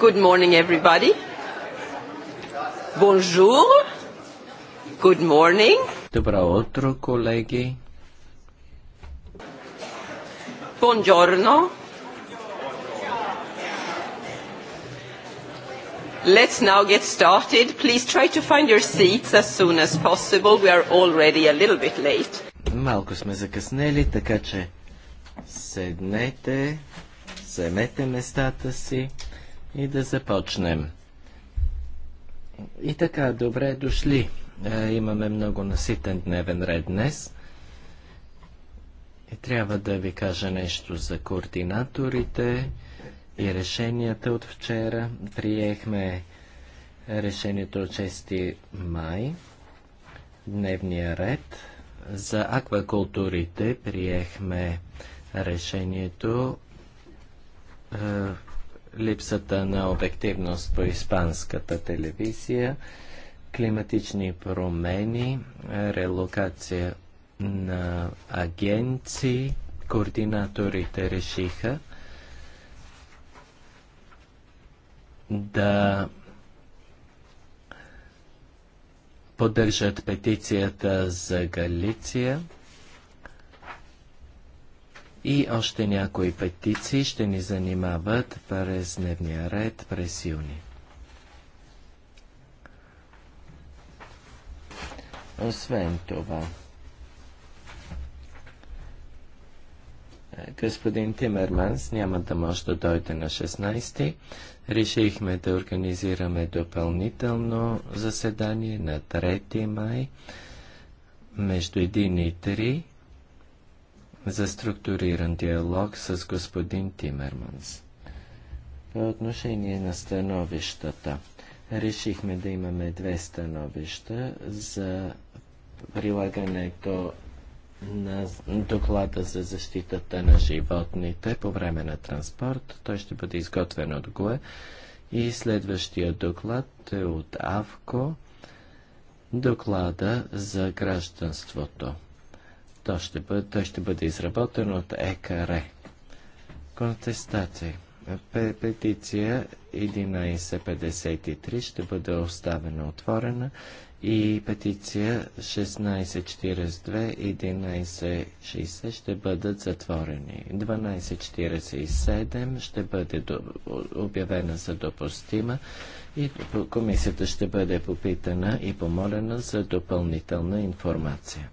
Good morning, everybody. Bonjour. Good morning. Добро утро, колеги. Buongiorno. Let's now get started. Please try to find your seats as soon as possible. We are already a little bit late. Малко сме закъснели, така че седнете, вземете местата си и да започнем. И така, добре дошли. Е, имаме много наситен дневен ред днес. И трябва да ви кажа нещо за координаторите и решенията от вчера. Приехме решението от 6 май, дневния ред. За аквакултурите приехме решението е, липсата на обективност по испанската телевизия, климатични промени, релокация на агенции, координаторите решиха да поддържат петицията за Галиция. И още някои петиции ще ни занимават през дневния ред през юни. Освен това, е, господин Тимерманс няма да може да дойде на 16 Решихме да организираме допълнително заседание на 3 май между 1 и 3 за структуриран диалог с господин Тимерманс. По отношение на становищата, решихме да имаме две становища за прилагането на доклада за защитата на животните по време на транспорт. Той ще бъде изготвен от ГУЕ. И следващия доклад е от АВКО, доклада за гражданството. То ще бъде, той ще бъде изработен от ЕКР. Контестация. Петиция 1153 ще бъде оставена отворена и петиция 1642-1160 ще бъдат затворени. 1247 ще бъде обявена за допустима и комисията ще бъде попитана и помолена за допълнителна информация.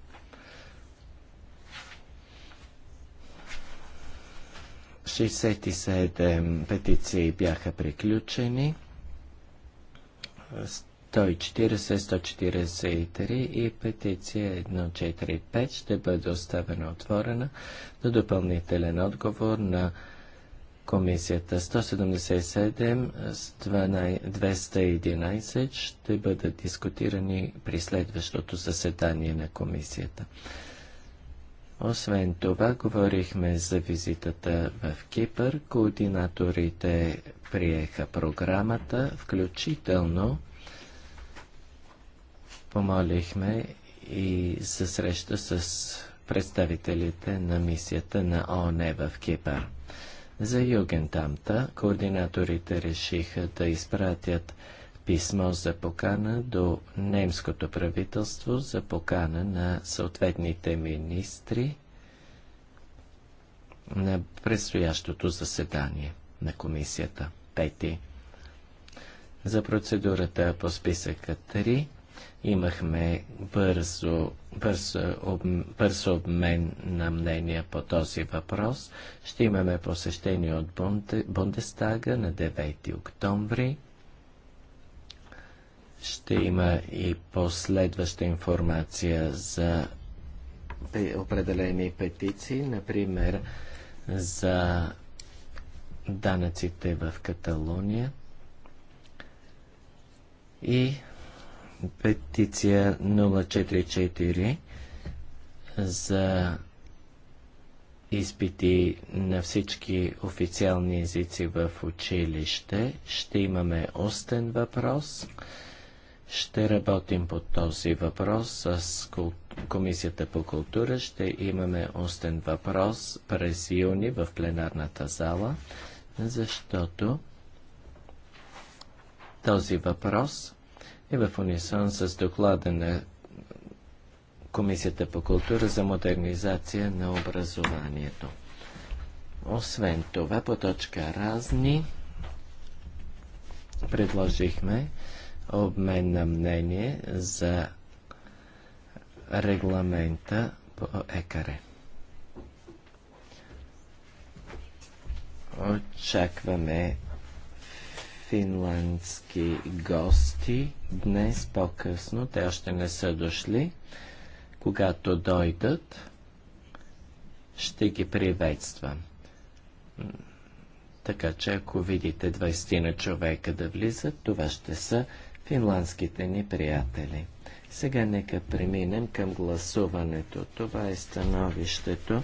67 петиции бяха приключени. 140-143 и петиция 145 ще бъде оставена отворена до допълнителен отговор на комисията. 177 211 ще бъдат дискутирани при следващото заседание на комисията. Освен това, говорихме за визитата в Кипър. Координаторите приеха програмата, включително помолихме и за среща с представителите на мисията на ООН в Кипър. За Югентамта координаторите решиха да изпратят писмо за покана до немското правителство за покана на съответните министри на предстоящото заседание на комисията. Пети. За процедурата по списъка 3 имахме бързо, бързо, об, бързо обмен на мнения по този въпрос. Ще имаме посещение от Бунде, Бундестага на 9 октомври. Ще има и последваща информация за определени петиции, например за данъците в Каталуния. и петиция 044 за изпити на всички официални езици в училище. Ще имаме устен въпрос. Ще работим по този въпрос с Комисията по култура. Ще имаме устен въпрос през юни в пленарната зала, защото този въпрос е в унисон с доклада на Комисията по култура за модернизация на образованието. Освен това, по точка разни предложихме обмен на мнение за регламента по ЕКАРЕ. Очакваме финландски гости днес по-късно. Те още не са дошли. Когато дойдат, ще ги приветствам. Така че ако видите 20 на човека да влизат, това ще са финландските ни приятели. Сега нека преминем към гласуването. Това е становището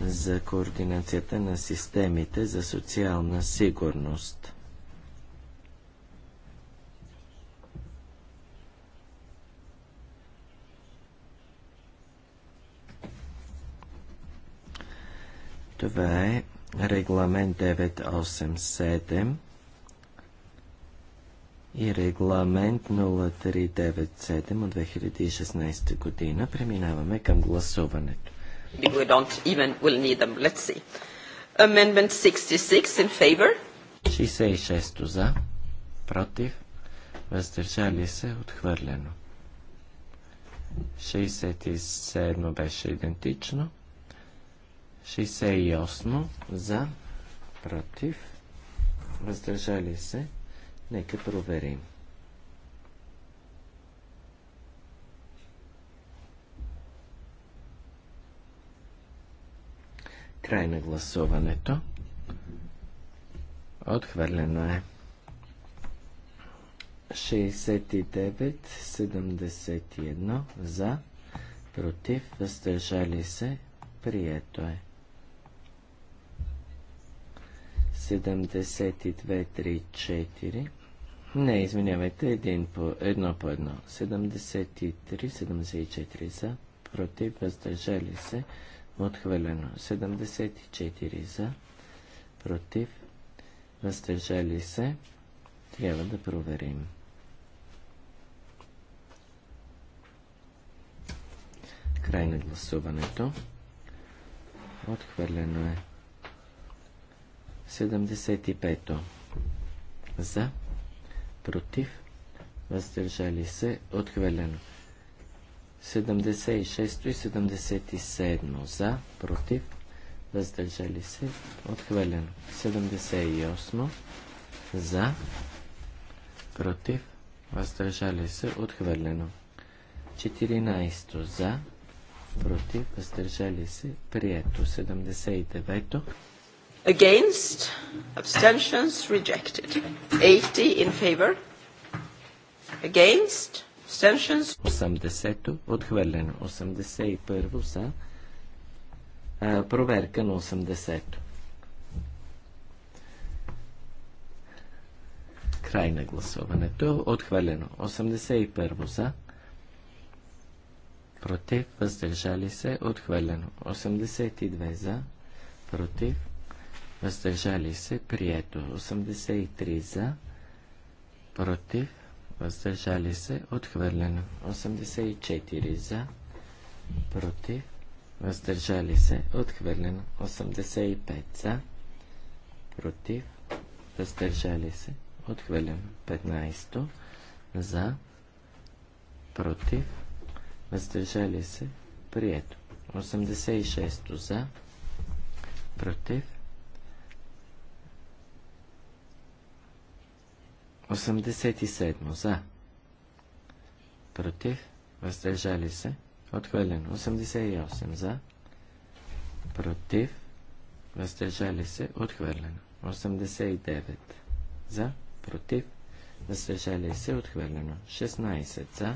за координацията на системите за социална сигурност. Това е регламент 987 и регламент 0397 от 2016 година. Преминаваме към гласуването. We don't even will need them. Let's see. Amendment 66 in favor. 66 за, против, въздържали се, отхвърлено. 67 беше идентично. 68 за, против, въздържали се, Нека проверим. Край на гласуването. Отхвърлено е. 69-71 за, против, въздържали се, прието е. 7234. Не, извинявайте, един по, едно по едно. 73-74 за, против, въздържали се, отхвърлено. 74 за, против, въздържали се, трябва да проверим. Край на гласуването. Отхвърлено е. 75 за, против, въздържали се, отхвърлено. 76 и 77 за, против, въздържали се, отхвърлено. 78 за, против, въздържали се, отхвърлено. 14 за, против, въздържали се, прието. 79 Against? Abstentions? Rejected. 80 in favor? Against? Abstentions? 80 Отхвърлено. 81-во за. проверка на 80 Край на гласуването. Отхвърлено. 81-во за. Против. Въздържали се. Отхвърлено. 82 за. Против въздържали се, прието. 83 за, против, въздържали се, отхвърлено. 84 за, против, въздържали се, отхвърлено. 85 за, против, въздържали се, отхвърлено. 15 за, против, въздържали се, прието. 86 за, против, 87 за. Против. Въздържали се. Отхвърлено. 88 за. Против. Въздържали се. Отхвърлено. 89 за. Против. Въздържали се. Отхвърлено. 16 за.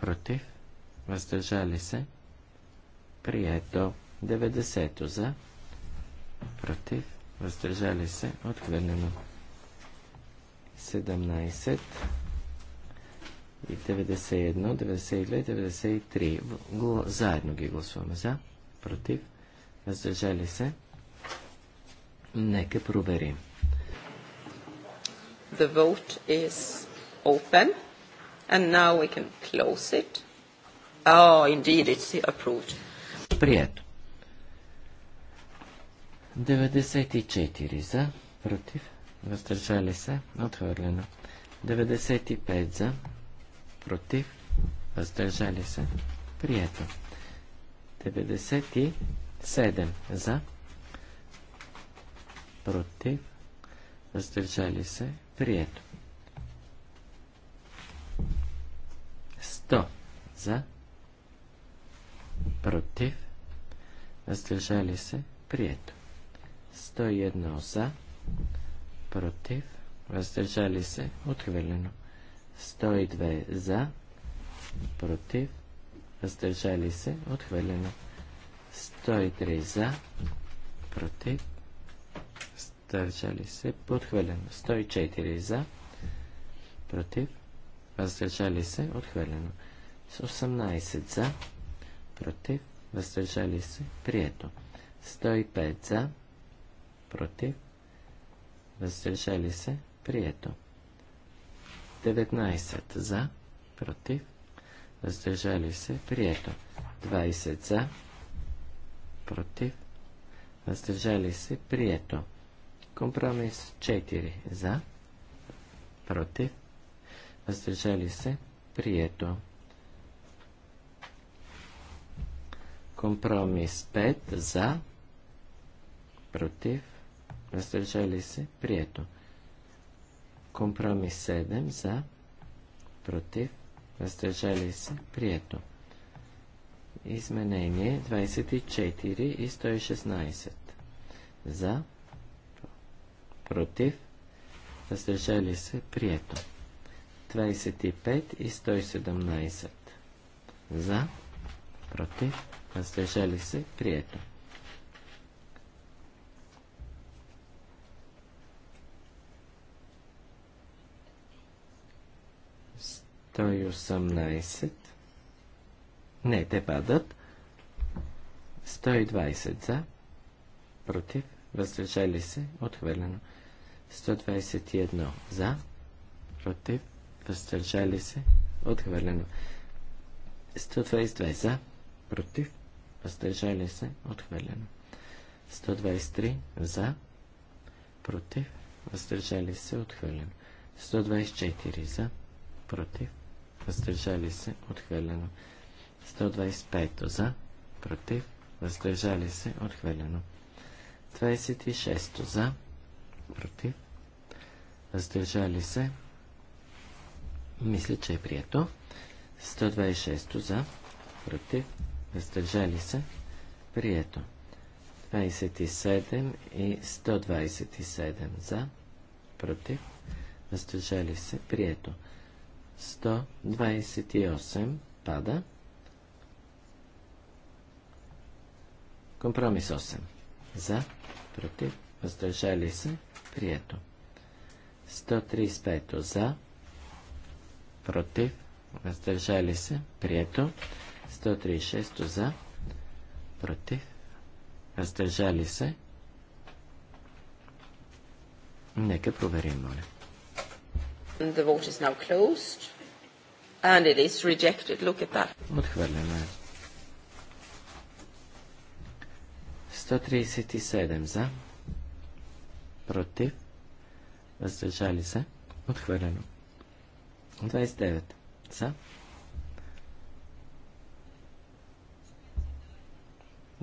Против. Въздържали се. Прието. 90 за. Против. Въздържали се. Отхвърлено. 17 и 91, 92, 93. Заедно ги гласуваме за, против, въздържали се. Нека проверим. The vote is open and now we can close it. Oh, indeed, it's approved. Прието. 94 за, против, въздържали се, отхвърлено. 95 за, против, въздържали се, прието. 97 за, против, въздържали се, прието. 100 за, против, въздържали се, прието. 101 за, против, въздържали се, отхвърлено. 102 за, против, въздържали се, отхвърлено. 103 за, против, въздържали се, подхвърлено. 104 за, против, въздържали се, отхвърлено. 18 за, против, въздържали се, прието. 105 за, против, въздържали се, прието. 19 за, против, въздържали се, прието. 20 за, против, въздържали се, прието. Компромис 4 за, против, въздържали се, прието. Компромис 5 за, против, въздържали се, прието. Компромис 7 за, против, въздържали се, прието. Изменение 24 и 116 за, против, въздържали се, прието. 25 и 117 за, против, въздържали се, прието. 118. Не, те падат. 120 за. Против. Въздържали се. Отхвърлено. 121 за. Против. Въздържали се. Отхвърлено. 122 за. Против. Въздържали се. Отхвърлено. 123 за. Против. Въздържали се. Отхвърлено. 124 за. Против въздържали се, отхвърлено. 125 за, против, въздържали се, отхвърлено. 26 за, против, въздържали се, мисля, че е прието. 126 за, против, въздържали се, прието. 27 и 127 за, против, въздържали се, прието. 128 пада. Компромис 8. За, против, въздържали се, прието. 135 за, против, въздържали се, прието. 136 за, против, въздържали се. Нека проверим, моля. The vote is now closed. And it is rejected. Look at that. Отхвърляме. 137 за. Против. Въздържали се. Отхвърлено. 29 за.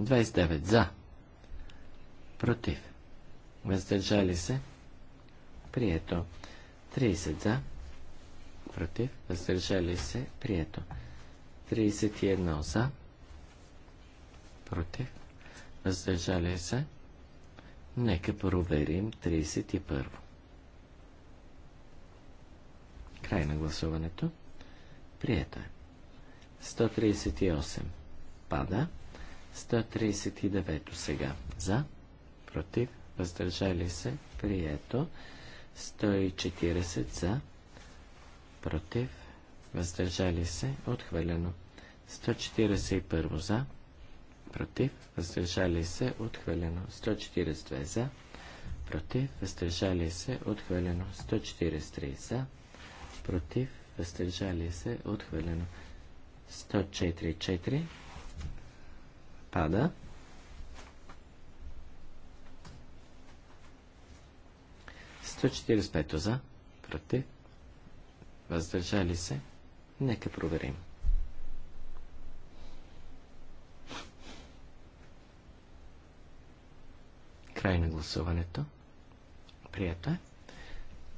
29 за. Против. Въздържали се. Прието. 30 за, против, въздържали се, прието. 31 за, против, въздържали се. Нека проверим 31. Край на гласуването. Прието е. 138. Пада. 139 сега. За. Против. Въздържали се. Прието. 140 за, против, въздържали се, отхвърлено. 141 за, против, въздържали се, отхвърлено. 142 за, против, въздържали се, отхвърлено. 143 за, против, въздържали се, отхвърлено. 144 пада. 145 за, против, въздържали се. Нека проверим. Край на гласуването. Прието е.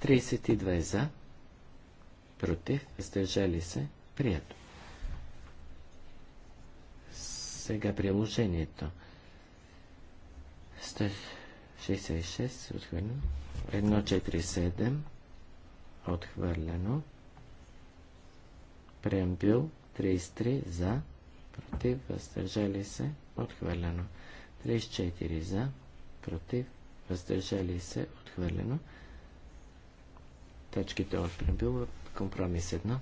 32 за, против, въздържали се. Прието. Сега приложението. 100 66 отхвърлено. 147 отхвърлено. Преамбил 33 за, против, въздържали се, отхвърлено. 34 за, против, въздържали се, отхвърлено. Точките от преамбила, компромис 1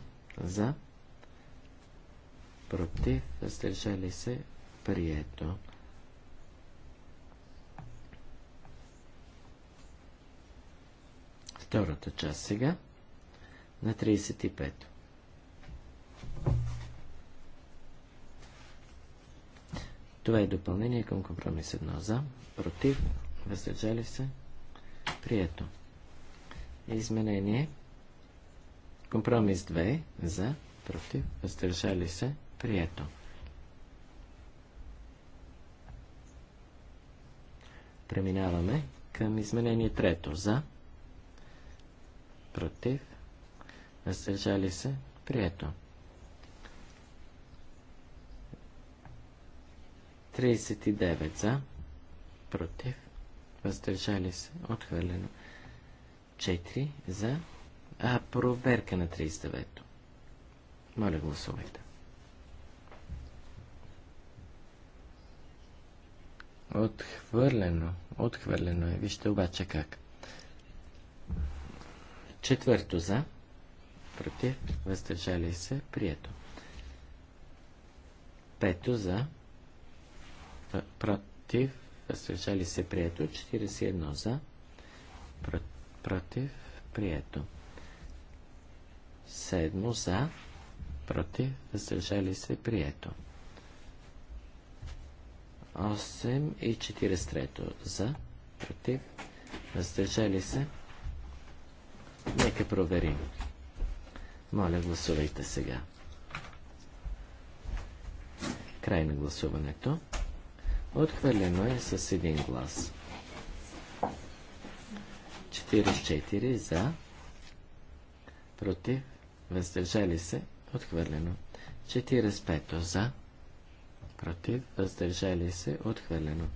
за, против, въздържали се, прието. Втората част сега на 35. Това е допълнение към компромис 1 за, против, въздържали се, прието. Изменение. Компромис 2 за, против, въздържали се, прието. Преминаваме към изменение трето за, против, въздържали се, прието. 39 за, против, въздържали се, отхвърлено. 4 за, а проверка на 39-то. Моля, гласувайте. Отхвърлено, отхвърлено е. Вижте обаче как. Четвърто за, против, въздържали се, прието. Пето за, против, въздържали се, прието. 41 за, против, прието. Седмо за, против, въздържали се, прието. 8 и 43 за, против, въздържали се, Нека проверим. Моля, гласувайте сега. Край на гласуването. Отхвърлено е с един глас. 44 за, против, въздържали се, отхвърлено. 45 за, против, въздържали се, отхвърлено.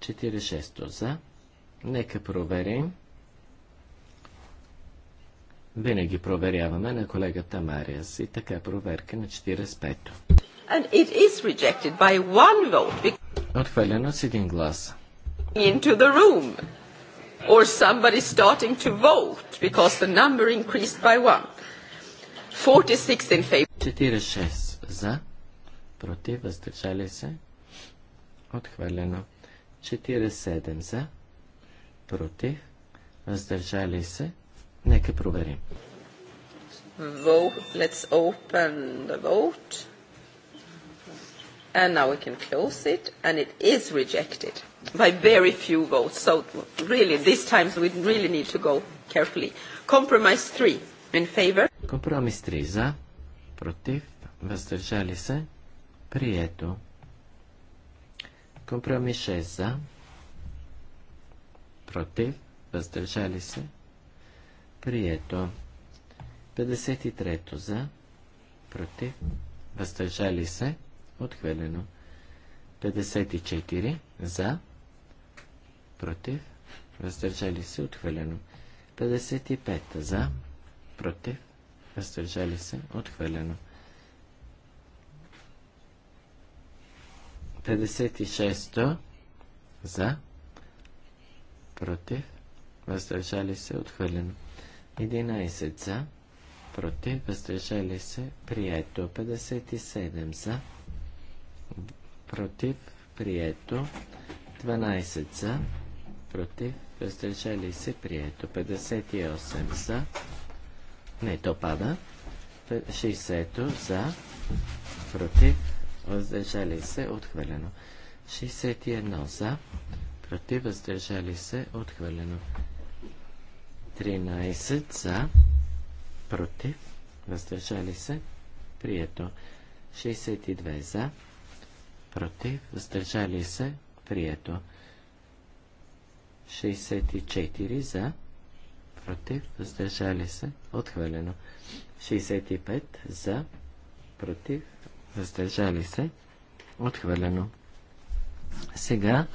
46 за. Нека проверим. Винаги проверяваме на колегата Мариас и така проверка на 45-то. Because... Отхвърлено с един глас. Into the room. Or somebody starting to vote because the number increased by one. 46 in favor. 46 за, против, въздържали се. Отхвърлено. 47 за, против, въздържали се. Нека проверим. Vote. Let's open the vote. And now we can close it. And it is rejected by very few votes. So really, these times we really need to go carefully. Compromise 3 in favor. Compromise 3 за, против, въздържали се, прието. Компромис 6 за, против, въздържали се, Прието. 53-то за, против, въздържали се, отхвърлено. 54 за, против, въздържали се, отхвърлено. 55 за, против, въздържали се, отхвърлено. 56 за, против, въздържали се, отхвърлено. 57 11 за, против, въздържали се, прието. 57 за, против, прието. 12 за, против, въздържали се, прието. 58 за, не, то пада. 60 за, против, въздържали се, отхвърлено. 61 за, против, въздържали се, отхвърлено. 13 за, против, въздържали се, прието. 62 за, против, въздържали се, прието. 64 за, против, въздържали се, отхвърлено. 65 за, против, въздържали се, отхвърлено. Сега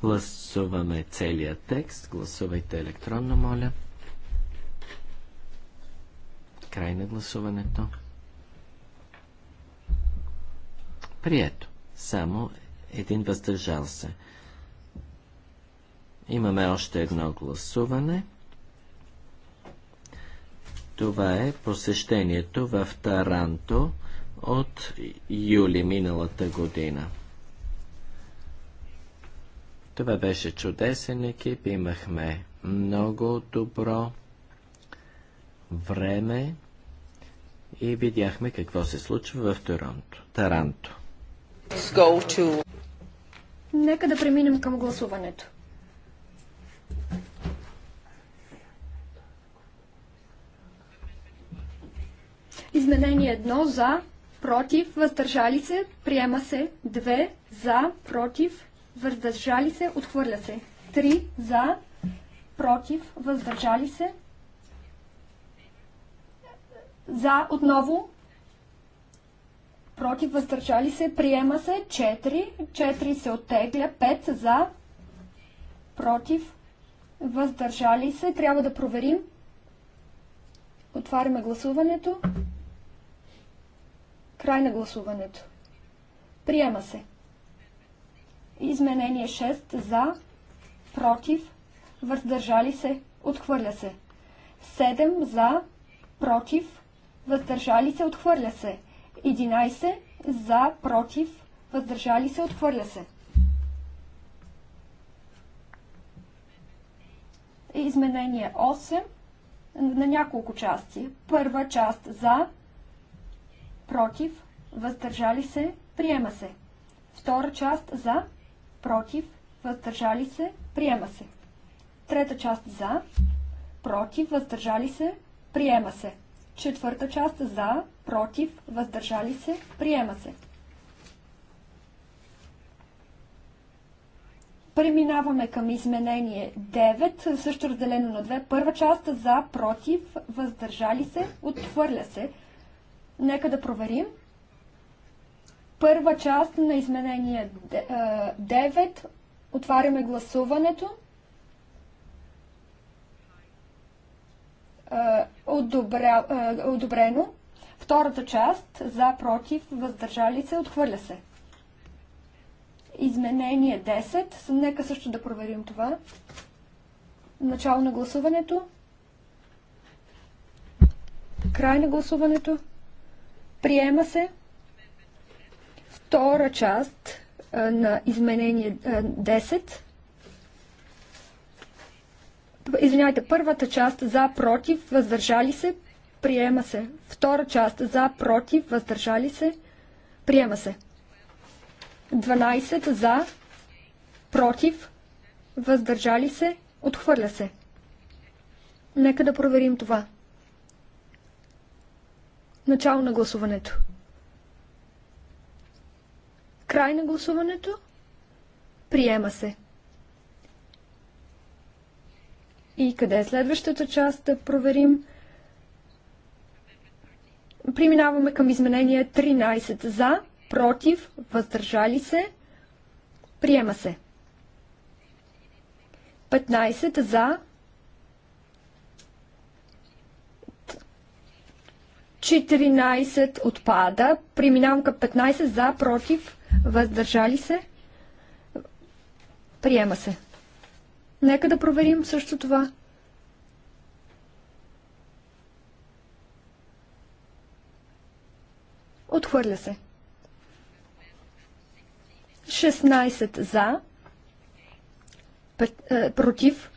гласуваме целият текст. Гласувайте електронно, моля. Край на гласуването. Прието. Само един въздържал се. Имаме още едно гласуване. Това е посещението в Таранто от юли миналата година. Това беше чудесен екип, имахме много добро време и видяхме какво се случва в Торонто. Таранто. To... Нека да преминем към гласуването. Изменение едно за, против, въздържали се, приема се. Две за, против, въздържали се, отхвърля се. Три за, против, въздържали се, за отново. Против въздържали се. Приема се 4. 4 се оттегля. 5 за. Против. Въздържали се. Трябва да проверим. Отваряме гласуването. Край на гласуването. Приема се. Изменение 6 за, против, въздържали се, отхвърля се. 7 за, против, въздържали се, отхвърля се. 11 за, против, въздържали се, отхвърля се. Изменение 8 на няколко части. Първа част за, против, въздържали се, приема се. Втора част за, против, въздържали се, приема се. Трета част за, против, въздържали се, приема се. Четвърта част за, против, въздържали се, приема се. Преминаваме към изменение 9, също разделено на 2. Първа част за, против, въздържали се, отвърля се. Нека да проверим. Първа част на изменение 9. Е, Отваряме гласуването. Е, одобря, е, одобрено. Втората част за, против, въздържали се, отхвърля се. Изменение 10. Нека също да проверим това. Начало на гласуването. Край на гласуването. Приема се. Втора част е, на изменение 10 Извинявайте, първата част за, против, въздържали се, приема се. Втора част за, против, въздържали се, приема се. 12 за, против, въздържали се, отхвърля се. Нека да проверим това. Начало на гласуването. Край на гласуването. Приема се. И къде е следващата част да проверим? Преминаваме към изменение 13 за, против, въздържали се, приема се. 15 за, 14 отпада, преминавам към 15 за, против, въздържали се, приема се. Нека да проверим също това. Отхвърля се. 16 за, е, против.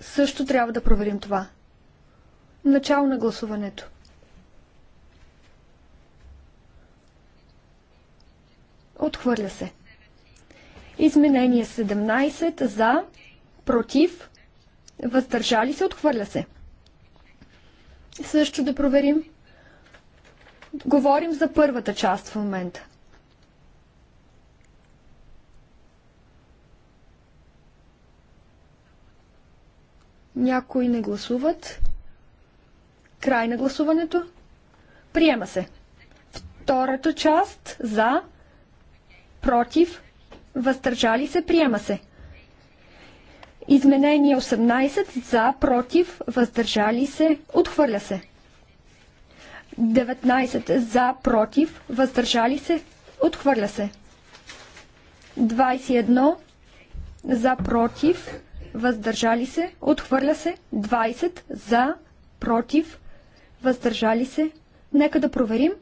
Също трябва да проверим това. Начало на гласуването. Отхвърля се. Изменение 17 за, против, въздържали се, отхвърля се. Също да проверим. Говорим за първата част в момента. Някои не гласуват. Край на гласуването. Приема се. Втората част за, против, въздържали се, приема се. Изменение 18 за, против, въздържали се, отхвърля се. 19 за, против, въздържали се, отхвърля се. 21 за, против, въздържали се, отхвърля се. 20 за, против, въздържали се. Нека да проверим. 21.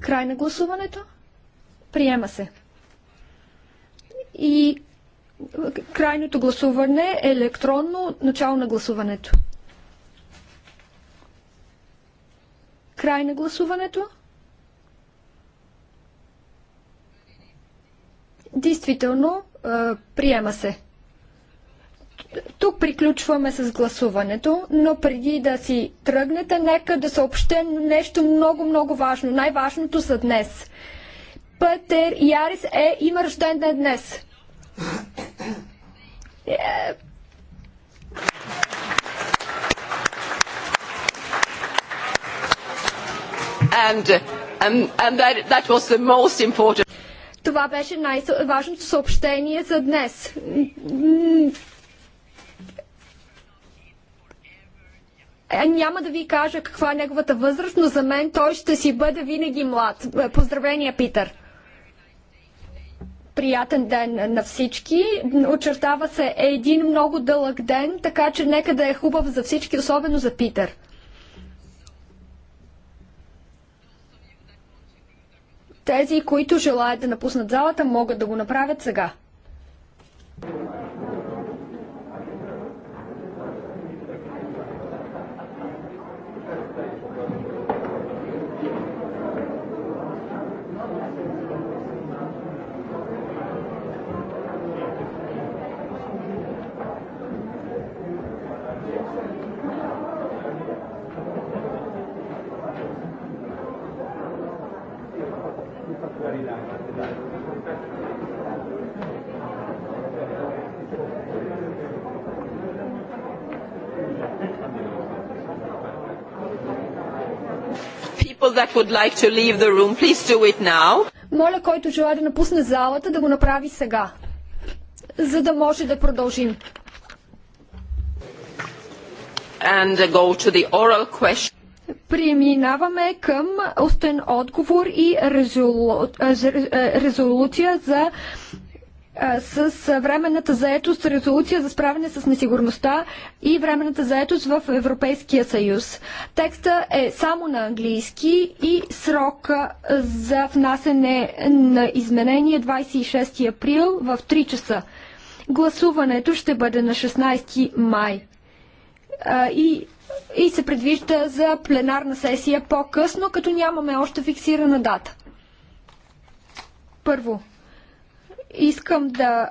Край на гласуването. Приема се. И е, крайното гласуване е електронно начало на гласуването. Край на гласуването. Действително, е, приема се. Тук приключваме с гласуването, но преди да си тръгнете, нека да съобщя нещо много-много важно, най-важното за днес. Пътер Ярис е, има рожден ден днес. Е, and, and, and that, that was the most important. Това беше най-важното съобщение за днес Е, няма да ви кажа каква е неговата възраст, но за мен той ще си бъде винаги млад. Е, Поздравения, Питър! приятен ден на всички. Очертава се един много дълъг ден, така че нека да е хубав за всички, особено за Питър. Тези, които желаят да напуснат залата, могат да го направят сега. that would like to leave the room, please do it now. Моля, който желая да напусне залата, да го направи сега, за да може да продължим. And uh, go to the oral question. Преминаваме към устен отговор и резолу... резолуция за с временната заетост резолуция за справяне с несигурността и временната заетост в Европейския съюз. Текста е само на английски и срока за внасене на изменение 26 е април в 3 часа. Гласуването ще бъде на 16 май. И и се предвижда за пленарна сесия по-късно, като нямаме още фиксирана дата. Първо, искам да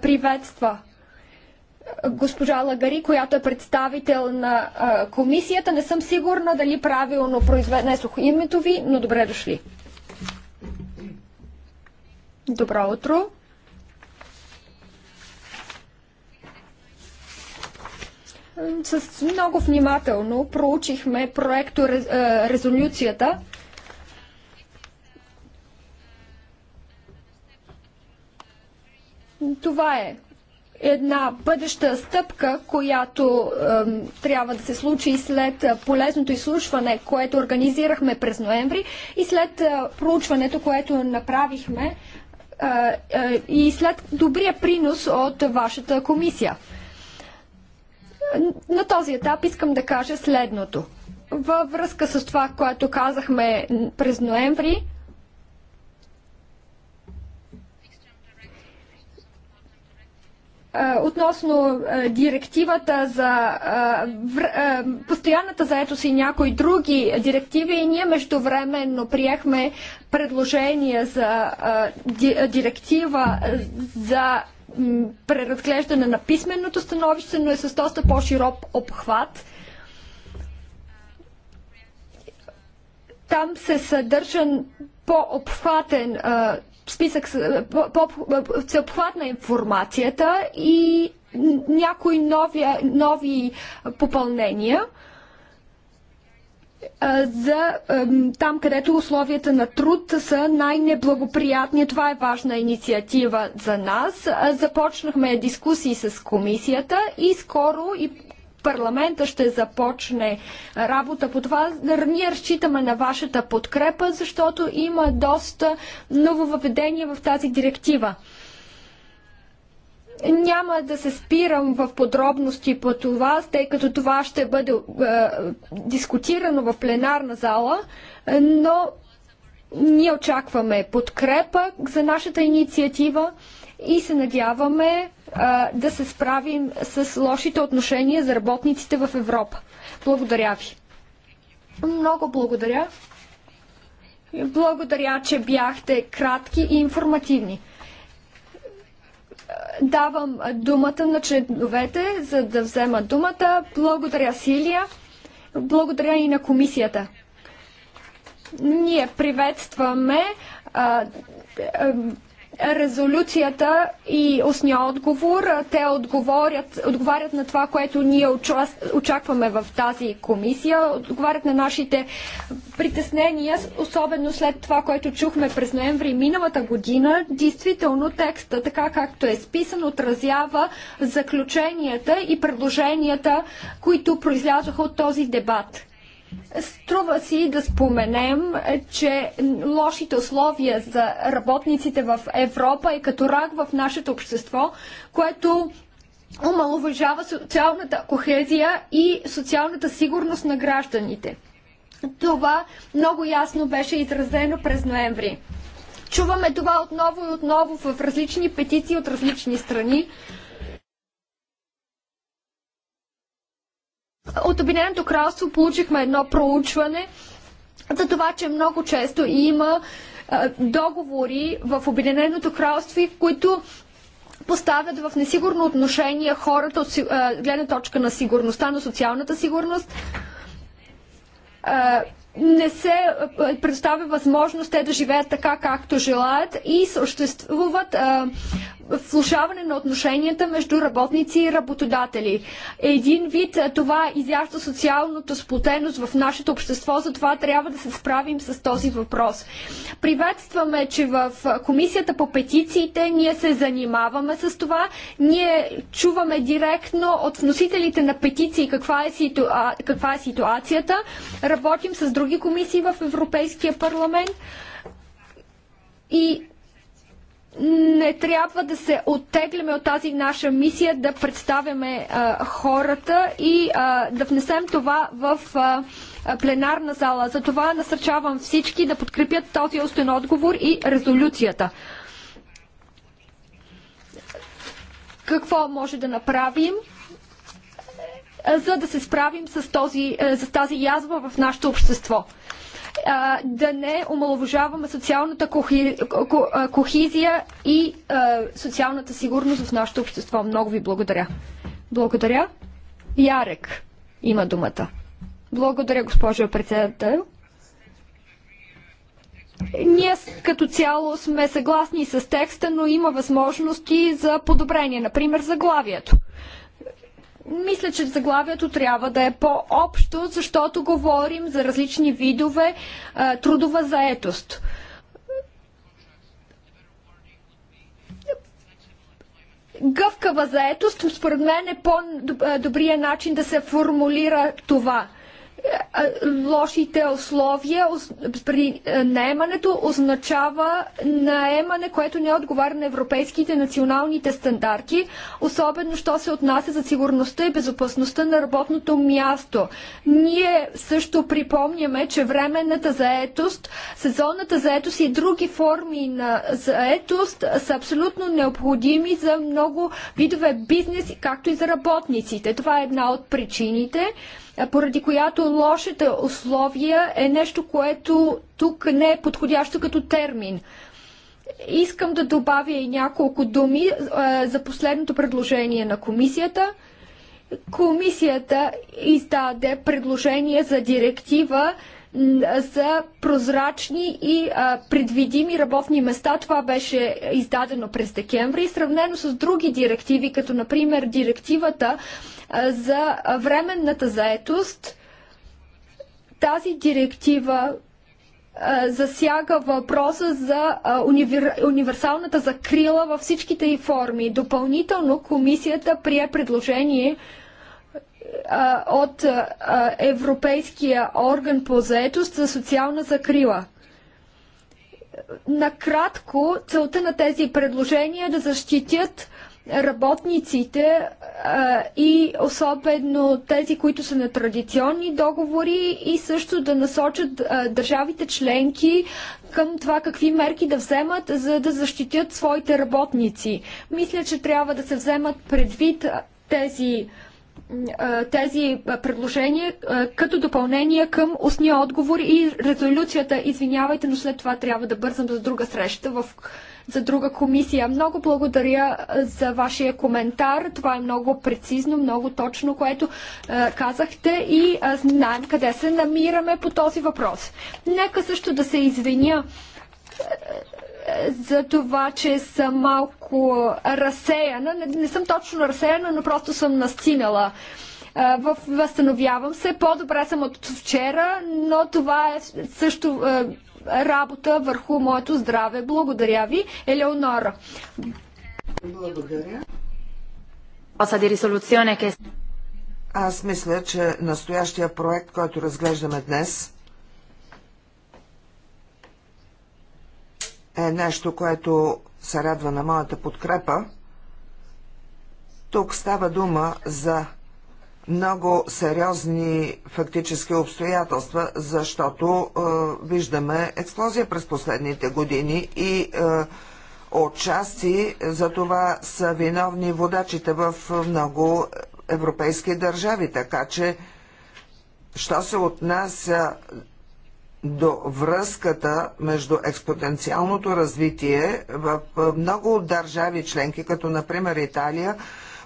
приветства госпожа Лагари, която е представител на комисията. Не съм сигурна дали правилно произнесох името ви, но добре дошли. Добро утро. С много внимателно проучихме проекто резолюцията. Това е една бъдеща стъпка, която е, трябва да се случи след е, полезното изслушване, което организирахме през ноември и след е, проучването, което направихме е, е, и след добрия принос от вашата комисия. На този етап искам да кажа следното. Във връзка с това, което казахме през ноември, относно директивата за постоянната заетост и някои други директиви, ние междувременно приехме предложение за директива за преразглеждане на писменото становище, но е с доста по-широк обхват. Там се съдържан по-обхватен списък, е, е, всеобхватна информацията и някои нови, е, нови попълнения за там, където условията на труд са най-неблагоприятни. Това е важна инициатива за нас. Започнахме дискусии с комисията и скоро и парламента ще започне работа по това. Ние разчитаме на вашата подкрепа, защото има доста нововъведения в тази директива. Няма да се спирам в подробности по това, тъй като това ще бъде е, дискутирано в пленарна зала, но ние очакваме подкрепа за нашата инициатива и се надяваме а, да се справим с лошите отношения за работниците в Европа. Благодаря ви. Много благодаря. Благодаря, че бяхте кратки и информативни. Давам думата на членовете, за да взема думата. Благодаря, Силия. Благодаря и на комисията. Ние приветстваме а, а, резолюцията и устния отговор. Те отговорят, отговарят на това, което ние очакваме в тази комисия, отговарят на нашите притеснения, особено след това, което чухме през ноември миналата година. Действително текста, така както е списан, отразява заключенията и предложенията, които произлязоха от този дебат. Струва си да споменем, че лошите условия за работниците в Европа е като рак в нашето общество, което омалуважава социалната кохезия и социалната сигурност на гражданите. Това много ясно беше изразено през ноември. Чуваме това отново и отново в различни петиции от различни страни, От Обединеното кралство получихме едно проучване за това, че много често има договори в Обединеното кралство, които поставят в несигурно отношение хората от гледна точка на сигурността, на социалната сигурност. не се предоставя възможност те да живеят така, както желаят и съществуват влушаване на отношенията между работници и работодатели. Един вид това изяжда социалната сплотеност в нашето общество, затова трябва да се справим с този въпрос. Приветстваме, че в Комисията по петициите ние се занимаваме с това. Ние чуваме директно от вносителите на петиции каква е, ситу... каква е ситуацията. Работим с други комисии в Европейския парламент. И не трябва да се оттегляме от тази наша мисия да представяме а, хората и а, да внесем това в а, пленарна зала. Затова насърчавам всички да подкрепят този устен отговор и резолюцията. Какво може да направим? за да се справим с, този, е, с тази язва в нашето общество а, да не омаловажаваме социалната кохи, кохизия и а, социалната сигурност в нашето общество. Много ви благодаря. Благодаря. Ярек има думата. Благодаря, госпожо председател. Ние като цяло сме съгласни с текста, но има възможности за подобрение, например заглавието. Мисля, че заглавието трябва да е по-общо, защото говорим за различни видове а, е, трудова заетост. Гъвкава заетост, според мен, е по-добрият начин да се формулира това лошите условия при е, наемането означава наемане, което не отговаря на европейските националните стандарти, особено що се отнася за сигурността и безопасността на работното място. Ние също припомняме, че временната заетост, сезонната заетост и други форми на заетост са абсолютно необходими за много видове бизнес, както и за работниците. Това е една от причините. Е, поради която лошите условия е нещо, което тук не е подходящо като термин. Искам да добавя и няколко думи е, за последното предложение на комисията. Комисията издаде предложение за директива за прозрачни и а, е, предвидими работни места. Това беше издадено през декември, сравнено с други директиви, като например директивата за временната заетост. Тази директива засяга въпроса за универ... универсалната закрила във всичките й форми. Допълнително комисията прие предложение от Европейския орган по заетост за социална закрила. Накратко, целта на тези предложения е да защитят работниците и особено тези, които са на традиционни договори и също да насочат държавите членки към това какви мерки да вземат, за да защитят своите работници. Мисля, че трябва да се вземат предвид тези тези предложения като допълнение към устния отговор и резолюцията. Извинявайте, но след това трябва да бързам за друга среща в за друга комисия. Много благодаря за вашия коментар. Това е много прецизно, много точно, което е, казахте и е, знаем къде се намираме по този въпрос. Нека също да се извиня за това, че съм малко разсеяна. Не, не съм точно разсеяна, но просто съм настинала. В, възстановявам се. По-добре съм от вчера, но това е също е, работа върху моето здраве. Благодаря ви, Елеонора. Благодаря. Аз мисля, че настоящия проект, който разглеждаме днес, е нещо, което се радва на моята подкрепа. Тук става дума за много сериозни фактически обстоятелства, защото е, виждаме експлозия през последните години и е, отчасти за това са виновни водачите в много европейски държави. Така че, що се отнася до връзката между експотенциалното развитие в е, много държави членки, като например Италия,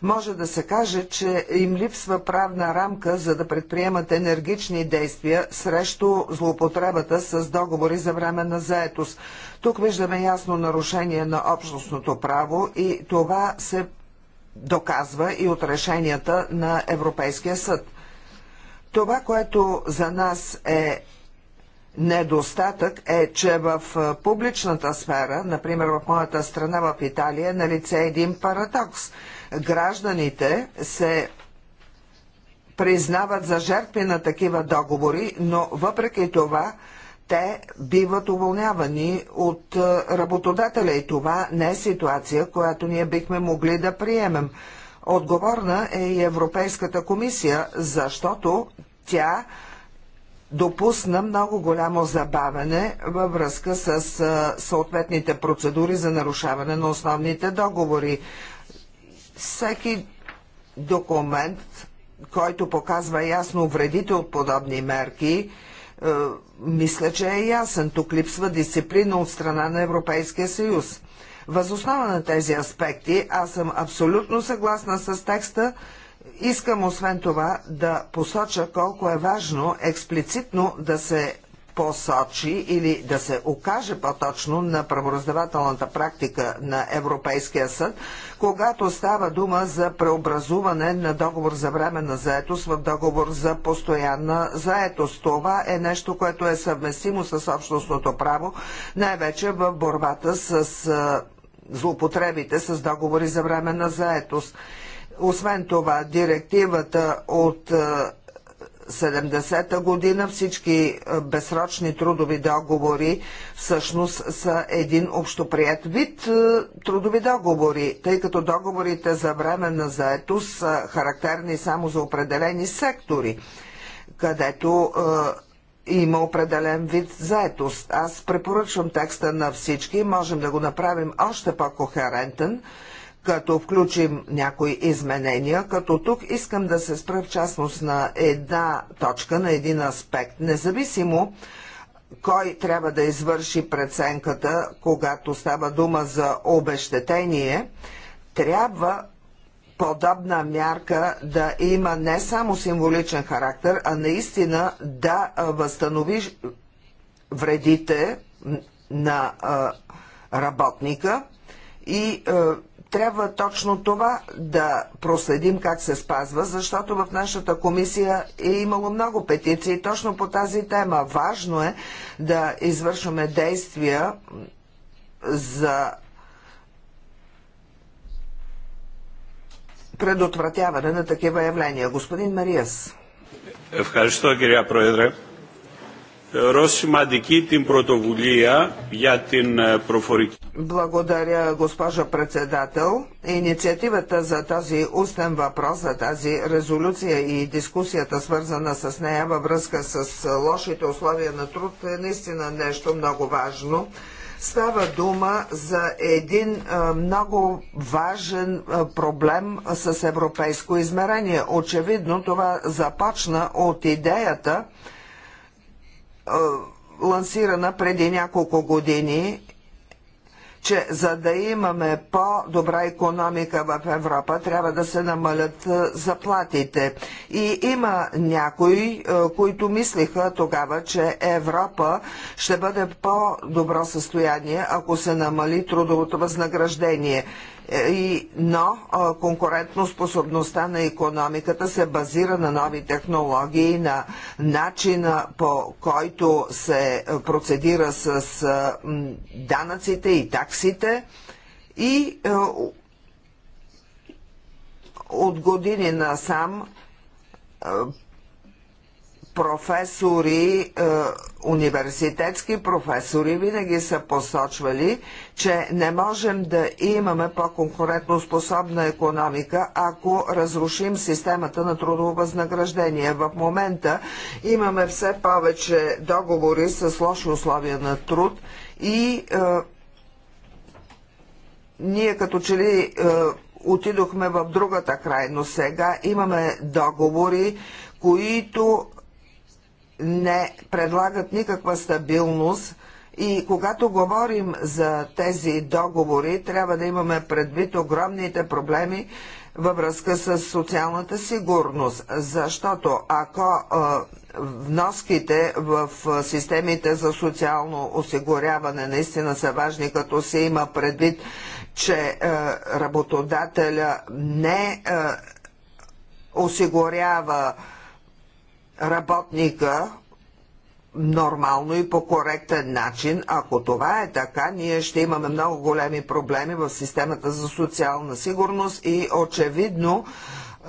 може да се каже, че им липсва правна рамка за да предприемат енергични действия срещу злоупотребата с договори за временна заетост. Тук виждаме ясно нарушение на общностното право и това се доказва и от решенията на Европейския съд. Това, което за нас е недостатък е, че в публичната сфера, например в моята страна в Италия, е на лице един парадокс – гражданите се признават за жертви на такива договори, но въпреки това те биват уволнявани от е, работодателя и това не е ситуация, която ние бихме могли да приемем. Отговорна е и Европейската комисия, защото тя допусна много голямо забавене във връзка с е, съответните процедури за нарушаване на основните договори. Всеки документ, който показва ясно вредите от подобни мерки, е, мисля, че е ясен. Тук липсва дисциплина от страна на Европейския съюз. Възоснова на тези аспекти аз съм абсолютно съгласна с текста. Искам освен това да посоча колко е важно експлицитно да се посочи или да се окаже по-точно на правораздавателната практика на Европейския съд, когато става дума за преобразуване на договор за временна заетост в договор за постоянна заетост. Това е нещо, което е съвместимо с общностното право, най-вече в борбата с злоупотребите с договори за временна заетост. Освен това, директивата от 70-та година всички е, безсрочни трудови договори всъщност са един общоприят вид е, трудови договори, тъй като договорите за време на заетост са характерни само за определени сектори, където е, има определен вид заетост. Аз препоръчвам текста на всички, можем да го направим още по-кохерентен, като включим някои изменения, като тук искам да се спра в частност на една точка, на един аспект. Независимо кой трябва да извърши преценката, когато става дума за обещетение, трябва подобна мярка да има не само символичен характер, а наистина да възстанови вредите на работника и трябва точно това да проследим как се спазва, защото в нашата комисия е имало много петиции точно по тази тема. Важно е да извършваме действия за предотвратяване на такива явления. Господин Мариас. Ευχαριστώ, κυρία Проедре. Θεωρώ σημαντική την πρωτοβουλία για την προφορική. Благодаря, госпожо председател. Инициативата за този устен въпрос, за тази резолюция и дискусията свързана с нея във връзка с е, лошите условия на труд е наистина нещо много важно. Става дума за един е, много важен е, проблем с европейско измерение. Очевидно това започна от идеята, е, лансирана преди няколко години, че за да имаме по-добра економика в Европа, трябва да се намалят е, заплатите. И има някои, е, които мислиха тогава, че Европа ще бъде по-добро състояние, ако се намали трудовото възнаграждение но конкурентоспособността на економиката се базира на нови технологии, на начина по който се процедира с данъците и таксите и от години насам професори, е, университетски професори винаги са посочвали, че не можем да имаме по-конкурентно способна економика, ако разрушим системата на трудово възнаграждение. В момента имаме все повече договори с лоши условия на труд и е, ние като че ли е, отидохме в другата крайност сега. Имаме договори, които не предлагат никаква стабилност и когато говорим за тези договори, трябва да имаме предвид огромните проблеми във връзка с социалната сигурност, защото ако вноските в системите за социално осигуряване наистина са важни, като се има предвид, че работодателя не осигурява работника нормално и по коректен начин. Ако това е така, ние ще имаме много големи проблеми в системата за социална сигурност и очевидно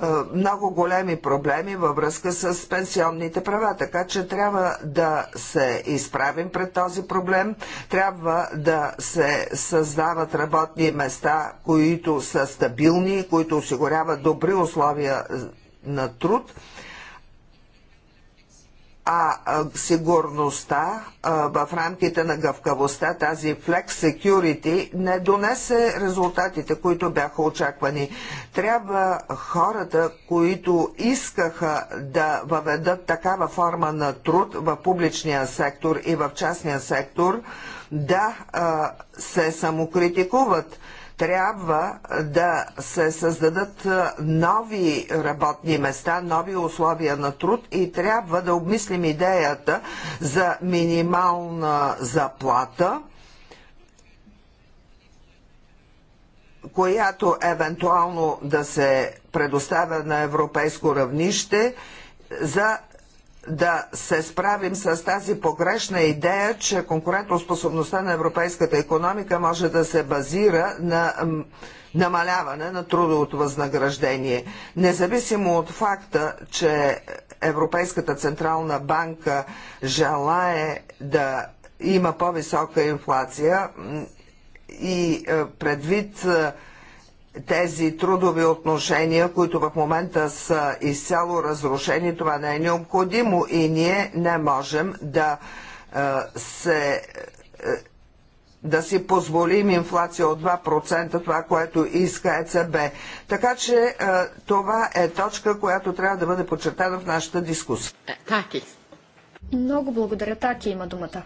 е, много големи проблеми във връзка с пенсионните права, така че трябва да се изправим пред този проблем, трябва да се създават работни места, които са стабилни, които осигуряват добри условия на труд а, а сигурността а, в рамките на гъвкавостта, тази Flex Security, не донесе резултатите, които бяха очаквани. Трябва хората, които искаха да въведат такава форма на труд в публичния сектор и в частния сектор, да а, се самокритикуват трябва да се създадат нови работни места, нови условия на труд и трябва да обмислим идеята за минимална заплата, която евентуално да се предоставя на европейско равнище за да се справим с тази погрешна идея, че конкурентоспособността на европейската економика може да се базира на намаляване на трудовото възнаграждение. Независимо от факта, че Европейската централна банка желае да има по-висока инфлация и е, предвид е, тези трудови отношения, които в момента са изцяло разрушени, това не е необходимо и ние не можем да е, се е, да си позволим инфлация от 2%, това, което иска ЕЦБ. Така че е, това е точка, която трябва да бъде подчертана в нашата дискусия. Таки. Много благодаря. Таки има думата.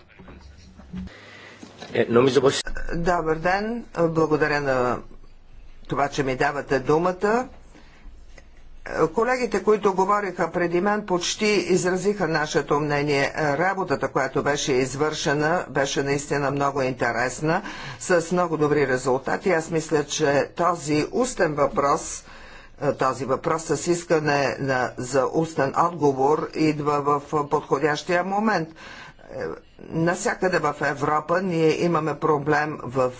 Добър ден. Благодаря на това, че ми давате думата. Колегите, които говориха преди мен, почти изразиха нашето мнение. Работата, която беше извършена, беше наистина много интересна, с много добри резултати. Аз мисля, че този устен въпрос, този въпрос с искане на, за устен отговор, идва в подходящия момент. Насякъде в Европа ние имаме проблем в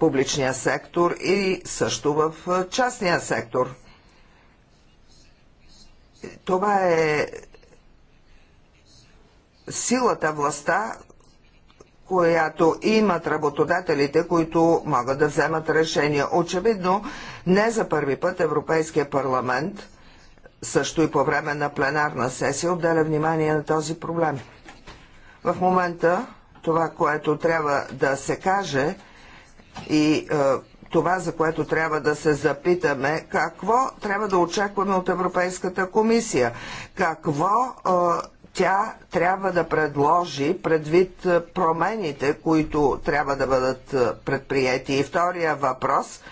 публичния сектор и също в частния сектор. Това е силата, властта, която имат работодателите, които могат да вземат решения. Очевидно, не за първи път Европейския парламент, също и по време на пленарна сесия, отделя внимание на този проблем. В момента това, което трябва да се каже – и е, това, за което трябва да се запитаме, какво трябва да очакваме от Европейската комисия? Какво е, тя трябва да предложи предвид е, промените, които трябва да бъдат е, предприяти? И втория въпрос –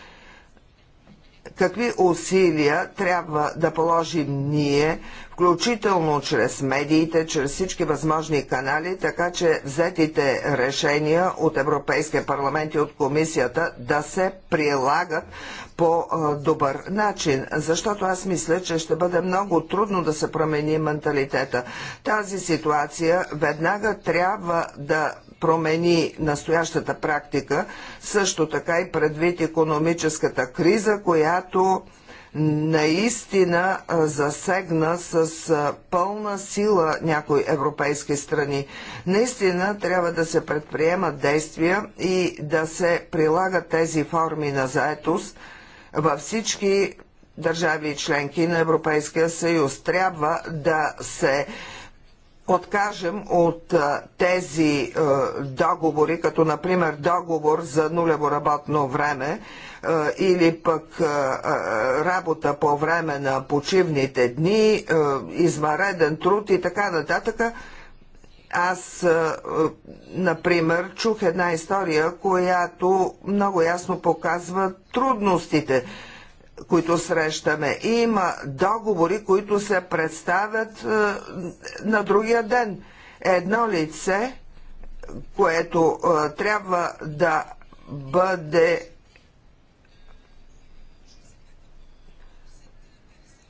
какви усилия трябва да положим ние, включително чрез медиите, чрез всички възможни канали, така че взетите решения от Европейския парламент и от комисията да се прилагат по добър начин, защото аз мисля, че ще бъде много трудно да се промени менталитета. Тази ситуация веднага трябва да промени настоящата практика, също така и предвид економическата криза, която наистина засегна с пълна сила някои европейски страни. Наистина трябва да се предприемат действия и да се прилагат тези форми на заетост във всички държави и членки на Европейския съюз. Трябва да се откажем от тези договори, като например договор за нулево работно време или пък работа по време на почивните дни, измареден труд и така нататък, аз, например, чух една история, която много ясно показва трудностите – които срещаме. И има договори, които се представят е, на другия ден. Едно лице, което е, трябва да бъде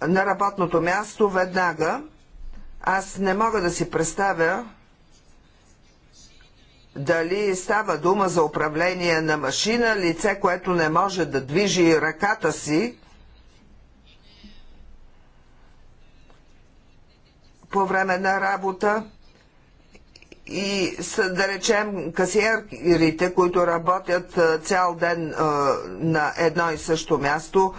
на работното място веднага, аз не мога да си представя дали става дума за управление на машина, лице, което не може да движи ръката си, по време на работа и да речем касиерите, които работят цял ден на едно и също място,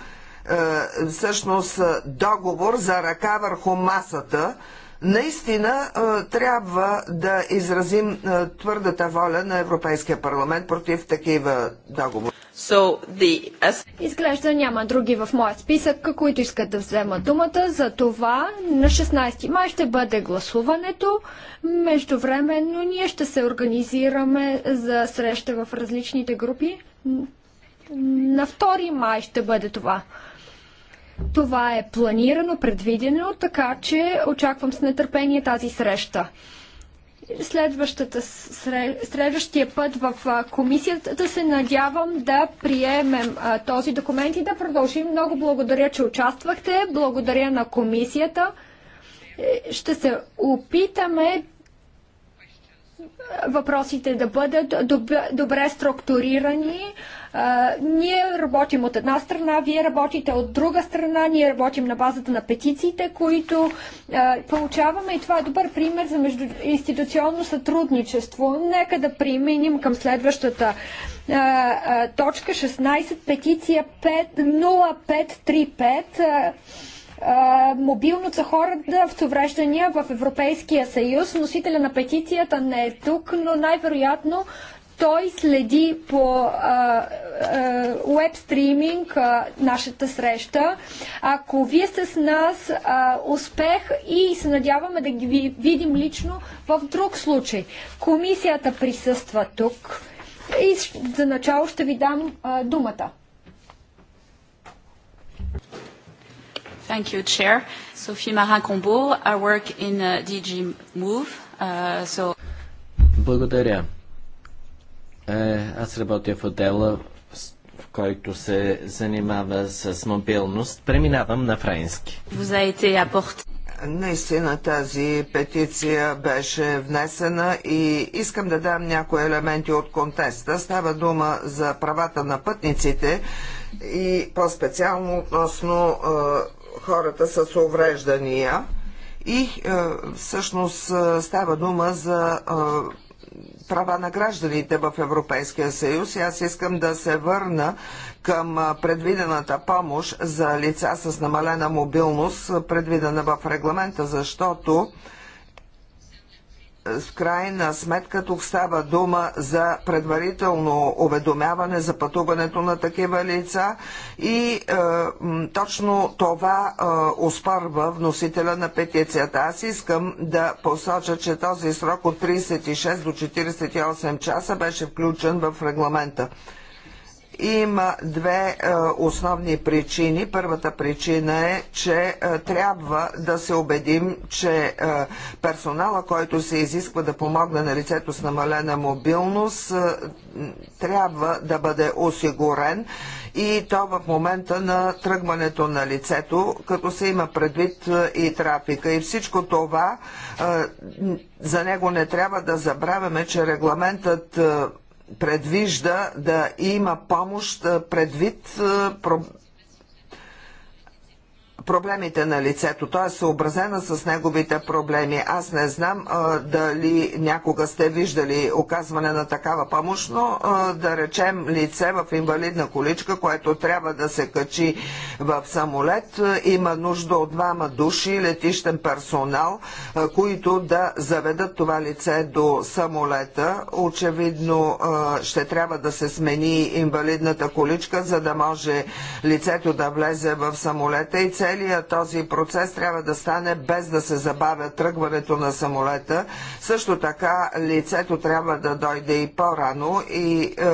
всъщност договор за ръка върху масата, Наистина е, трябва да изразим е, твърдата воля на Европейския парламент против такива договори. So the... Изглежда няма други в моя списък, които искат да вземат думата. За това на 16 май ще бъде гласуването. Междувременно ние ще се организираме за среща в различните групи. На 2 май ще бъде това. Това е планирано, предвидено, така че очаквам с нетърпение тази среща. Следващата, следващия път в комисията се надявам да приемем този документ и да продължим. Много благодаря, че участвахте. Благодаря на комисията. Е, ще се опитаме въпросите да бъдат доб добре структурирани. А, ние работим от една страна, вие работите от друга страна, ние работим на базата на петициите, които а, получаваме и това е добър пример за междуинституционно сътрудничество. Нека да применим към следващата а, точка 16, петиция 5, 0535 мобилност за хората в съвреждания в Европейския съюз. Носителя на петицията не е тук, но най-вероятно той следи по веб стриминг нашата среща. Ако вие сте с нас, а, успех и се надяваме да ги видим лично в друг случай. Комисията присъства тук и за начало ще ви дам а, думата. Thank you, Chair. Sophie marin combeau I work in uh, DG Move. Uh, so... Благодаря. Е, аз работя в отдела, в който се занимава с мобилност. Преминавам на френски. Наистина тази петиция беше внесена и искам да дам някои елементи от контекста. Става дума за правата на пътниците и по-специално относно е, хората с увреждания и е, всъщност е, става дума за е, права на гражданите в Европейския съюз и аз искам да се върна към предвидената помощ за лица с намалена мобилност, предвидена в регламента, защото в крайна сметка тук става дума за предварително уведомяване за пътуването на такива лица и е, точно това е, успорва вносителя на петицията. Аз искам да посоча, че този срок от 36 до 48 часа беше включен в регламента. Има две е, основни причини. Първата причина е, че е, трябва да се убедим, че е, персонала, който се изисква да помогне на лицето с намалена мобилност, е, трябва да бъде осигурен и то в момента на тръгването на лицето, като се има предвид е, и трафика. И всичко това, е, за него не трябва да забравяме, че регламентът предвижда да има помощ предвид проблемите на лицето. Той е съобразена с неговите проблеми. Аз не знам а, дали някога сте виждали оказване на такава помощ, но а, да речем лице в инвалидна количка, което трябва да се качи в самолет, а, има нужда от двама души, летищен персонал, а, които да заведат това лице до самолета. Очевидно а, ще трябва да се смени инвалидната количка, за да може лицето да влезе в самолета и цели целият този процес трябва да стане без да се забавя тръгването на самолета. Също така лицето трябва да дойде и по-рано и е,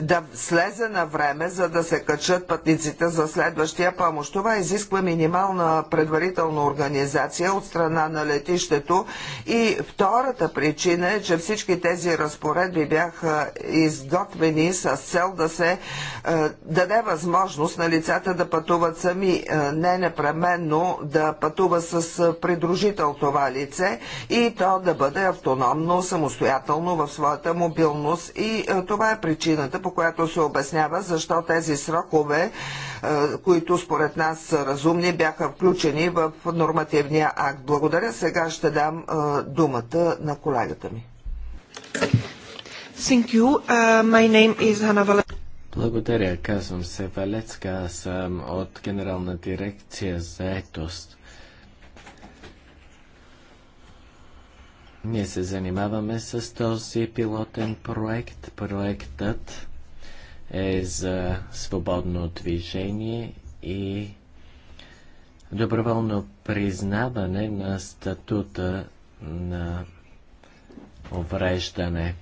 да слезе на време, за да се качат пътниците за следващия помощ. Това изисква минимална предварителна организация от страна на летището и втората причина е, че всички тези разпоредби бяха изготвени с цел да се е, даде възможност на лицата да пътуват сами, е, не непременно да пътува с е, придружител това лице и то да бъде автономно, самостоятелно в своята мобилност и е, това е причината, по която се обяснява защо тези срокове, е, които според нас са разумни, бяха включени в нормативния акт. Благодаря. Сега ще дам е, думата на колегата ми. Uh, Благодаря. Казвам се Валецка. Аз съм от Генерална дирекция за етост. Ние се занимаваме с този пилотен проект. Проектът е за свободно движение и доброволно признаване на статута на увреждане.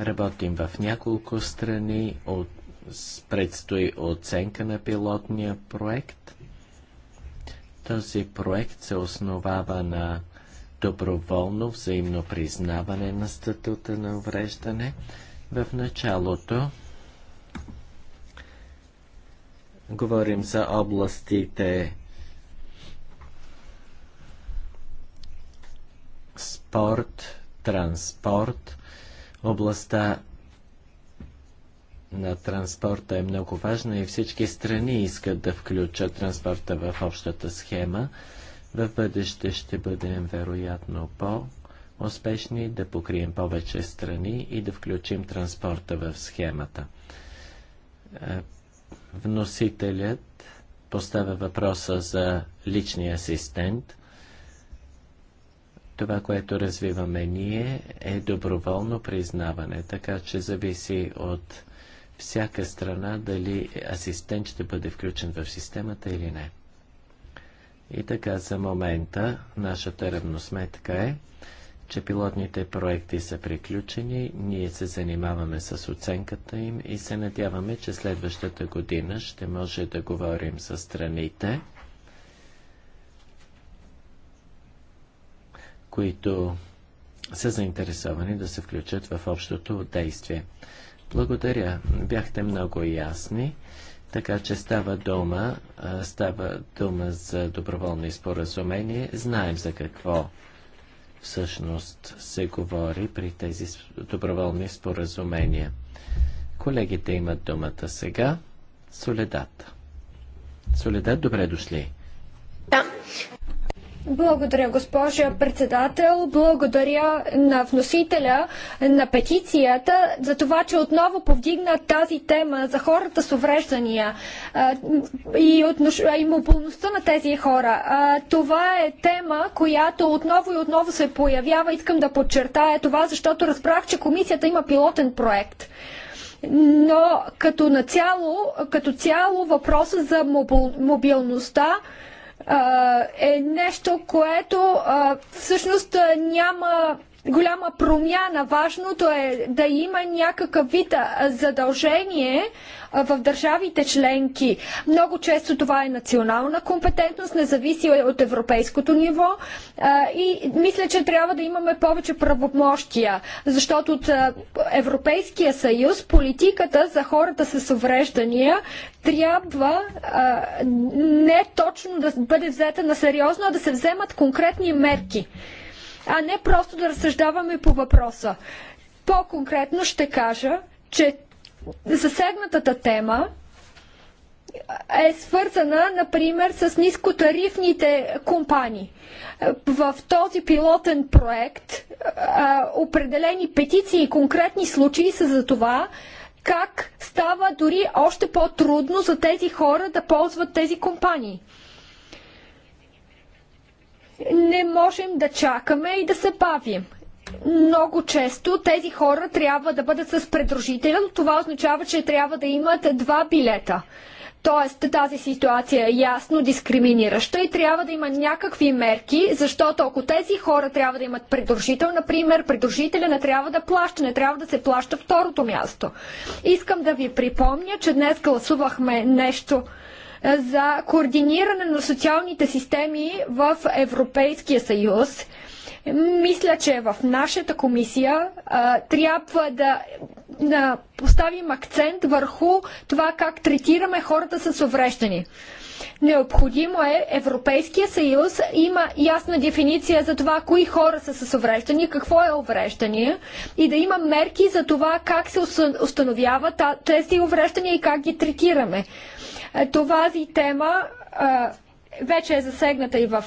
Работим в няколко страни, от, предстои оценка на пилотния проект. Този проект се основава на доброволно взаимно признаване на статута на увреждане. В началото Говорим за областите спорт, транспорт. Областта на транспорта е много важна и всички страни искат да включат транспорта в общата схема. В бъдеще ще бъдем вероятно по-успешни да покрием повече страни и да включим транспорта в схемата. Е, Вносителят поставя въпроса за личния асистент. Това, което развиваме ние, е доброволно признаване, така че зависи от всяка страна дали асистент ще бъде включен в системата или не. И така за момента нашата равносметка е, че пилотните проекти са приключени, ние се занимаваме с оценката им и се надяваме, че следващата година ще може да говорим с страните, които са заинтересовани да се включат в общото действие. Благодаря, бяхте много ясни. Така че става дума, става дума за доброволни споразумения. Знаем за какво всъщност се говори при тези доброволни споразумения. Колегите имат думата сега. Соледата. Соледат, добре дошли. Да. Благодаря, госпожа председател. Благодаря на вносителя на петицията за това, че отново повдигна тази тема за хората с увреждания и, отнош... и мобилността на тези хора. Това е тема, която отново и отново се появява. Искам да подчертая това, защото разбрах, че комисията има пилотен проект но като, нацяло, като цяло въпроса за мобилността е нещо, което всъщност няма голяма промяна. Важното е да има някакъв вид задължение в държавите членки. Много често това е национална компетентност, не зависи от европейското ниво и мисля, че трябва да имаме повече правомощия, защото от Европейския съюз политиката за хората с увреждания трябва не точно да бъде взета на сериозно, а да се вземат конкретни мерки а не просто да разсъждаваме по въпроса. По-конкретно ще кажа, че засегнатата тема е свързана, например, с нискотарифните компании. В този пилотен проект определени петиции и конкретни случаи са за това, как става дори още по-трудно за тези хора да ползват тези компании не можем да чакаме и да се бавим. Много често тези хора трябва да бъдат с предружителен, но това означава, че трябва да имат два билета. Тоест тази ситуация е ясно дискриминираща и трябва да има някакви мерки, защото ако тези хора трябва да имат предружител, например, предружителя не трябва да плаща, не трябва да се плаща второто място. Искам да ви припомня, че днес гласувахме нещо, за координиране на социалните системи в Европейския съюз. Мисля, че в нашата комисия а, трябва да, да поставим акцент върху това как третираме хората с увреждани. Необходимо е Европейския съюз има ясна дефиниция за това кои хора са с увреждания, какво е увреждане и да има мерки за това как се установяват тези увреждания и как ги третираме. Е, това Тази тема вече е засегната и в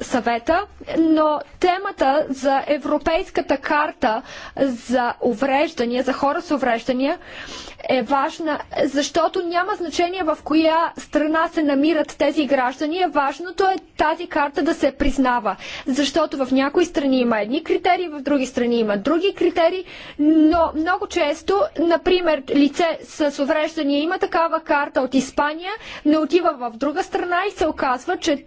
съвета, но темата за Европейската карта за увреждания, за хора с увреждания, е важна, защото няма значение в коя страна се намират тези граждани. Е важното е тази карта да се признава, защото в някои страни има едни критерии, в други страни има други критерии, но много често, например, лице с увреждания има такава карта от Испания, не отива в друга страна и се оказва, че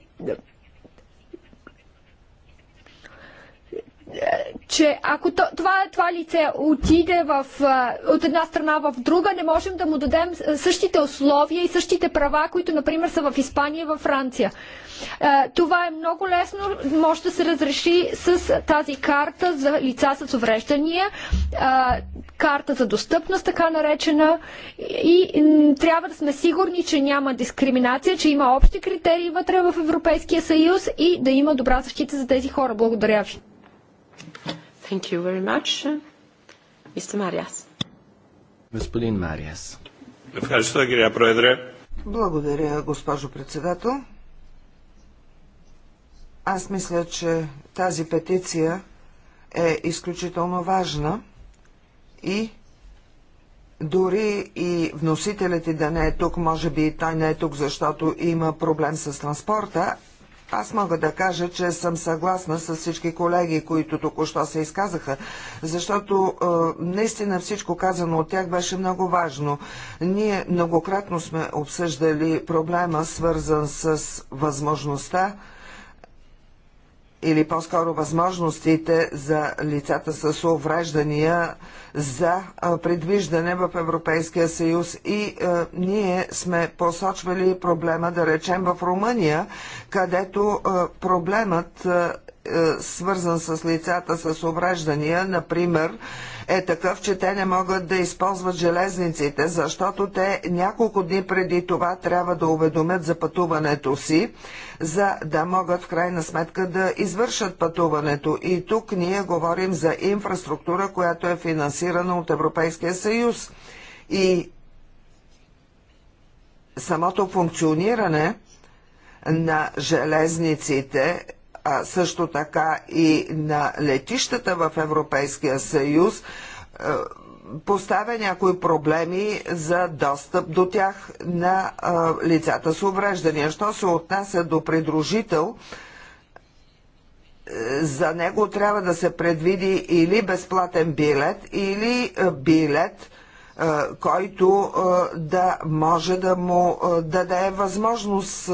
че ако това, това лице отиде в, от една страна в друга, не можем да му дадем същите условия и същите права, които, например, са в Испания и във Франция. Това е много лесно, може да се разреши с тази карта за лица с увреждания, карта за достъпност, така наречена, и трябва да сме сигурни, че няма дискриминация, че има общи критерии вътре в Европейския съюз и да има добра защита за тези хора. Благодаря ви. Thank you very much. Mr. Marias. Господин Мариас. Благодаря, госпожо председател. Аз мисля, че тази петиция е изключително важна и дори и вносителите да не е тук, може би и той не е тук, защото има проблем с транспорта, аз мога да кажа, че съм съгласна с всички колеги, които току-що се изказаха, защото е, наистина всичко казано от тях беше много важно. Ние многократно сме обсъждали проблема, свързан с възможността или по-скоро възможностите за лицата с увреждания за предвиждане в Европейския съюз. И е, ние сме посочвали проблема, да речем, в Румъния, където е, проблемът е, свързан с лицата с увреждания, например, е такъв, че те не могат да използват железниците, защото те няколко дни преди това трябва да уведомят за пътуването си, за да могат в крайна сметка да извършат пътуването. И тук ние говорим за инфраструктура, която е финансирана от Европейския съюз. И самото функциониране на железниците а също така и на летищата в Европейския съюз, поставя някои проблеми за достъп до тях на лицата с увреждания. Що се отнася до придружител, за него трябва да се предвиди или безплатен билет, или билет, който да може да му даде възможност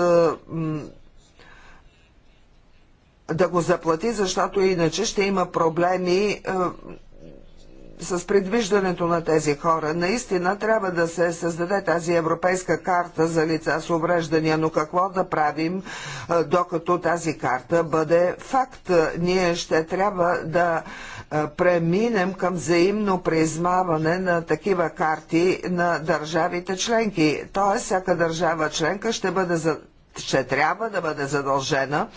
да го заплати, защото иначе ще има проблеми е, с предвиждането на тези хора. Наистина трябва да се създаде тази европейска карта за лица с увреждания, но какво да правим, е, докато тази карта бъде факт? Ние ще трябва да е, преминем към взаимно признаване на такива карти на държавите членки. Тоест, всяка държава членка ще бъде за ще трябва да бъде задължена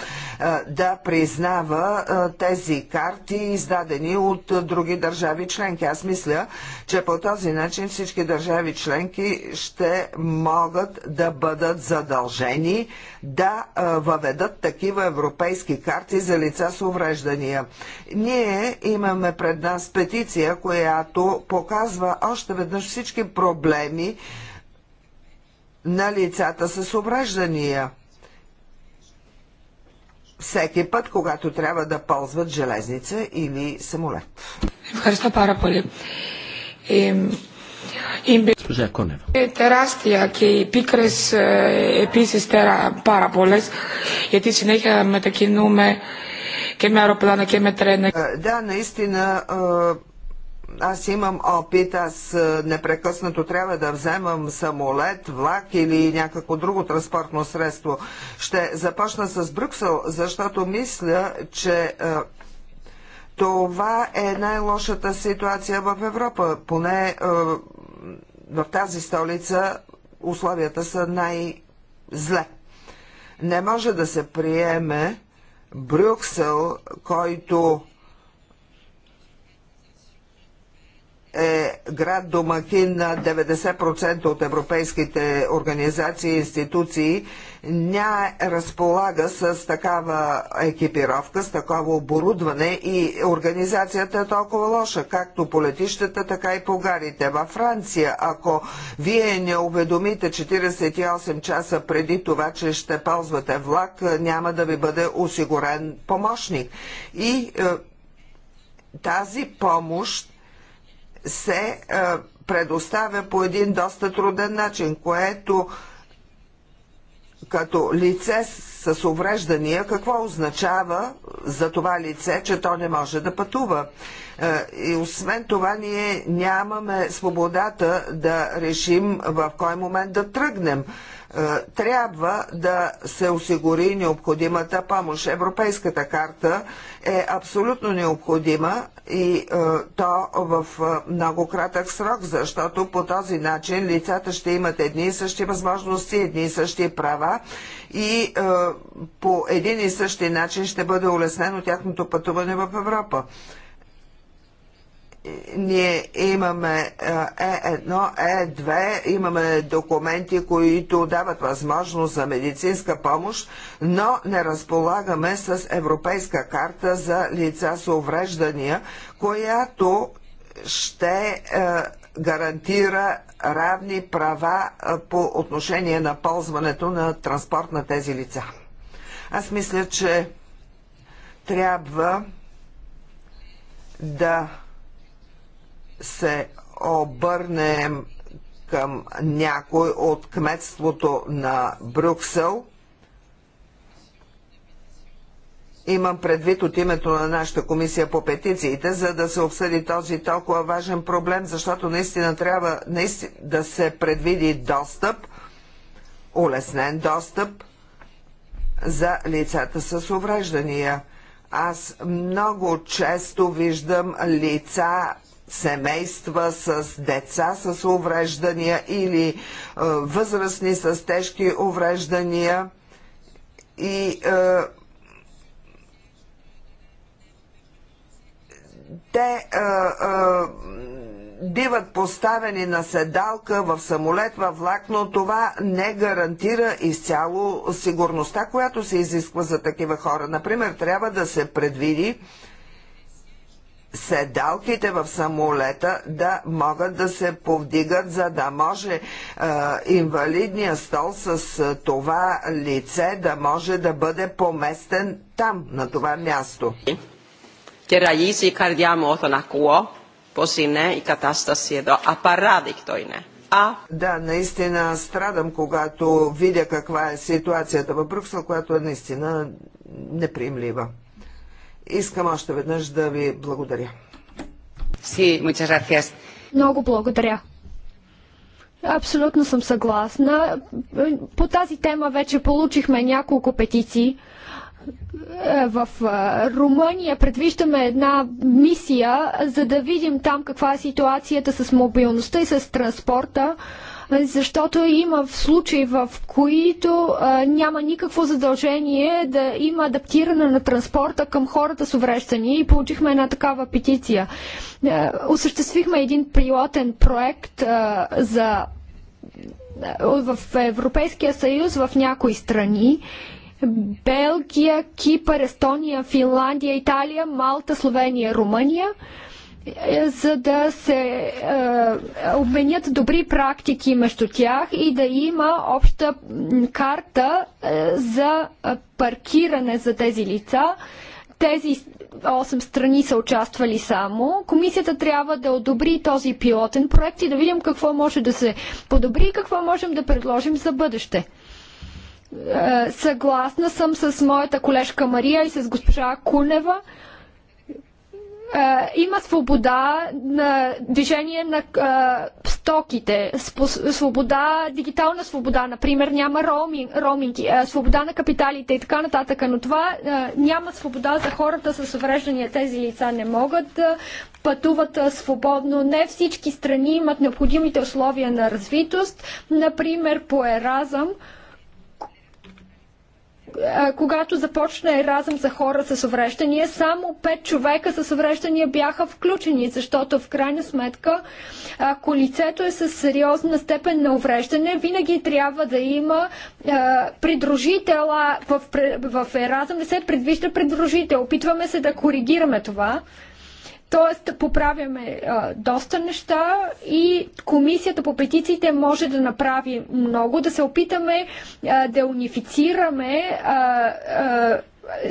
да признава тези карти, издадени от други държави членки. Аз мисля, че по този начин всички държави членки ще могат да бъдат задължени да въведат такива европейски карти за лица с увреждания. Ние имаме пред нас петиция, която показва още веднъж всички проблеми, на лицата с ображдания. Всеки път, когато трябва да ползват железница или самолет. Хареса пара поле. Госпожа Конева. Терастия, ке пикрес еписис тера пара поле, е си неха ме таки нуме, ке ме аероплана, ке ме трене. Да, наистина, е, аз имам опит, аз е, непрекъснато трябва да вземам самолет, влак или някакво друго транспортно средство. Ще започна с Брюксел, защото мисля, че е, това е най-лошата ситуация в Европа. Поне е, в тази столица условията са най-зле. Не може да се приеме Брюксел, който е град домакин на 90% от европейските организации и институции, ня разполага с такава екипировка, с такова оборудване и организацията е толкова лоша, както по летищата, така и по гарите. Във Франция, ако вие не уведомите 48 часа преди това, че ще ползвате влак, няма да ви бъде осигурен помощник. И е, тази помощ се е, предоставя по един доста труден начин, което като лице с увреждания, какво означава за това лице, че то не може да пътува. Е, и освен това, ние нямаме свободата да решим в кой момент да тръгнем. Е, трябва да се осигури необходимата помощ. Европейската карта е абсолютно необходима и е, то в е, много кратък срок, защото по този начин лицата ще имат едни и същи възможности, едни и същи права и по един и същи начин ще бъде улеснено тяхното пътуване в Европа ние имаме Е1, Е2, е имаме документи, които дават възможност за медицинска помощ, но не разполагаме с Европейска карта за лица с увреждания, която ще гарантира равни права по отношение на ползването на транспорт на тези лица. Аз мисля, че трябва да се обърнем към някой от кметството на Брюксел. Имам предвид от името на нашата комисия по петициите, за да се обсъди този толкова важен проблем, защото наистина трябва наистина, да се предвиди достъп, улеснен достъп за лицата с увреждания. Аз много често виждам лица семейства с деца с увреждания или е, възрастни с тежки увреждания и е, те е, биват поставени на седалка в самолет, във влак, но това не гарантира изцяло сигурността, която се изисква за такива хора. Например, трябва да се предвиди седалките в самолета да могат да се повдигат, за да може е, инвалидния стол с е, това лице да може да бъде поместен там, на това място. А? Да, наистина страдам, когато видя каква е ситуацията в Брюксел, която е наистина неприемлива. Искам още веднъж да ви благодаря. Си, sí, Много благодаря. Абсолютно съм съгласна. По тази тема вече получихме няколко петиции. Е, в е, Румъния предвиждаме една мисия, за да видим там каква е ситуацията с мобилността и с транспорта защото има случаи, в които а, няма никакво задължение да има адаптиране на транспорта към хората с увреждания и получихме една такава петиция. А, осъществихме един пилотен проект а, за в Европейския съюз в някои страни Белгия, Кипър, Естония, Финландия, Италия, Малта, Словения, Румъния за да се е, обменят добри практики между тях и да има обща карта е, за е, паркиране за тези лица. Тези 8 страни са участвали само. Комисията трябва да одобри този пилотен проект и да видим какво може да се подобри и какво можем да предложим за бъдеще. Е, съгласна съм с моята колежка Мария и с госпожа Кунева. Е, има свобода на движение на е, стоките, свобода, дигитална свобода, например, няма роуминг, роуминг е, свобода на капиталите и така нататък, но това няма свобода за хората с увреждания. Тези лица не могат да пътуват свободно. Не всички страни имат необходимите условия на развитост, например по Еразъм когато започна Еразъм за хора с увреждания, само 5 човека с увреждания бяха включени, защото в крайна сметка, ако лицето е с сериозна степен на увреждане, винаги трябва да има придружител, а в, в Еразъм не се предвижда придружител. Опитваме се да коригираме това. Тоест, поправяме а, доста неща и комисията по петициите може да направи много, да се опитаме а, да унифицираме а, а,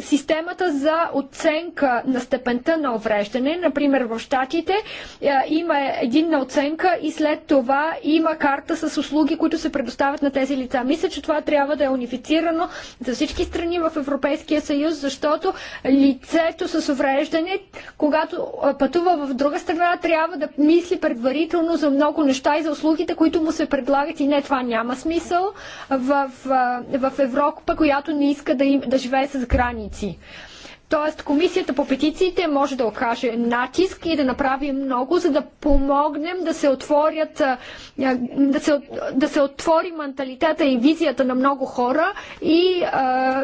системата за оценка на степента на увреждане. Например, в Штатите е, има единна оценка и след това има карта с услуги, които се предоставят на тези лица. Мисля, че това трябва да е унифицирано за всички страни в Европейския съюз, защото лицето с увреждане, когато е, пътува в друга страна, трябва да мисли предварително за много неща и за услугите, които му се предлагат и не, това няма смисъл в, в, Европа, която не иска да, им, да живее с гражданите граници. Тоест, комисията по петициите може да окаже натиск и да направи много, за да помогнем да се отворят, да се, да се отвори менталитета и визията на много хора и,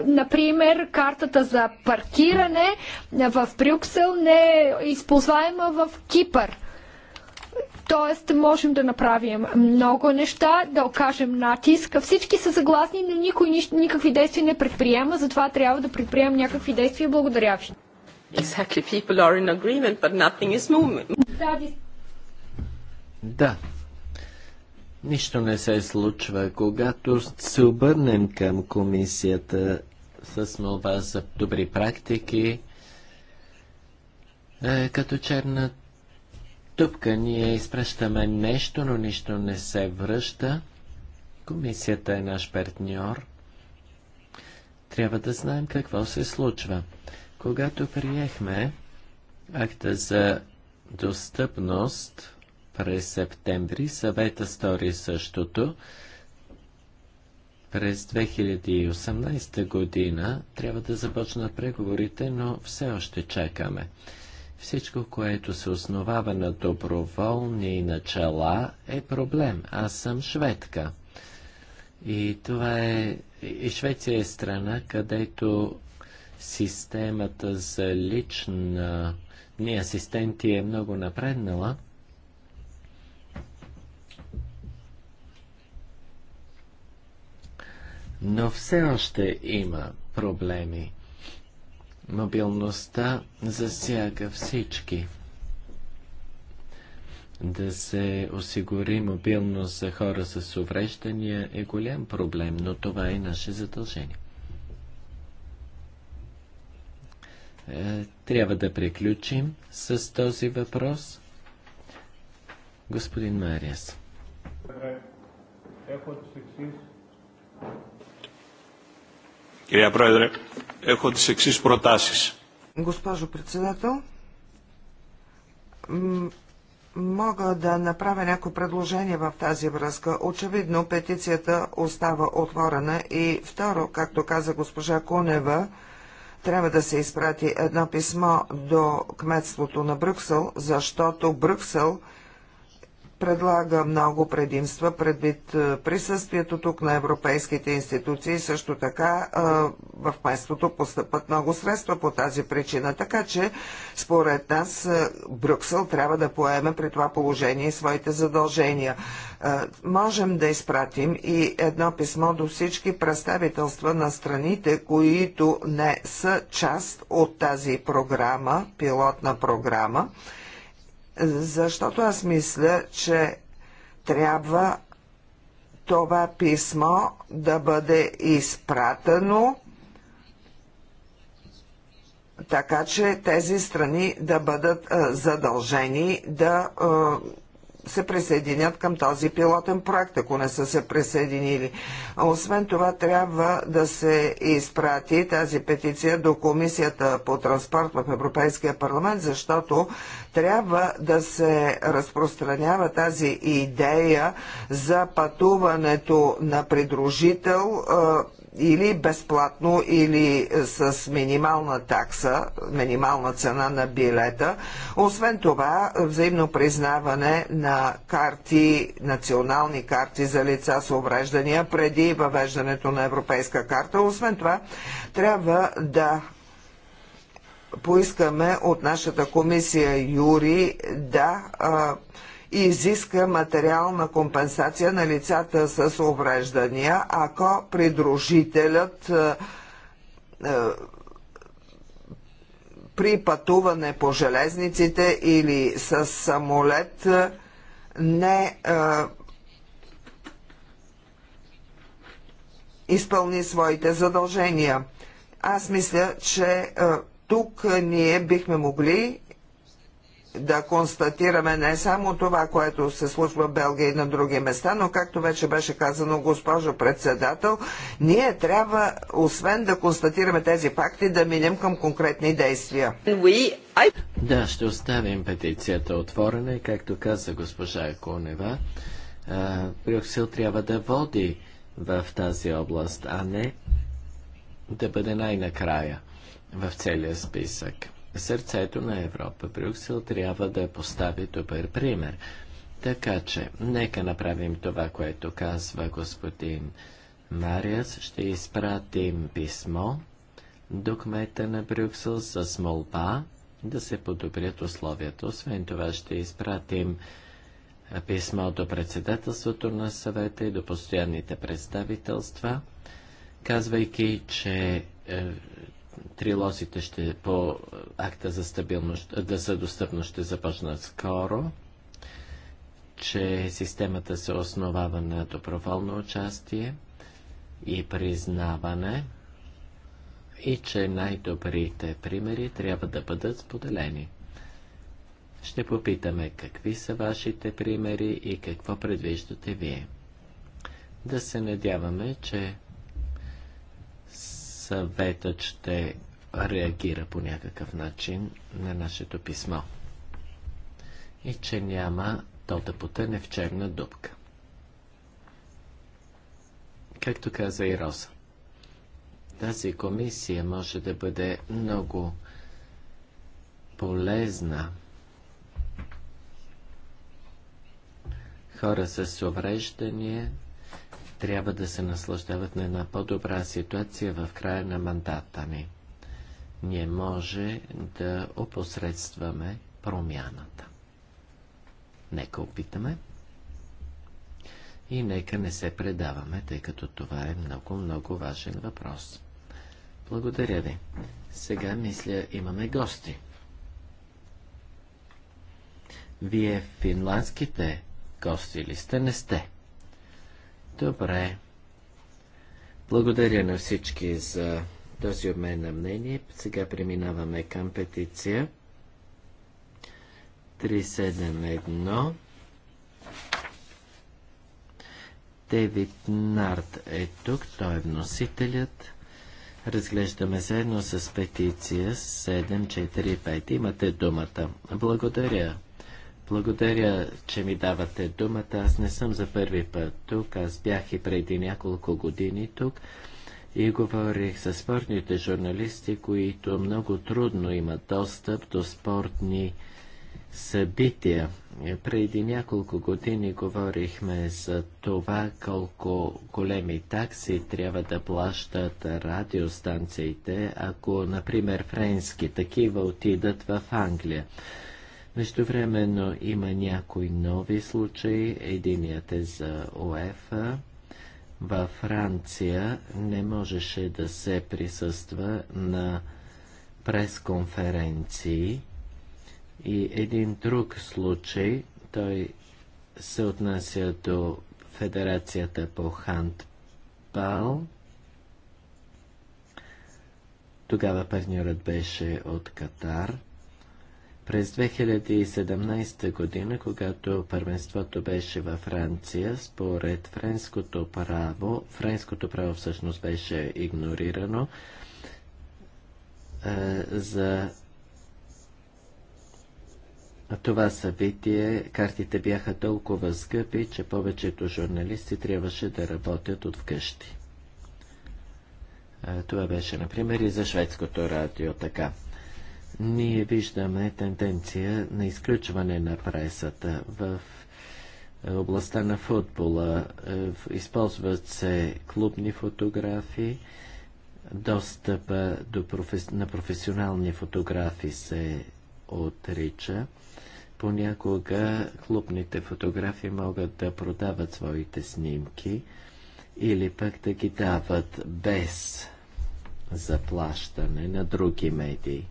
например, картата за паркиране в Брюксел не е използваема в Кипър Тоест, можем да направим много неща, да окажем натиск. Всички са съгласни, но никой никакви действия не предприема, затова трябва да предприемем някакви действия. Благодаря ви. Exactly. People are in agreement, but nothing is moving. Да. Нищо не се случва. Когато се обърнем към комисията с молба за добри практики, е, като черната тупка. Ние изпращаме нещо, но нищо не се връща. Комисията е наш партньор. Трябва да знаем какво се случва. Когато приехме акта за достъпност през септември, съвета стори същото. През 2018 година трябва да започнат преговорите, но все още чакаме. Всичко, което се основава на доброволни начала, е проблем. Аз съм шведка. И това е... И Швеция е страна, където системата за лична ни асистенти е много напреднала. Но все още има проблеми. Мобилността засяга всички. Да се осигури мобилност за хора с увреждания е голям проблем, но това е наше задължение. Е, трябва да приключим с този въпрос. Господин Мариас. Я проведу έχω τις εξής προτάσεις. Госпожо председател, мога да направя някои предложения в тази връзка. Очевидно, петицията остава отворена и второ, както каза госпожа Кунева, трябва да се изпрати едно писмо до кметството на Брюксел, защото Брюксел – предлага много предимства предвид е, присъствието тук на европейските институции. Също така е, в местото постъпват много средства по тази причина. Така че, според нас, е, Брюксел трябва да поеме при това положение своите задължения. Можем да изпратим и едно писмо до всички представителства на страните, които не са част от тази програма, пилотна програма защото аз мисля, че трябва това писмо да бъде изпратено, така че тези страни да бъдат задължени да се присъединят към този пилотен проект, ако не са се присъединили. Освен това, трябва да се изпрати тази петиция до Комисията по транспорт в Европейския парламент, защото трябва да се разпространява тази идея за пътуването на придружител или безплатно, или е, с минимална такса, минимална цена на билета. Освен това, взаимно признаване на карти, национални карти за лица с увреждания преди въвеждането на европейска карта. Освен това, трябва да поискаме от нашата комисия Юри да а, и изиска материална компенсация на лицата с увреждания, ако придружителят е, е, при пътуване по железниците или с самолет не е, изпълни своите задължения. Аз мисля, че тук ние бихме могли да констатираме не само това, което се случва в Белгия и на други места, но както вече беше казано, госпожо председател, ние трябва, освен да констатираме тези факти, да минем към конкретни действия. Да, ще оставим петицията отворена и както каза госпожа Конева, Брюксел трябва да води в тази област, а не да бъде най-накрая в целия списък сърцето на Европа. Брюксел трябва да постави добър пример. Така че, нека направим това, което казва господин Мариас. Ще изпратим писмо до кмета на Брюксел с молба да се подобрят условията. Освен това ще изпратим писмо до председателството на съвета и до постоянните представителства, казвайки, че е, трилозите ще, по акта за стабилност, да за достъпност ще започнат скоро, че системата се основава на доброволно участие и признаване и че най-добрите примери трябва да бъдат споделени. Ще попитаме какви са вашите примери и какво предвиждате вие. Да се надяваме, че съветът ще реагира по някакъв начин на нашето писмо и че няма то да потъне в черна дупка. Както каза и Роза, тази комисия може да бъде много полезна. Хора с увреждания, трябва да се наслаждават на една по-добра ситуация в края на мандата ни. Ние може да опосредстваме промяната. Нека опитаме и нека не се предаваме, тъй като това е много-много важен въпрос. Благодаря ви. Сега, мисля, имаме гости. Вие финландските гости ли сте? Не сте. Добре. Благодаря на всички за този обмен на мнение. Сега преминаваме към петиция 371. Девит Нарт е тук, той е вносителят. Разглеждаме заедно с петиция 745. Имате думата. Благодаря. Благодаря, че ми давате думата. Аз не съм за първи път тук. Аз бях и преди няколко години тук и говорих с спортните журналисти, които много трудно имат достъп до спортни събития. Преди няколко години говорихме за това колко големи такси трябва да плащат радиостанциите, ако, например, френски такива отидат в Англия. Междувременно има някои нови случаи. Единият е за ОЕФА. Във Франция не можеше да се присъства на пресконференции. И един друг случай, той се отнася до Федерацията по хандбал. Тогава партньорът беше от Катар. През 2017 година, когато първенството беше във Франция, според френското право, френското право всъщност беше игнорирано е, за това събитие. Картите бяха толкова скъпи, че повечето журналисти трябваше да работят от вкъщи. Е, това беше, например, и за шведското радио така ние виждаме тенденция на изключване на пресата в областта на футбола. Е, използват се клубни фотографии, достъпа до професс... на професионални фотографи се отрича. Понякога клубните фотографи могат да продават своите снимки или пък да ги дават без заплащане на други медии.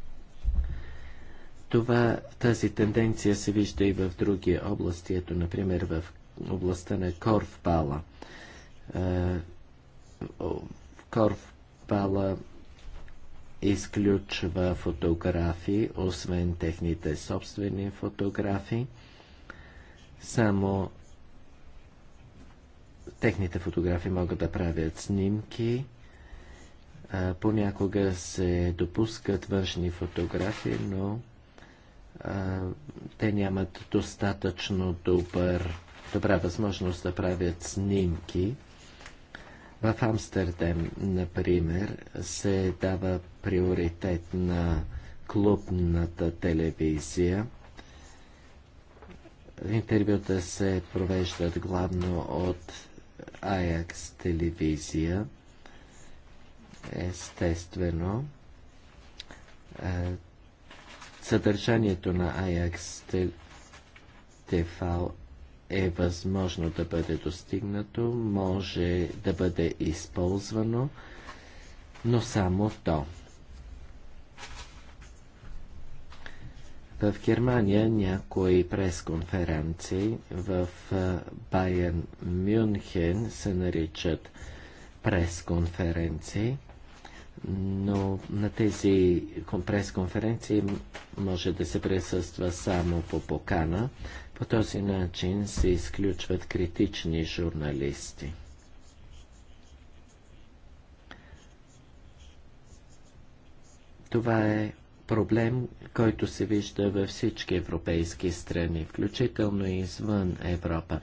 Това, тази тенденция се вижда и в други области, ето например в областта на Корфбала. Е, корфбала изключва фотографии, освен техните собствени фотографии. Само техните фотографии могат да правят снимки. Е, понякога се допускат външни фотографии, но те нямат достатъчно добър, добра възможност да правят снимки. В Амстердем, например, се дава приоритет на клубната телевизия. Интервюта се провеждат главно от Аякс телевизия. Естествено, съдържанието на Ajax TV е възможно да бъде достигнато, може да бъде използвано, но само то. В Германия някои пресконференции в Байен Мюнхен се наричат пресконференции – но на тези прес-конференции може да се присъства само по покана. По този начин се изключват критични журналисти. Това е проблем, който се вижда във всички европейски страни, включително и извън Европа.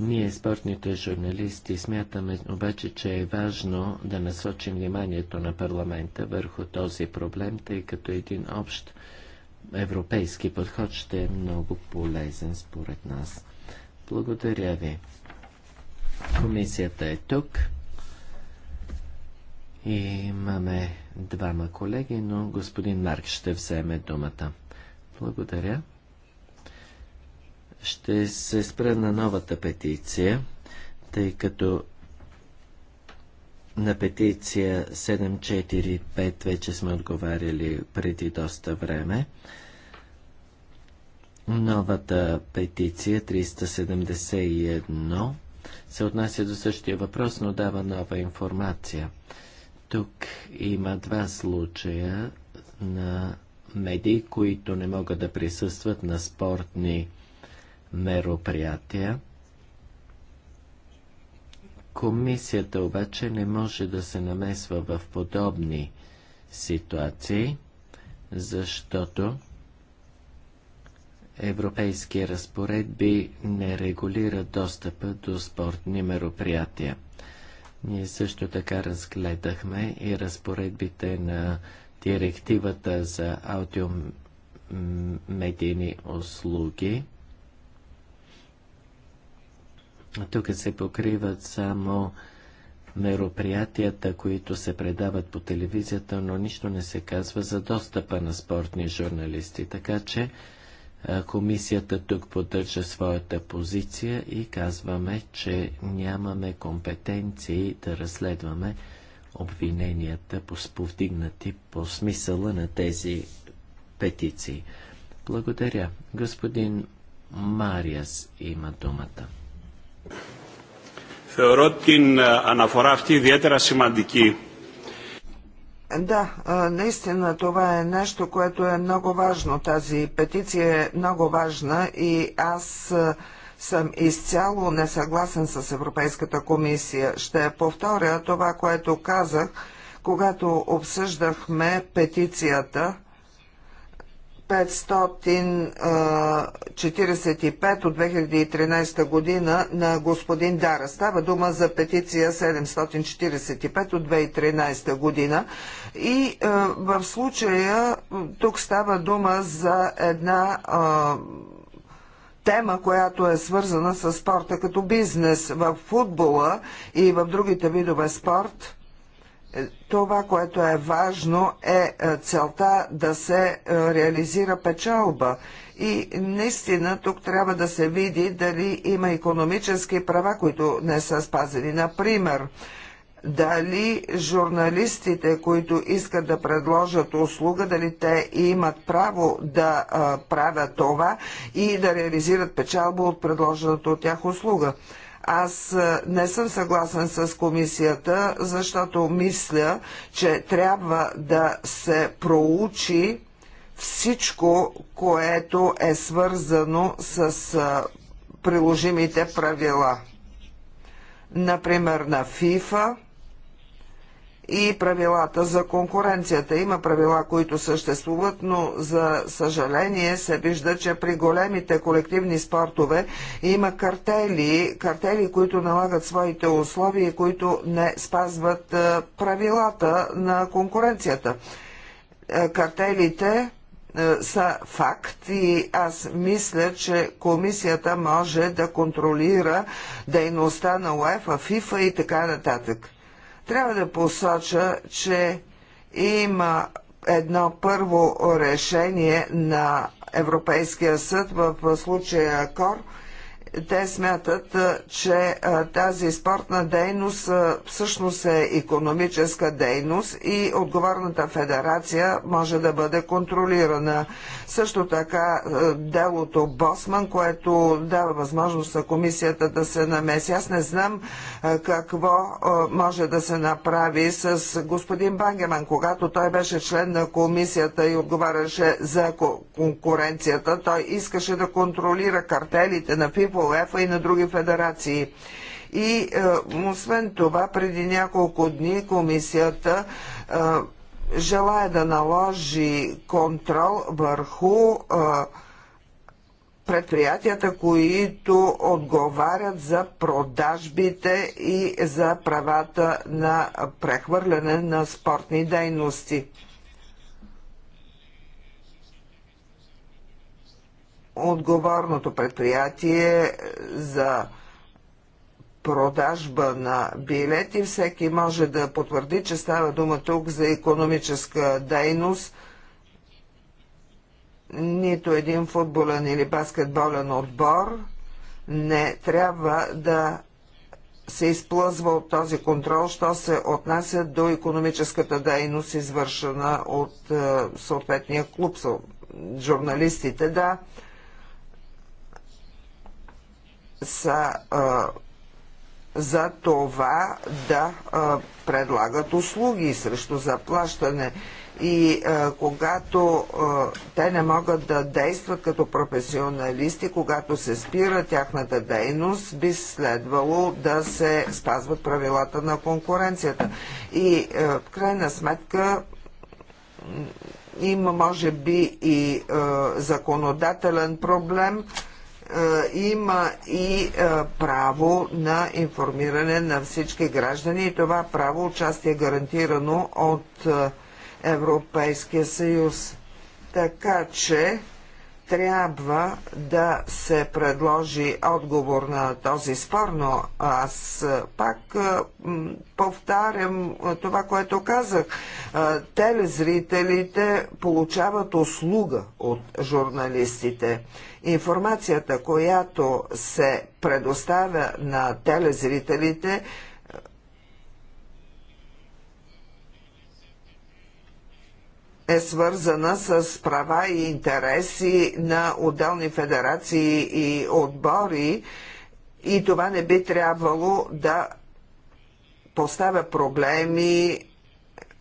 Ние, спортните журналисти, смятаме обаче, че е важно да насочим вниманието на парламента върху този проблем, тъй като един общ европейски подход ще е много полезен според нас. Благодаря ви. Комисията е тук. И имаме двама колеги, но господин Марк ще вземе думата. Благодаря. Ще се спра на новата петиция, тъй като на петиция 745 вече сме отговаряли преди доста време. Новата петиция 371 се отнася до същия въпрос, но дава нова информация. Тук има два случая на медии, които не могат да присъстват на спортни мероприятия. Комисията обаче не може да се намесва в подобни ситуации, защото европейски разпоредби не регулират достъпа до спортни мероприятия. Ние също така разгледахме и разпоредбите на директивата за аудиомедийни услуги. Тук се покриват само мероприятията, които се предават по телевизията, но нищо не се казва за достъпа на спортни журналисти. Така че комисията тук поддържа своята позиция и казваме, че нямаме компетенции да разследваме обвиненията повдигнати по смисъла на тези петиции. Благодаря. Господин Мариас има думата. Θεωρώ την αναφορά αυτή ιδιαίτερα σημαντική. Да, наистина това е нещо, което е много важно. Тази петиция е много важна и аз е, съм изцяло несъгласен с Европейската комисия. Ще повторя това, което казах, когато обсъждахме петицията – 545 от 2013 година на господин Дара. Става дума за петиция 745 от 2013 година. И в случая тук става дума за една тема, която е свързана с спорта като бизнес. В футбола и в другите видове спорт – е, това, което е важно, е, е целта да се е, реализира печалба. И наистина тук трябва да се види дали има економически права, които не са спазени. Например, дали журналистите, които искат да предложат услуга, дали те имат право да правят това и да реализират печалба от предложената от тях услуга. Аз е, не съм съгласен с комисията, защото мисля, че трябва да се проучи всичко, което е свързано с е, приложимите правила. Например, на ФИФА – и правилата за конкуренцията. Има правила, които съществуват, но за съжаление се вижда, че при големите колективни спортове има картели, картели, които налагат своите условия, които не спазват е, правилата на конкуренцията. Е, картелите е, са факт и аз мисля, че комисията може да контролира дейността на УЕФА, ФИФА и така нататък. Трябва да посоча, че има едно първо решение на Европейския съд в случая КОР. Те смятат, че тази спортна дейност всъщност е економическа дейност и отговорната федерация може да бъде контролирана. Също така е, делото Босман, което дава възможност на комисията да се намеси. Аз не знам е, какво е, може да се направи с господин Бангеман, когато той беше член на комисията и отговаряше за конкуренцията. Той искаше да контролира картелите на ФИФО, ЕФА и на други федерации. И е, освен това, преди няколко дни комисията е, желая да наложи контрол върху предприятията, които отговарят за продажбите и за правата на прехвърляне на спортни дейности. Отговорното предприятие за продажба на билети. Всеки може да потвърди, че става дума тук за економическа дейност. Нито един футболен или баскетболен отбор не трябва да се изплъзва от този контрол, що се отнася до економическата дейност, извършена от е, съответния клуб. Журналистите, да, са е, за това да а, предлагат услуги срещу заплащане. И а, когато а, те не могат да действат като професионалисти, когато се спира тяхната дейност, би следвало да се спазват правилата на конкуренцията. И а, в крайна сметка има може би и а, законодателен проблем. Е, има и е, право на информиране на всички граждани и това право участие е гарантирано от е, Европейския съюз. Така че трябва да се предложи отговор на този спор, но аз пак повтарям това, което казах. Телезрителите получават услуга от журналистите. Информацията, която се предоставя на телезрителите, е свързана с права и интереси на отделни федерации и отбори и това не би трябвало да поставя проблеми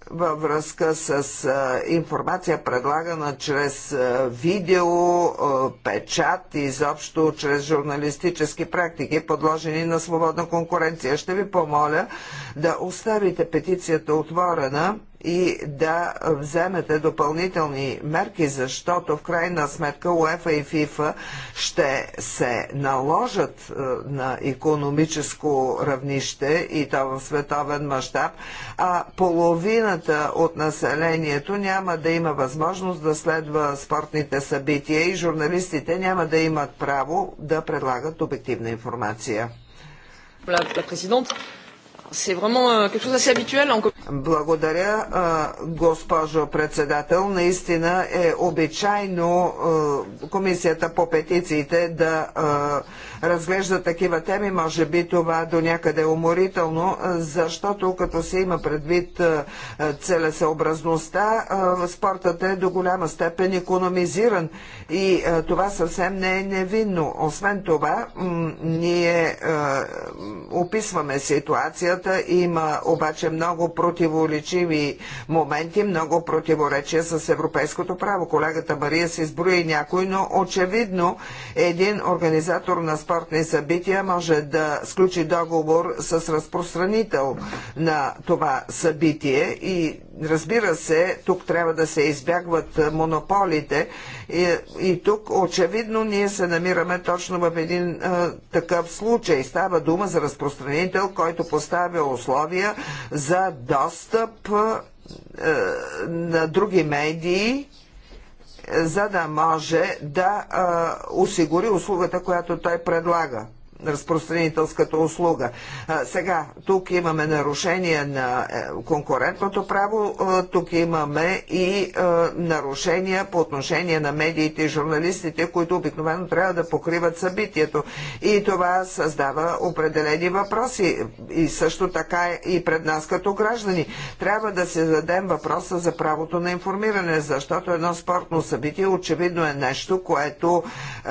във връзка с а, информация предлагана чрез а, видео, а, печат и изобщо чрез журналистически практики, подложени на свободна конкуренция. Ще ви помоля да оставите петицията отворена и да вземете допълнителни мерки, защото в крайна сметка УЕФА и ФИФА ще се наложат е, на економическо равнище и то в световен мащаб, а половината от населението няма да има възможност да следва спортните събития и журналистите няма да имат право да предлагат обективна информация. Euh, Благодаря, госпожо председател. Наистина е обичайно Комисията по петициите да разглежда такива теми. Може би това до някъде е уморително, защото като се има предвид целесъобразността, спортът е до голяма степен економизиран. И е, това съвсем не е невинно. Освен това, ние е, описваме ситуацията. Има обаче много противоречиви моменти, много противоречия с европейското право. Колегата Мария се изброи някой, но очевидно един организатор на спортни събития може да сключи договор с разпространител на това събитие и разбира се, тук трябва да се избягват монополите и, и тук очевидно ние се намираме точно в един а, такъв случай. Става дума за разпространител, който поставя условия за достъп а, на други медии за да може да а, осигури услугата, която той предлага разпространителската услуга. Сега, тук имаме нарушение на е, конкурентното право, тук имаме и нарушения по отношение на медиите и журналистите, които обикновено трябва да покриват събитието. И това създава определени въпроси и също така е и пред нас като граждани. Трябва да се зададем въпроса за правото на информиране, защото едно спортно събитие очевидно е нещо, което е,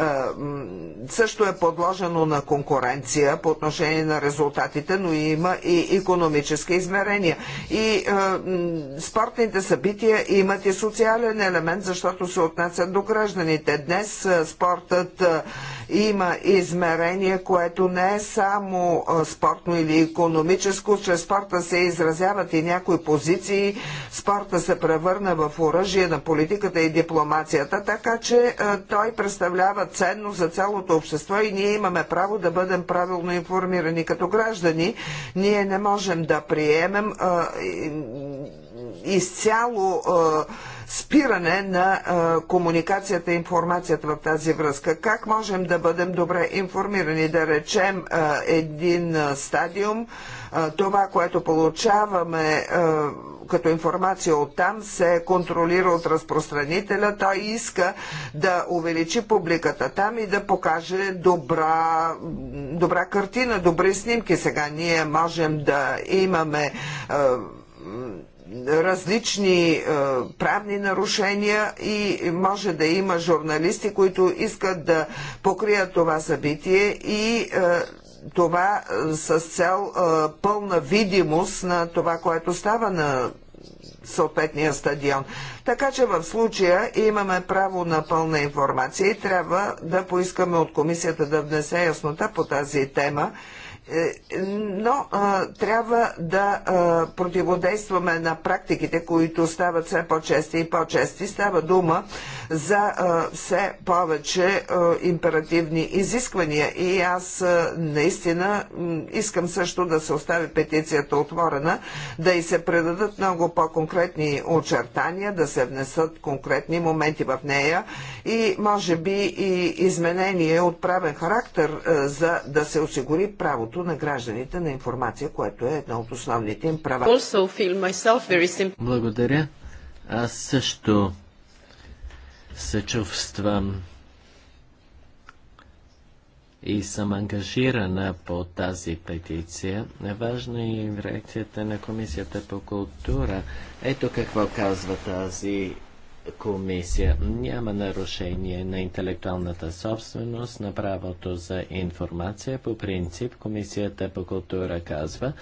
също е подложено на конкуренция конкуренция по отношение на резултатите, но има и економически измерения. И е, спортните събития имат и социален елемент, защото се отнасят до гражданите. Днес е, спортът е, има измерение, което не е само спортно или економическо. Чрез спорта се изразяват и някои позиции. Спорта се превърна в оръжие на политиката и дипломацията, така че той представлява ценно за цялото общество и ние имаме право да бъдем правилно информирани като граждани. Ние не можем да приемем изцяло спиране на комуникацията и информацията в тази връзка. Как можем да бъдем добре информирани? Да речем един стадиум, това, което получаваме като информация от там се контролира от разпространителя. Той иска да увеличи публиката там и да покаже добра, добра картина, добри снимки. Сега ние можем да имаме различни е, правни нарушения и може да има журналисти, които искат да покрият това събитие и е, това е, с цел е, пълна видимост на това, което става на съответния стадион. Така че в случая имаме право на пълна информация и трябва да поискаме от комисията да внесе яснота по тази тема е, но а, трябва да а, противодействаме на практиките, които стават все по-чести и по-чести. Става дума за а, все повече а, императивни изисквания и аз а, наистина искам също да се остави петицията отворена, да и се предадат много по-конкретни очертания, да се внесат конкретни моменти в нея и може би и изменение от правен характер а, за да се осигури правото правото на гражданите на информация, което е едно от основните им права. Благодаря. Аз също се чувствам и съм ангажирана по тази петиция. Е важна е и реакцията на Комисията по култура. Ето какво казва тази комисия. Няма нарушение на интелектуалната собственост, на правото за информация. По принцип, комисията по култура казва,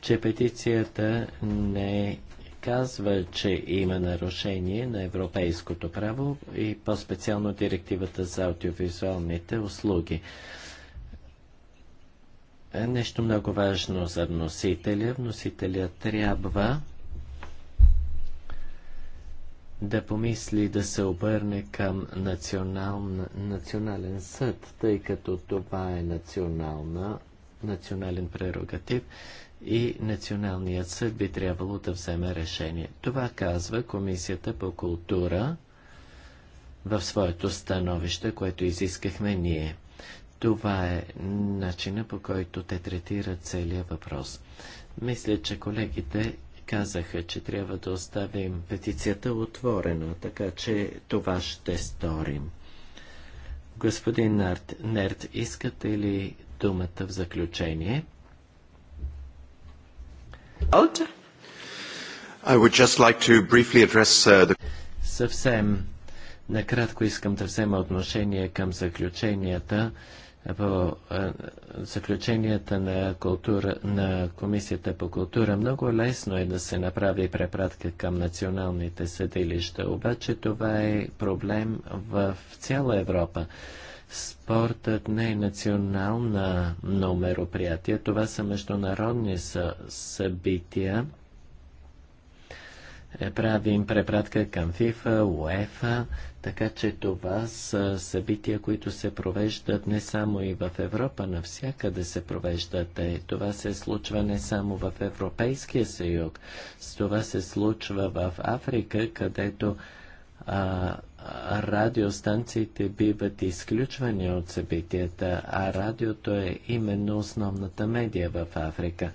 че петицията не казва, че има нарушение на европейското право и по-специално директивата за аудиовизуалните услуги. Нещо много важно за вносителя. Вносителя трябва да помисли да се обърне към национал, национален съд, тъй като това е национална, национален прерогатив и националният съд би трябвало да вземе решение. Това казва Комисията по култура в своето становище, което изискахме ние. Това е начина по който те третират целият въпрос. Мисля, че колегите казаха, че трябва да оставим петицията отворена, така че това ще сторим. Господин Нарт, Нерт, искате ли думата в заключение? I would just like to briefly address uh, the... Съвсем накратко искам да взема отношение към заключенията по е, заключенията на, култура, на Комисията по култура много лесно е да се направи препратка към националните съдилища, обаче това е проблем в цяла Европа. Спортът не е национално мероприятие, това са международни събития е, правим препратка към FIFA, UEFA, така че това са събития, които се провеждат не само и в Европа, навсякъде се провеждат. Е, това се случва не само в Европейския съюз, това се случва в Африка, където а, радиостанциите биват изключвани от събитията, а радиото е именно основната медия в Африка.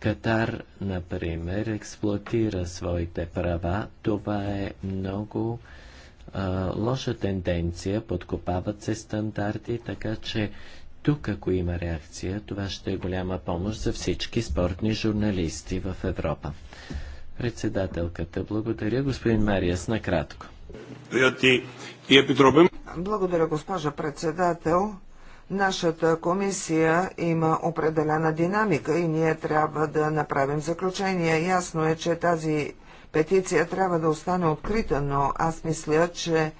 Катар, например, експлуатира своите права. Това е много а, лоша тенденция. Подкопават се стандарти, така че тук, ако има реакция, това ще е голяма помощ за всички спортни журналисти в Европа. Председателката, благодаря господин Мариас, накратко. Благодаря, госпожа председател. Нашата комисия има определена динамика и ние трябва да направим заключение. Ясно е, че тази петиция трябва да остане открита, но аз мисля, че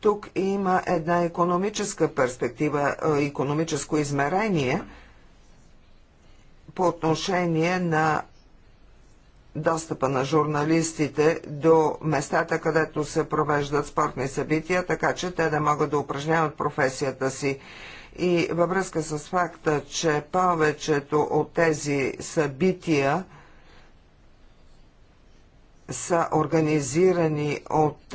тук има една економическа перспектива, е, економическо измерение по отношение на достъпа на журналистите до местата, където се провеждат спортни събития, така че те да могат да упражняват професията си. И във връзка с факта, че повечето от тези събития са организирани от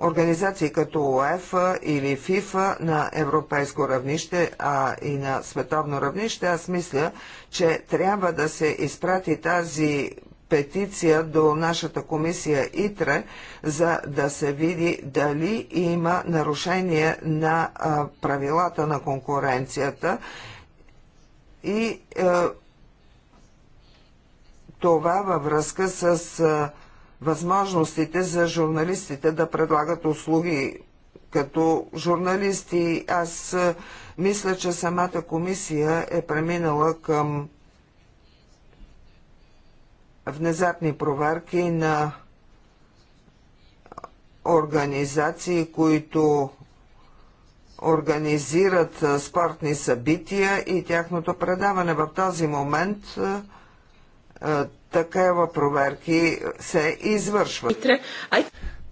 организации като УЕФА или ФИФА на европейско равнище, а и на световно равнище, аз мисля, че трябва да се изпрати тази петиция до нашата комисия ИТРЕ, за да се види дали има нарушение на а, правилата на конкуренцията и е, това във връзка с а, възможностите за журналистите да предлагат услуги като журналисти. Аз мисля, че самата комисия е преминала към внезапни проверки на организации, които организират спортни събития и тяхното предаване. В този момент такава проверки се извършва.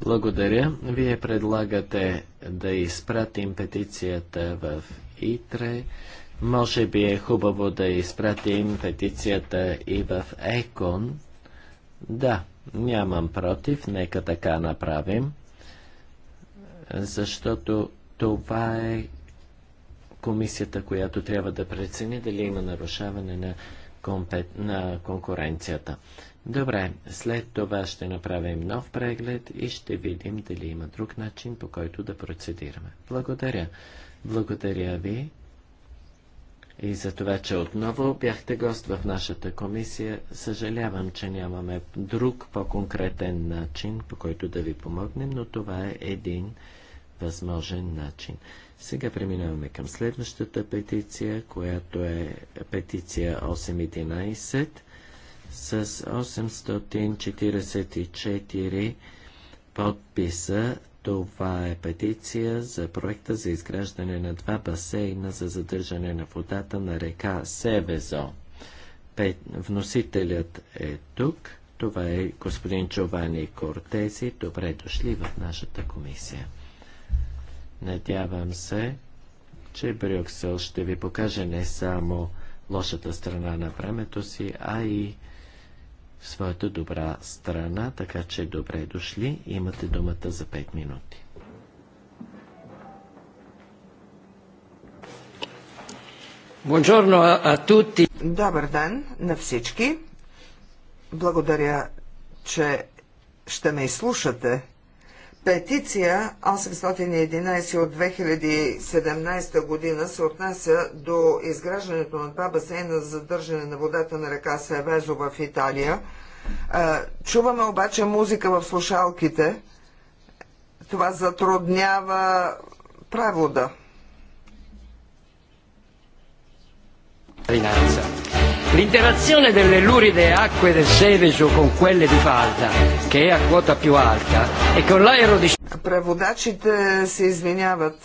Благодаря. Вие предлагате да изпратим петицията в ИТРЕ. Може би е хубаво да изпратим петицията и в ЕКОН. Да, нямам против, нека така направим, защото това е комисията, която трябва да прецени дали има нарушаване на компет... на конкуренцията. Добре, след това ще направим нов преглед и ще видим дали има друг начин, по който да процедираме. Благодаря. Благодаря ви и за това, че отново бяхте гост в нашата комисия. Съжалявам, че нямаме друг по-конкретен начин, по който да ви помогнем, но това е един възможен начин. Сега преминаваме към следващата петиция, която е петиция 811 с 844 подписа. Това е петиция за проекта за изграждане на два басейна за задържане на водата на река Севезо. Пет... Вносителят е тук. Това е господин Човани Кортези. Добре дошли в нашата комисия. Надявам се, че Брюксел ще ви покаже не само лошата страна на времето си, а и в своята добра страна, така че добре дошли. Имате думата за 5 минути. Добър ден на всички. Благодаря, че ще ме изслушате Петиция 811 от 2017 година се отнася до изграждането на два басейна за задържане на водата на река Севезо в Италия. Е, чуваме обаче музика в слушалките. Това затруднява превода. Ринанца. L'interazione delle luride acque del Seveso con quelle di Falda, che è a quota più alta, e con l'aero di... Преводачите се извиняват,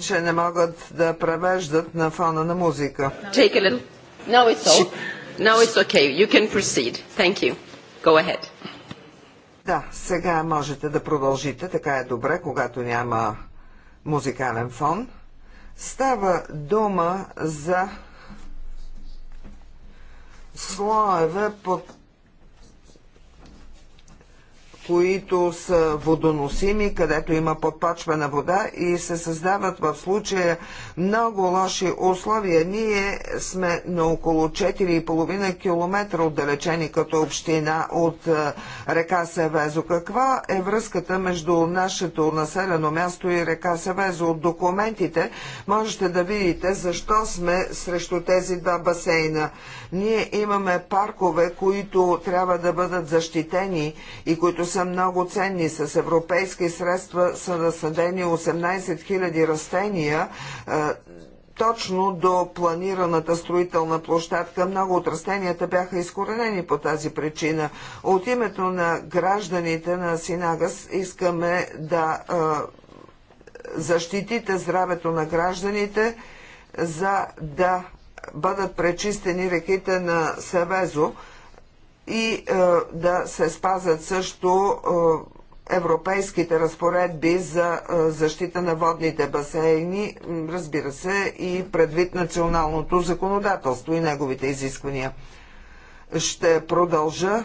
че не могат да превеждат на фона на музика. Take a little. Now it's all. Now it's okay. You can proceed. Thank you. Go ahead. Да, сега можете да продължите, така е добре, когато няма музикален фон. Става дума за слоеве под които са водоносими, където има подпачвана вода и се създават в случая много лоши условия. Ние сме на около 4,5 км отдалечени като община от е, река Севезо. Каква е връзката между нашето населено място и река Севезо? От документите можете да видите защо сме срещу тези два басейна. Ние имаме паркове, които трябва да бъдат защитени и които са са много ценни. С европейски средства са насадени 18 000 растения точно до планираната строителна площадка. Много от растенията бяха изкоренени по тази причина. От името на гражданите на Синагас искаме да защитите здравето на гражданите, за да бъдат пречистени реките на Севезо и е, да се спазят също е, европейските разпоредби за е, защита на водните басейни, разбира се, и предвид националното законодателство и неговите изисквания. Ще продължа.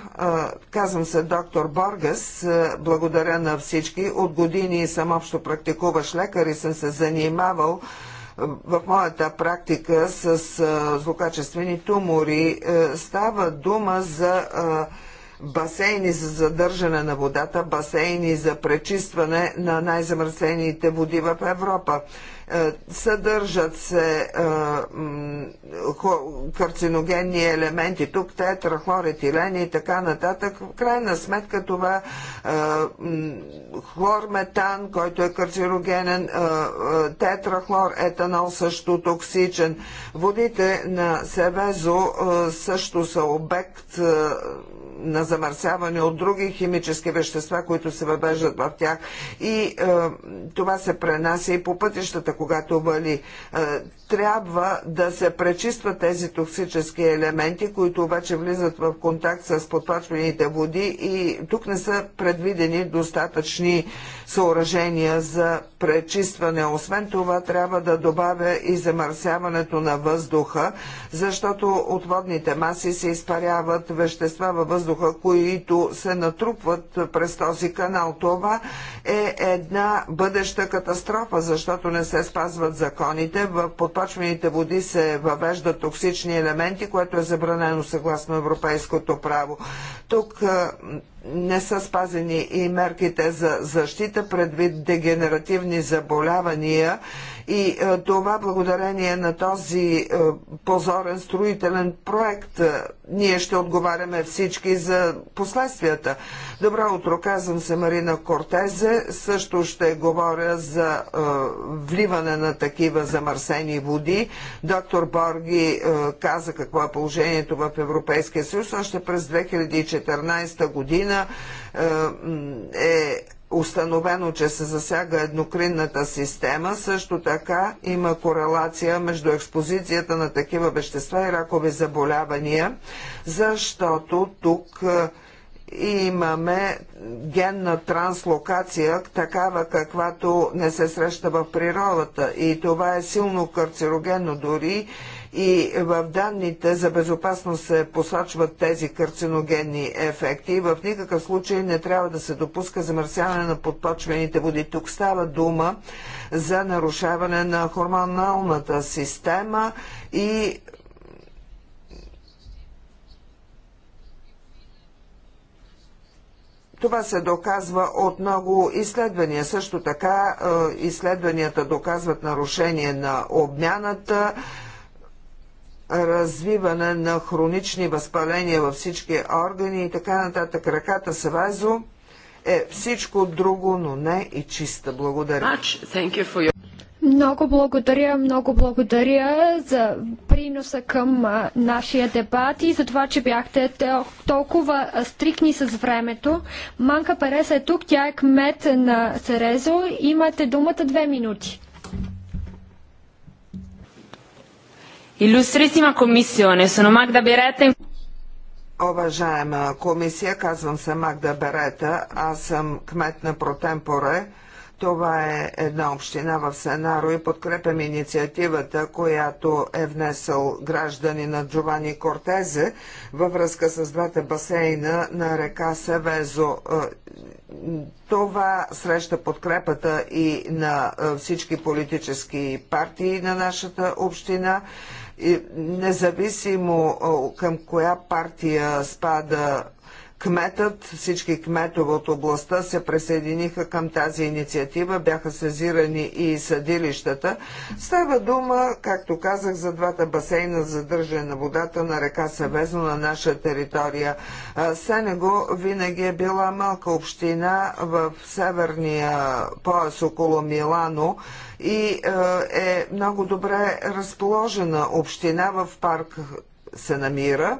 Казвам се доктор Боргас. Благодаря на всички. От години съм общо практикуваш лекар и съм се занимавал в моята практика с злокачествени тумори става дума за басейни за задържане на водата, басейни за пречистване на най-замърсените води в Европа. Е, съдържат се е, карциногенни елементи, тук тетра, и така нататък. В крайна сметка това е, хлорметан, който е карциногенен, тетрахлор, етанол също токсичен. Водите на Севезо също са обект на замърсяване от други химически вещества, които се въвеждат в тях. И е, това се пренася и по пътищата, когато вали. Е, трябва да се пречистват тези токсически елементи, които обаче влизат в контакт с подпачваните води и тук не са предвидени достатъчни съоръжения за пречистване. Освен това трябва да добавя и замърсяването на въздуха, защото от водните маси се изпаряват вещества във въздуха, които се натрупват през този канал. Това е една бъдеща катастрофа, защото не се спазват законите. В подпочвените води се въвеждат токсични елементи, което е забранено съгласно европейското право. Тук не са спазени и мерките за защита предвид дегенеративни заболявания и е, това благодарение на този е, позорен строителен проект е, ние ще отговаряме всички за последствията. Добро утро, казвам се Марина Кортезе. Също ще говоря за вливане на такива замърсени води. Доктор Борги каза какво е положението в Европейския съюз. Още през 2014 година е установено, че се засяга еднокринната система, също така има корелация между експозицията на такива вещества и ракови заболявания, защото тук е, имаме генна транслокация, такава каквато не се среща в природата. И това е силно карцерогенно дори и в данните за безопасност се посочват тези карциногенни ефекти в никакъв случай не трябва да се допуска замърсяване на подпочвените води. Тук става дума за нарушаване на хормоналната система и Това се доказва от много изследвания. Също така е, изследванията доказват нарушение на обмяната развиване на хронични възпаления във всички органи и така нататък. Ръката с вазо е всичко друго, но не и чиста. Благодаря. Много благодаря, много благодаря за приноса към а, нашия дебат и за това, че бяхте толкова стрикни с времето. Манка Перес е тук, тя е кмет на Серезо. Имате думата две минути. Иллюстрисима комисионе sono Магда Beretta. Уважаема комисия, казвам се Магда Берета, аз съм кмет на Протемпоре. Това е една община в Сенаро и подкрепям инициативата, която е внесъл граждани на Джовани Кортезе във връзка с двата басейна на река Севезо. Е, това среща подкрепата и на е, всички политически партии на нашата община независимо към коя партия спада Кметът, всички кметове от областта се присъединиха към тази инициатива, бяха сезирани и съдилищата. Става дума, както казах, за двата басейна за държане на водата на река Севезно на наша територия. Сенего винаги е била малка община в северния пояс около Милано и е много добре разположена община в парк се намира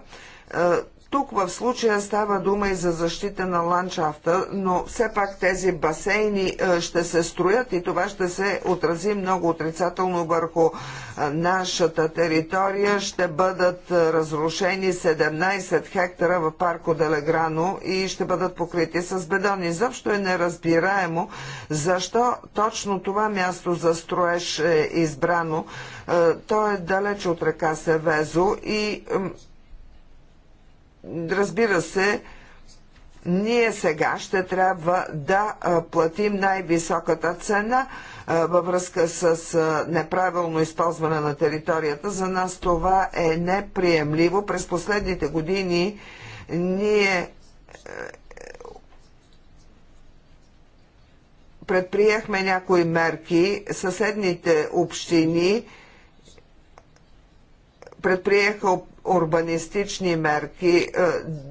тук в случая става дума и за защита на ландшафта, но все пак тези басейни е, ще се строят и това ще се отрази много отрицателно върху е, нашата територия. Ще бъдат е, разрушени 17 хектара в парко Делеграно и ще бъдат покрити с бедони. Защо е неразбираемо защо точно това място за строеж е избрано. То е далеч от река Севезо и разбира се, ние сега ще трябва да платим най-високата цена във връзка с неправилно използване на територията. За нас това е неприемливо. През последните години ние е, предприехме някои мерки. Съседните общини предприеха урбанистични мерки, е,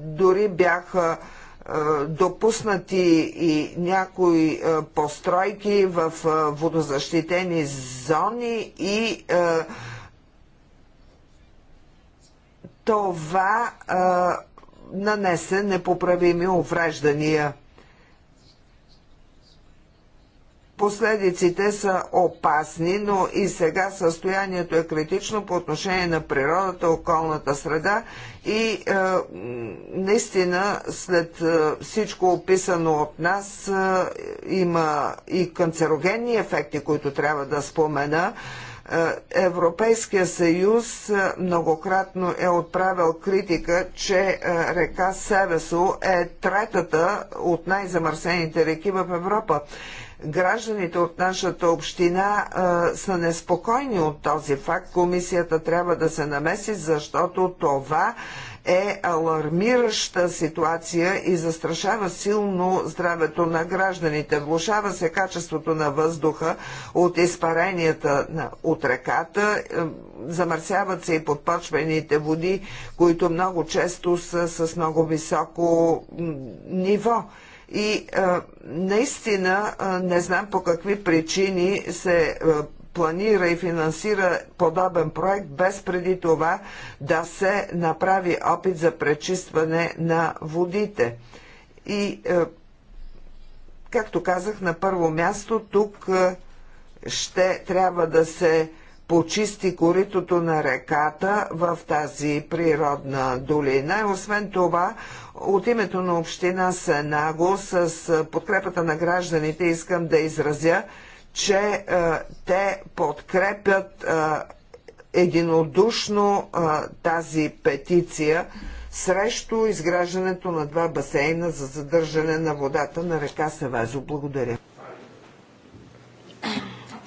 дори бяха е, допуснати и някои е, постройки в водозащитени зони и това нанесе непоправими увреждания. Последиците са опасни, но и сега състоянието е критично по отношение на природата, околната среда и е, наистина след е, всичко описано от нас е, има и канцерогенни ефекти, които трябва да спомена. Е, Европейския съюз е, многократно е отправил критика, че е, река Севесо е третата от най-замърсените реки в Европа гражданите от нашата община а, са неспокойни от този факт. Комисията трябва да се намеси, защото това е алармираща ситуация и застрашава силно здравето на гражданите. Влушава се качеството на въздуха от изпаренията на, от реката, е, замърсяват се и подпочвените води, които много често са с много високо ниво. И а, е, наистина а, е, не знам по какви причини се а, е, планира и финансира подобен проект, без преди това да се направи опит за пречистване на водите. И, а, както казах, на първо място тук а, ще трябва да се почисти коритото на реката в тази природна долина. Освен това, от името на община Сенаго с подкрепата на гражданите искам да изразя, че е, те подкрепят е, единодушно е, тази петиция срещу изграждането на два басейна за задържане на водата на река Севезо. Благодаря.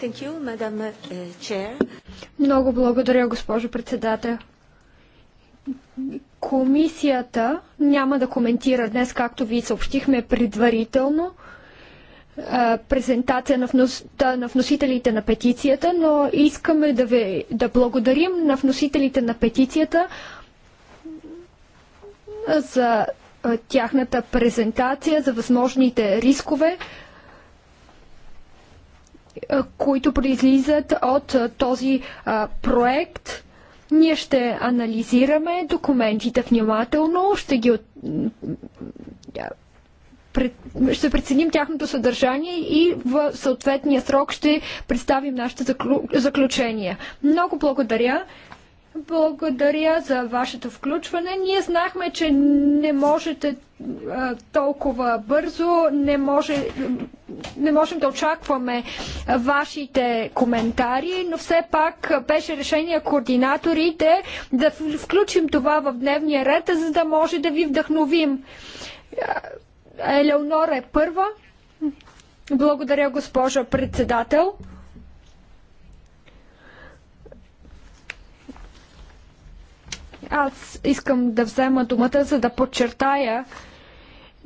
Thank you, Madam uh, Chair. Много благодаря, госпожо председател. Комисията няма да коментира днес, както ви съобщихме предварително, презентация на, внос, да, на вносителите на петицията, но искаме да, ви, да благодарим на вносителите на петицията за тяхната презентация, за възможните рискове, които произлизат от този проект. Ние ще анализираме документите внимателно, ще ги ще преценим тяхното съдържание и в съответния срок ще представим нашите заключения. Много благодаря. Благодаря за вашето включване. Ние знахме, че не можете а, толкова бързо, не, може, не можем да очакваме вашите коментари, но все пак беше решение координаторите да включим това в дневния ред, за да може да ви вдъхновим. Елеонора е първа. Благодаря, госпожа председател. Аз искам да взема думата, за да подчертая,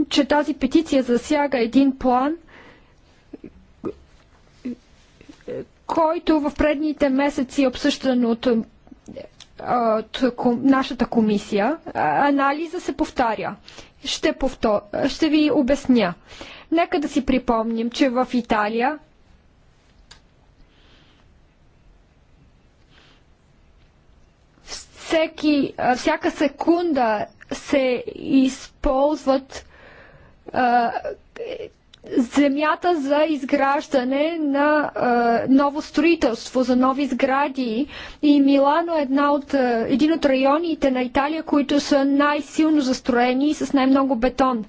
че тази петиция засяга един план, който в предните месеци е обсъждан от, от нашата комисия. Анализа се повтаря. Ще, повтор... Ще ви обясня. Нека да си припомним, че в Италия всеки, всяка секунда се използват а, земята за изграждане на а, ново строителство, за нови сгради. И Милано е една от, а, един от районите на Италия, които са най-силно застроени и с най-много бетон.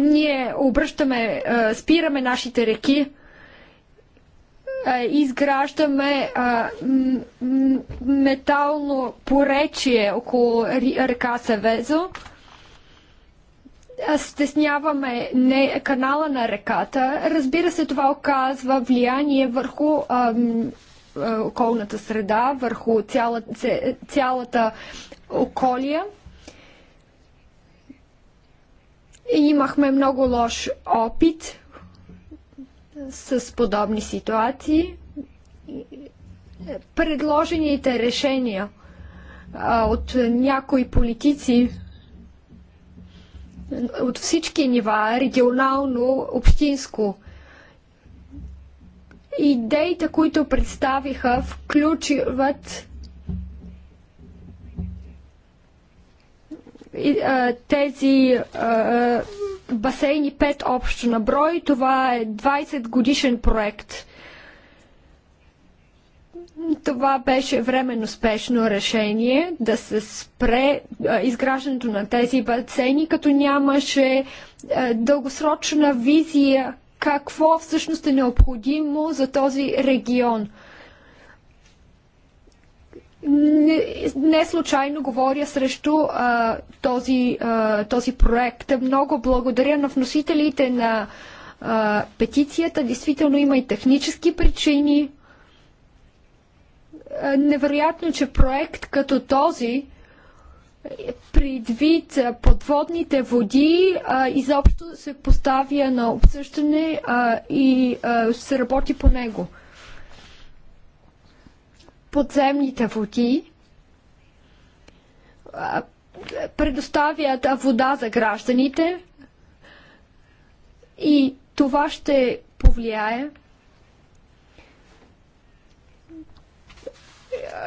Ние обръщаме, а, спираме нашите реки е, изграждаме а, метално поречие около река Севезо. Стесняваме не канала на реката. Разбира се, това оказва влияние върху а, околната среда, върху цяла, цялата околия. И имахме много лош опит – с подобни ситуации. Предложените решения от някои политици от всички нива, регионално, общинско. Идеите, които представиха, включват тези басейни пет общо на брой. Това е 20 годишен проект. Това беше временно спешно решение да се спре изграждането на тези басейни, като нямаше дългосрочна визия какво всъщност е необходимо за този регион – не, не случайно говоря срещу а, този, а, този проект. Много благодаря на вносителите на а, петицията. Действително има и технически причини. А, невероятно, че проект като този предвид подводните води а, изобщо се поставя на обсъждане а, и а, се работи по него подземните води предоставят вода за гражданите и това ще повлияе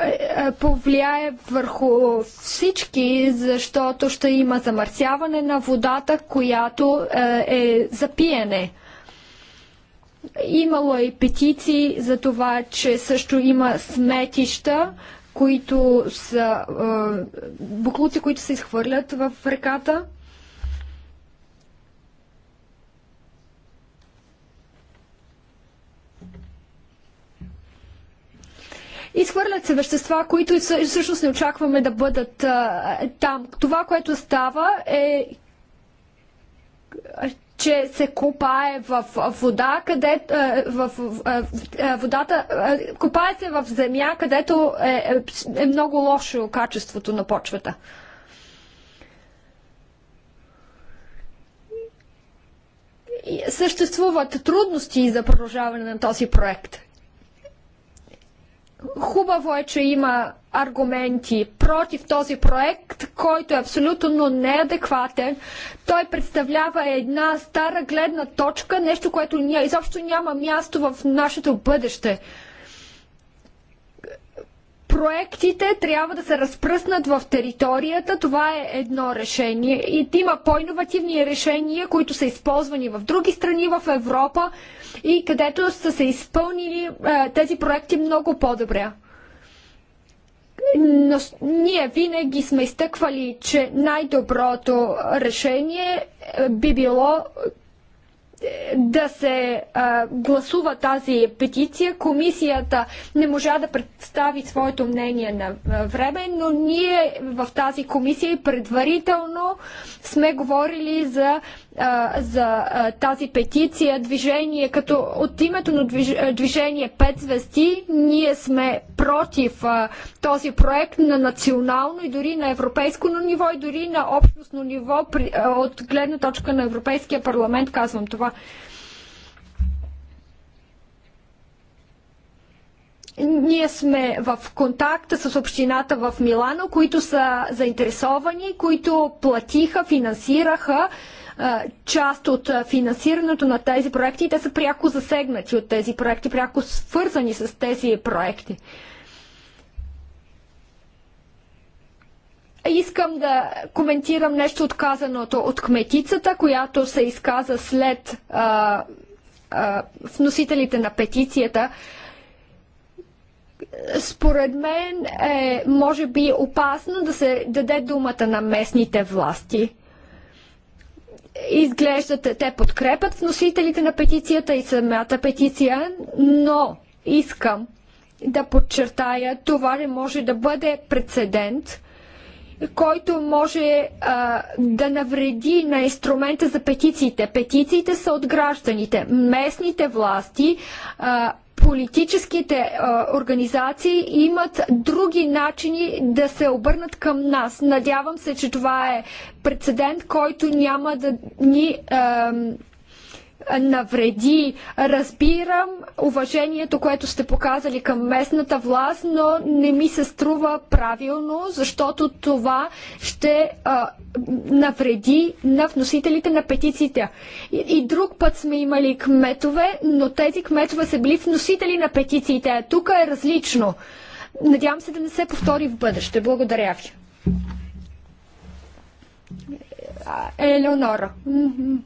е, е, повлияе върху всички, защото ще има замърсяване на водата, която е, е за пиене. Имало е и петиции за това, че също има сметища, които са е, буклуци, които се изхвърлят в реката. Изхвърлят се вещества, които всъщност не очакваме да бъдат е, там. Това, което става е че се копае в вода, къде, е, в, е, е, водата, копае се в земя, където е, е много лошо качеството на почвата. съществуват трудности за продължаване на този проект. Хубаво е, че има аргументи против този проект, който е абсолютно неадекватен. Той представлява една стара гледна точка, нещо, което изобщо няма място в нашето бъдеще проектите трябва да се разпръснат в територията. Това е едно решение. И има по-инновативни решения, които са използвани в други страни в Европа и където са се изпълнили е, тези проекти много по-добре. Но ние винаги сме изтъквали, че най-доброто решение е, би било да се а, гласува тази петиция. Комисията не можа да представи своето мнение на време, но ние в тази комисия предварително сме говорили за а, за а, тази петиция. Движение, като от името на движ, движение Пет звезди, ние сме против а, този проект на национално и дори на европейско ниво и дори на общностно ниво при, а, от гледна точка на Европейския парламент, казвам това. Ние сме в контакт с общината в Милано, които са заинтересовани, които платиха, финансираха част от финансирането на тези проекти и те са пряко засегнати от тези проекти, пряко свързани с тези проекти. Искам да коментирам нещо отказаното от кметицата, която се изказа след а, а, вносителите на петицията. Според мен е, може би, опасно да се даде думата на местните власти изглеждат, те подкрепят вносителите на петицията и самата петиция, но искам да подчертая, това не може да бъде прецедент, който може а, да навреди на инструмента за петициите. Петициите са от гражданите. Местните власти а, политическите а, организации имат други начини да се обърнат към нас. Надявам се, че това е прецедент, който няма да ни. А, навреди. Разбирам уважението, което сте показали към местната власт, но не ми се струва правилно, защото това ще а, навреди на вносителите на петициите. И, и друг път сме имали кметове, но тези кметове са били вносители на петициите. Тук е различно. Надявам се да не се повтори в бъдеще. Благодаря ви. Елеонора. Mm-hmm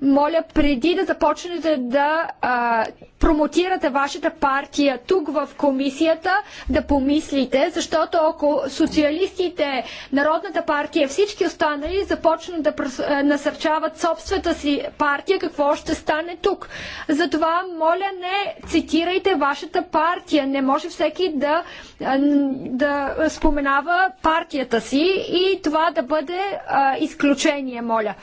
моля, преди да започнете да а, промотирате вашата партия тук в комисията, да помислите, защото ако социалистите, Народната партия, всички останали започнат да насърчават собствената си партия, какво ще стане тук. Затова, моля, не цитирайте вашата партия. Не може всеки да, да споменава партията си и това да бъде а, изключение, моля.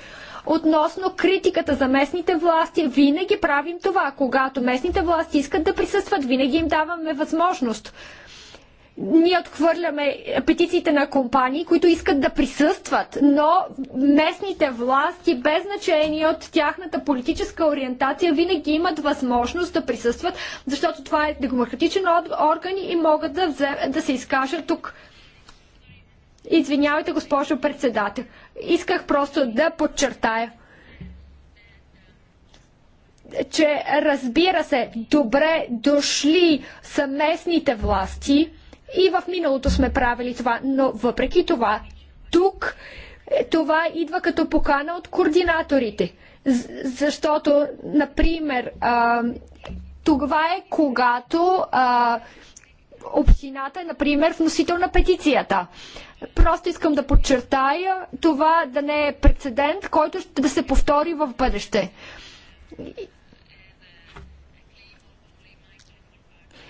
Относно критиката за местните власти, винаги правим това. Когато местните власти искат да присъстват, винаги им даваме възможност. Ние отхвърляме петициите на компании, които искат да присъстват, но местните власти, без значение от тяхната политическа ориентация, винаги имат възможност да присъстват, защото това е демократичен орган и могат да, взе, да се изкажат тук. Извинявайте, госпожо председател. Исках просто да подчертая, че разбира се, добре дошли съместните власти и в миналото сме правили това, но въпреки това, тук е, това идва като покана от координаторите. Защото, например, това е когато общината, например, вносител на петицията. Просто искам да подчертая това да не е прецедент, който ще да се повтори в бъдеще.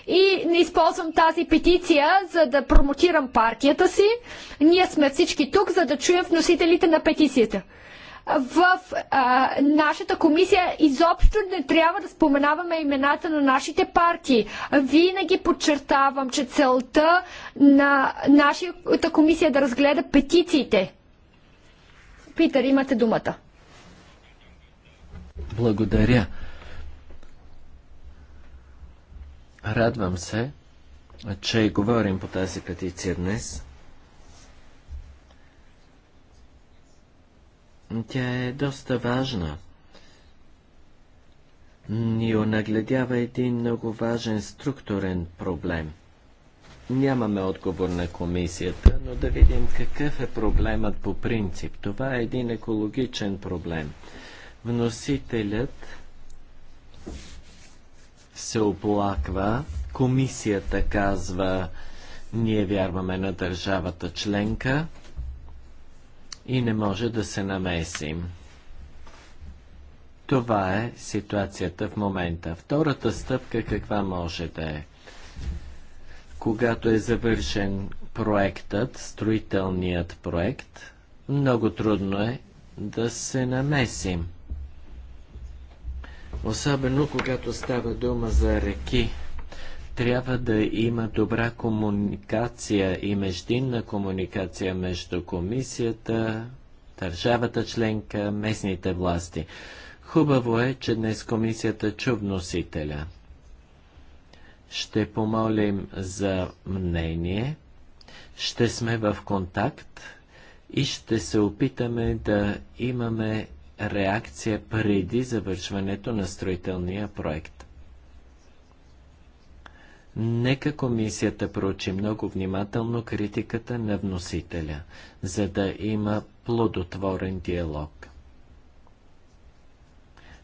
И не използвам тази петиция, за да промотирам партията си. Ние сме всички тук, за да чуем вносителите на петицията в а, нашата комисия изобщо не трябва да споменаваме имената на нашите партии. Винаги подчертавам, че целта на нашата комисия е да разгледа петициите. Питър, имате думата. Благодаря. Радвам се, че говорим по тази петиция днес. Тя е доста важна. Ни онагледява един много важен структурен проблем. Нямаме отговор на комисията, но да видим какъв е проблемът по принцип. Това е един екологичен проблем. Вносителят се оплаква, комисията казва, ние вярваме на държавата членка, и не може да се намесим. Това е ситуацията в момента. Втората стъпка каква може да е? Когато е завършен проектът, строителният проект, много трудно е да се намесим. Особено когато става дума за реки трябва да има добра комуникация и междинна комуникация между комисията, държавата членка, местните власти. Хубаво е, че днес комисията чу вносителя. Ще помолим за мнение, ще сме в контакт и ще се опитаме да имаме реакция преди завършването на строителния проект. Нека комисията проучи много внимателно критиката на вносителя, за да има плодотворен диалог.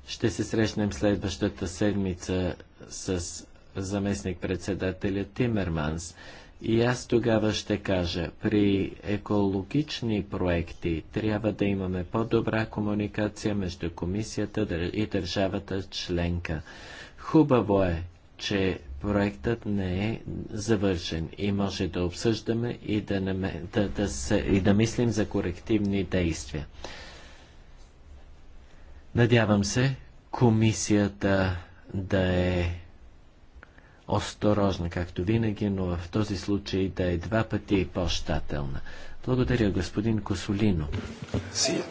Ще се срещнем следващата седмица с заместник-председателя Тимерманс. И аз тогава ще кажа, при екологични проекти трябва да имаме по-добра комуникация между комисията и държавата членка. Хубаво е, че проектът не е завършен и може да обсъждаме и да, наме, да, да, се, и да мислим за корективни действия. Надявам се, комисията да е осторожна, както винаги, но в този случай да е два пъти по-щателна. Благодаря, господин Косолино. Си.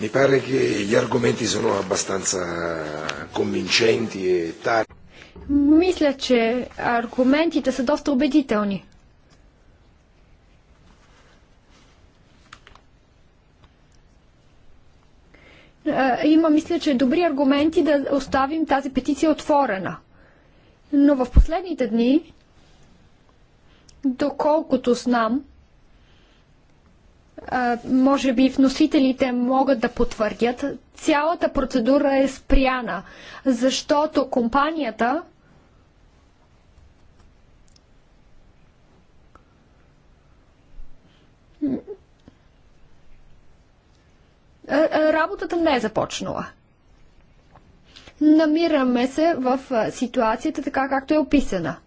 Mi pare che gli argomenti sono abbastanza convincenti e tali. Мисля, че аргументите са доста убедителни. Има, мисля, че добри аргументи да оставим тази петиция отворена. Но в последните дни, доколкото знам, може би вносителите могат да потвърдят, цялата процедура е спряна, защото компанията работата не е започнала. Намираме се в ситуацията така, както е описана –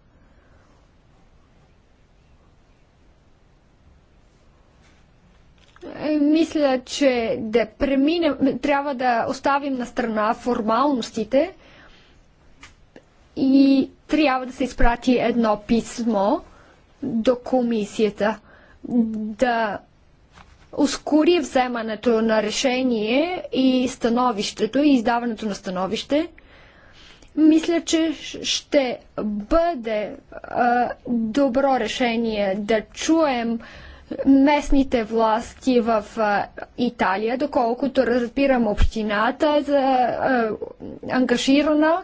Е, мисля, че да преминем, трябва да оставим на страна формалностите и трябва да се изпрати едно писмо до комисията да ускори вземането на решение и становището и издаването на становище мисля, че ще бъде а, добро решение да чуем местните власти в Италия, доколкото разбирам общината е за, е, ангажирана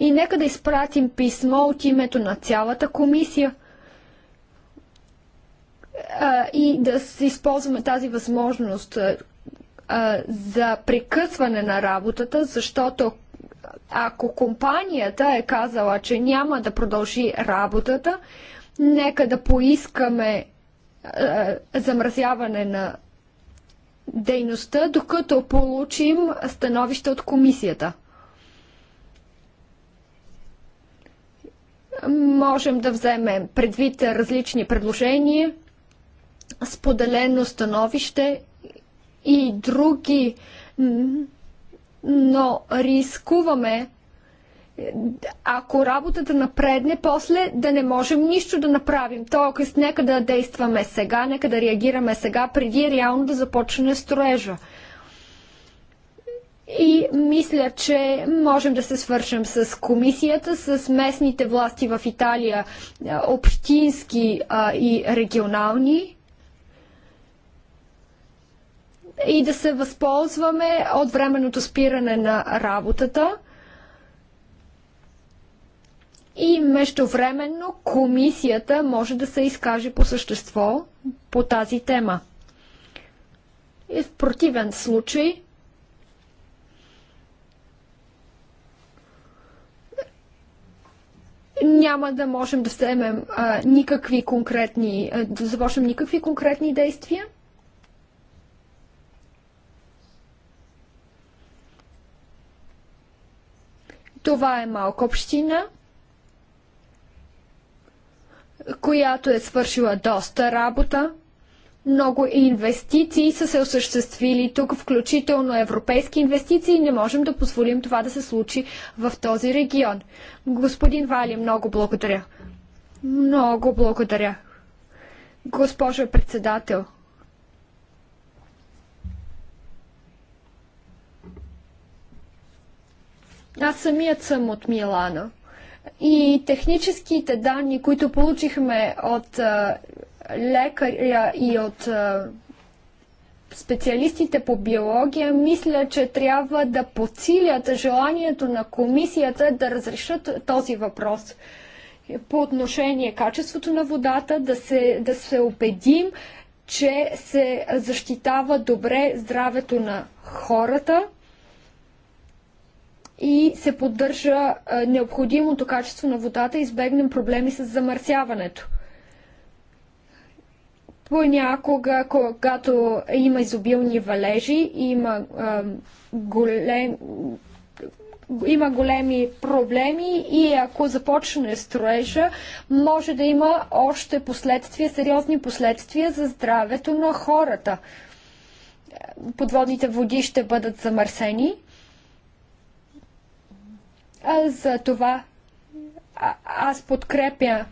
и нека да изпратим писмо от името на цялата комисия е, и да използваме тази възможност е, за прекъсване на работата, защото ако компанията е казала, че няма да продължи работата, нека да поискаме е, е, замразяване на дейността, докато получим становище от комисията. Можем да вземем предвид различни предложения, споделено становище и други, но рискуваме ако работата напредне, после да не можем нищо да направим. Тоест, нека да действаме сега, нека да реагираме сега, преди реално да започне строежа. И мисля, че можем да се свършим с комисията, с местните власти в Италия, е, общински а, и регионални. И да се възползваме от временното спиране на работата – и междувременно комисията може да се изкаже по същество по тази тема. И в противен случай няма да можем да вземем а, никакви конкретни, а, да започнем никакви конкретни действия. Това е малка община – която е свършила доста работа. Много инвестиции са се осъществили тук, включително европейски инвестиции. Не можем да позволим това да се случи в този регион. Господин Вали, много благодаря. Много благодаря. Госпожо председател, Аз самият съм от Милана. И техническите данни, които получихме от а, лекаря и от а, специалистите по биология, мисля, че трябва да подсилят желанието на комисията да разрешат този въпрос. По отношение качеството на водата, да се, да се убедим, че се защитава добре здравето на хората – и се поддържа необходимото качество на водата, избегнем проблеми с замърсяването. Понякога, когато има изобилни валежи, има, а, голем, има големи проблеми и ако започне строежа, може да има още последствия, сериозни последствия за здравето на хората. Подводните води ще бъдат замърсени за това аз подкрепя,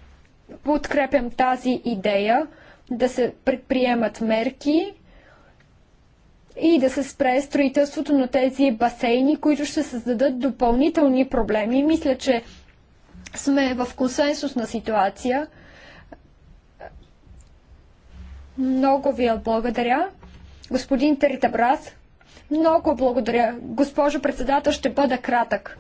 подкрепям тази идея да се предприемат мерки и да се спре строителството на тези басейни, които ще създадат допълнителни проблеми. Мисля, че сме в консенсусна ситуация. Много ви благодаря. Господин Теритабрас, много благодаря. Госпожо председател, ще бъда кратък.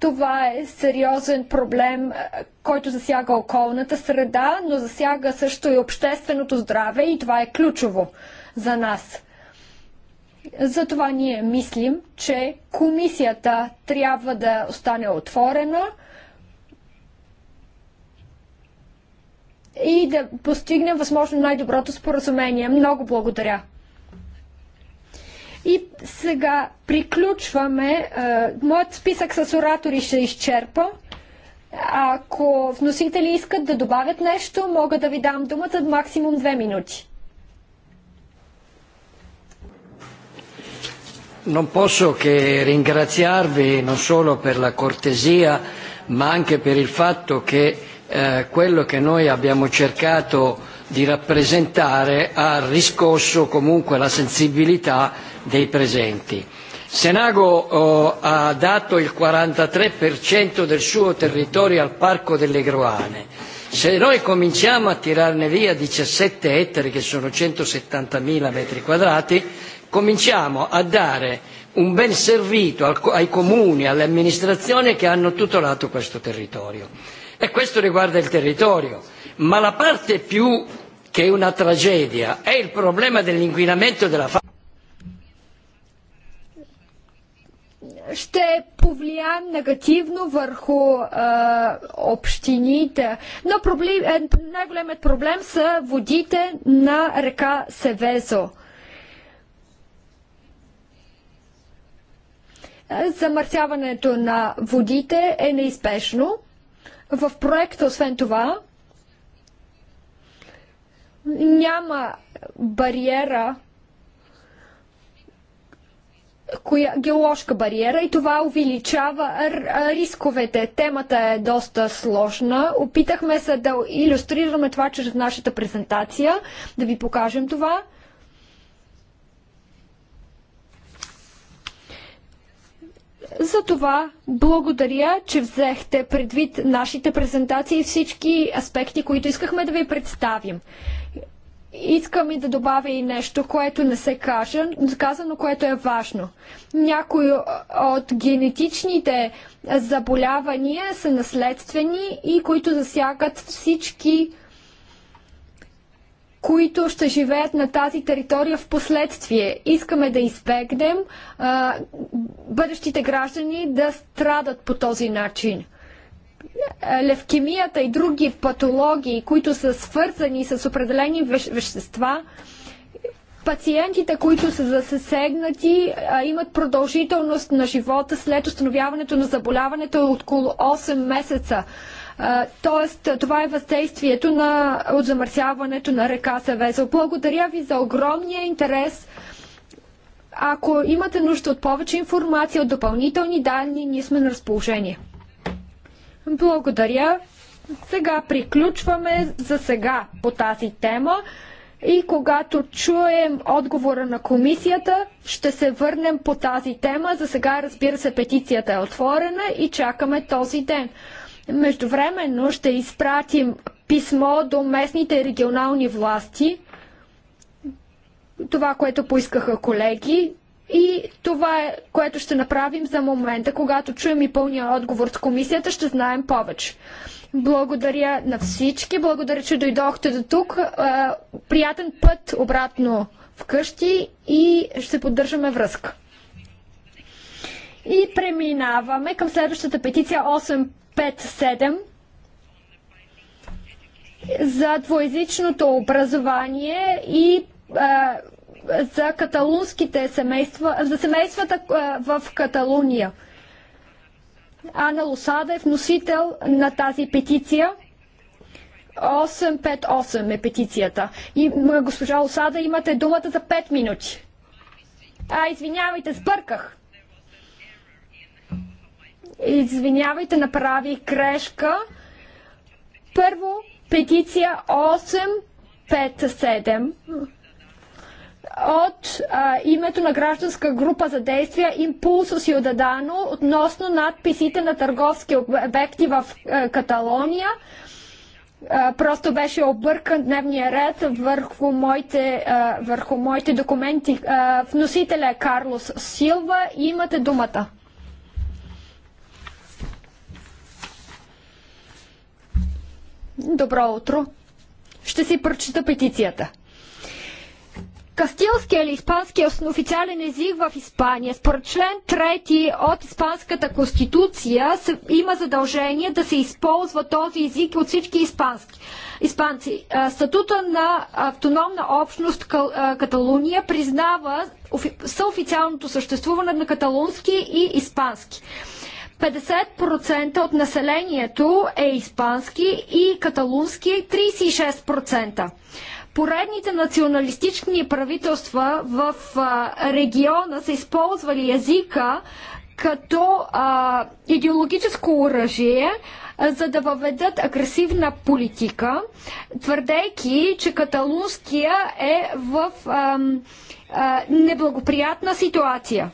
Това е сериозен проблем, е, който засяга околната среда, но засяга също и общественото здраве и това е ключово за нас. Затова ние мислим, че комисията трябва да остане отворена и да постигнем възможно най-доброто споразумение. Много благодаря. И сега приключваме. Моят списък с оратори ще изчерпа. Ако вносители искат да добавят нещо, мога да ви дам думата максимум две минути. Non posso che ringraziarvi non solo per la cortesia, ma anche per il fatto che eh, quello che noi abbiamo cercato eh, di rappresentare ha riscosso comunque la sensibilità dei presenti. Senago ha dato il 43% del suo territorio al Parco delle Groane. Se noi cominciamo a tirarne via 17 ettari, che sono 170.000 metri quadrati, cominciamo a dare un ben servito ai comuni, alle amministrazioni che hanno tutelato questo territorio. E questo riguarda il territorio. Ma la parte più che è una tragedia, è il problema dell'inquinamento della fauna. ще повлия негативно върху е, общините. Но проблем, е, най-големият проблем са водите на река Севезо. Замърсяването на водите е неизбежно. В проекта, освен това, няма бариера, коя, геоложка бариера и това увеличава рисковете. Темата е доста сложна. Опитахме се да иллюстрираме това чрез нашата презентация, да ви покажем това. За това благодаря, че взехте предвид нашите презентации и всички аспекти, които искахме да ви представим. Искам и да добавя и нещо, което не се каже, казано, което е важно. Някои от генетичните заболявания са наследствени и които засягат всички, които ще живеят на тази територия в последствие. Искаме да избегнем а, бъдещите граждани да страдат по този начин. Е, левкемията и други патологии, които са свързани с определени вещества, пациентите, които са засегнати, имат продължителност на живота след установяването на заболяването около 8 месеца. Тоест, това е въздействието на, от замърсяването на река Севезо. Благодаря ви за огромния интерес. Ако имате нужда от повече информация, от допълнителни данни, ние сме на разположение. Благодаря. Сега приключваме за сега по тази тема и когато чуем отговора на комисията, ще се върнем по тази тема. За сега, разбира се, петицията е отворена и чакаме този ден. Междувременно ще изпратим писмо до местните регионални власти, това, което поискаха колеги, и това е, което ще направим за момента. Когато чуем и пълния отговор от комисията, ще знаем повече. Благодаря на всички. Благодаря, че дойдохте до тук. Приятен път обратно вкъщи и ще поддържаме връзка. И преминаваме към следващата петиция 857 за двоязичното образование и за каталунските семейства, за семействата в Каталуния. Ана Лосада е вносител на тази петиция. 858 е петицията. И госпожа Лосада имате думата за 5 минути. А, извинявайте, сбърках. Извинявайте, направих грешка. Първо, петиция 857 от а, името на гражданска група за действия Импулсо Сиодадано относно надписите на търговски обекти в а, е, Каталония. А, е, просто беше объркан дневния ред върху моите, а, е, върху моите документи. А, вносителя е Карлос Силва. Имате думата. Добро утро. Ще си прочита петицията. Кастилския или испанския официален език в Испания, според член 3 от Испанската конституция, има задължение да се използва този език от всички испански. Испанци. Статута на автономна общност Каталуния признава съофициалното съществуване на каталунски и испански. 50% от населението е испански и каталунски 36%. Поредните националистични правителства в региона са използвали езика като а, идеологическо оръжие, за да въведат агресивна политика, твърдейки, че каталунския е в а, а, неблагоприятна ситуация.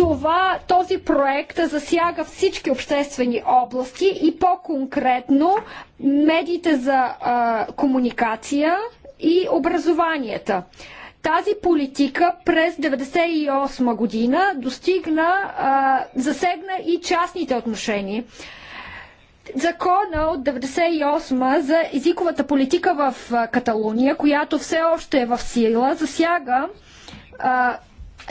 Това, този проект засяга всички обществени области и по-конкретно медиите за а, комуникация и образованията. Тази политика през 1998 година достигна, а, засегна и частните отношения. Закона от 98 за езиковата политика в Каталуния, която все още е в сила, засяга а,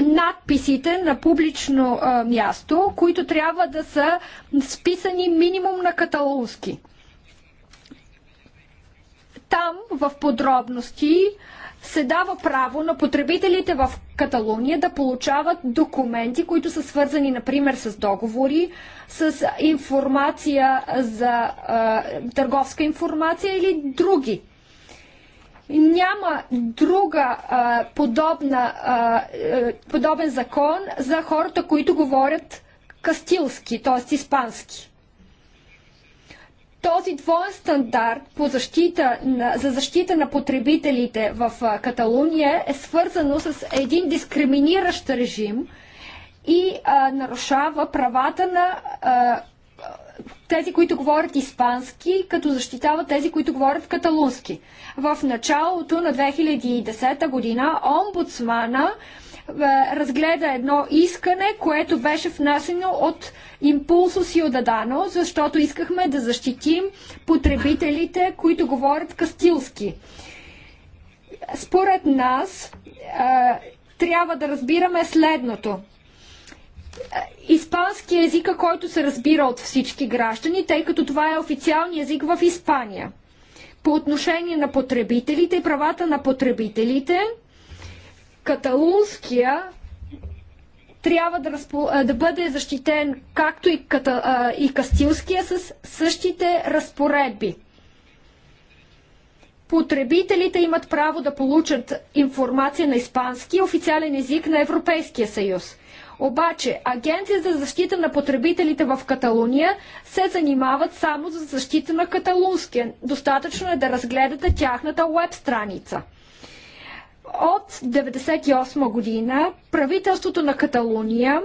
надписите на публично а, място, които трябва да са списани минимум на каталунски. Там в подробности се дава право на потребителите в Каталуния да получават документи, които са свързани, например, с договори, с информация за а, търговска информация или други няма друга а, подобна, а, е, подобен закон за хората, които говорят кастилски, т.е. испански. Този двоен стандарт по защита на, за защита на потребителите в Каталуния е свързано с един дискриминиращ режим и а, нарушава правата на а, тези, които говорят испански, като защитават тези, които говорят каталунски. В началото на 2010 година омбудсмана е, разгледа едно искане, което беше внасено от Impulso Ciudadano, защото искахме да защитим потребителите, които говорят кастилски. Според нас е, трябва да разбираме следното. Е, испански езика, който се разбира от всички граждани, тъй като това е официалния език в Испания. По отношение на потребителите и правата на потребителите, каталунския трябва да, разпол... да бъде защитен както и, ката... и кастилския с същите разпоредби. Потребителите имат право да получат информация на испански официален език на Европейския съюз. Обаче, Агенция за защита на потребителите в Каталуния се занимават само за защита на каталунския. Достатъчно е да разгледате тяхната веб страница. От 1998 година правителството на Каталуния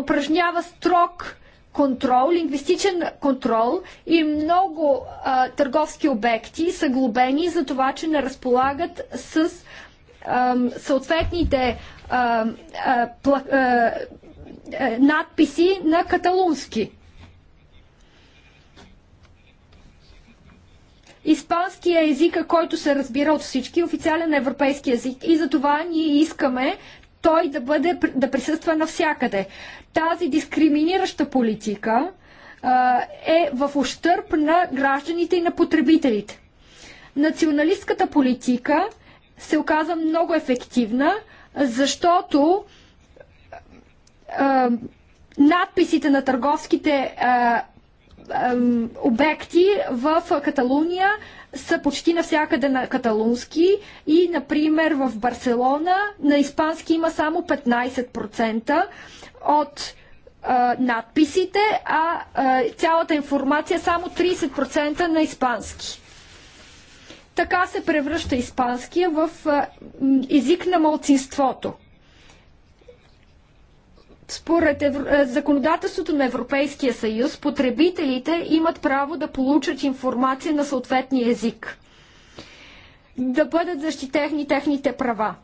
упражнява строг контрол, лингвистичен контрол и много а, търговски обекти са глобени за това, че не разполагат с а, съответните а, а, надписи на каталунски. Испанския език, езика, който се разбира от всички, официален европейски език и за това ние искаме той да, бъде, да присъства навсякъде. Тази дискриминираща политика а, е в ущърп на гражданите и на потребителите. Националистката политика се оказа много ефективна, защото а, надписите на търговските а, а, обекти в Каталуния са почти навсякъде на каталунски и, например, в Барселона на испански има само 15% от а, надписите, а, а цялата информация само 30% на испански. Така се превръща испанския в език на малцинството. Според евро... законодателството на Европейския съюз, потребителите имат право да получат информация на съответния език, да бъдат защитени техните права.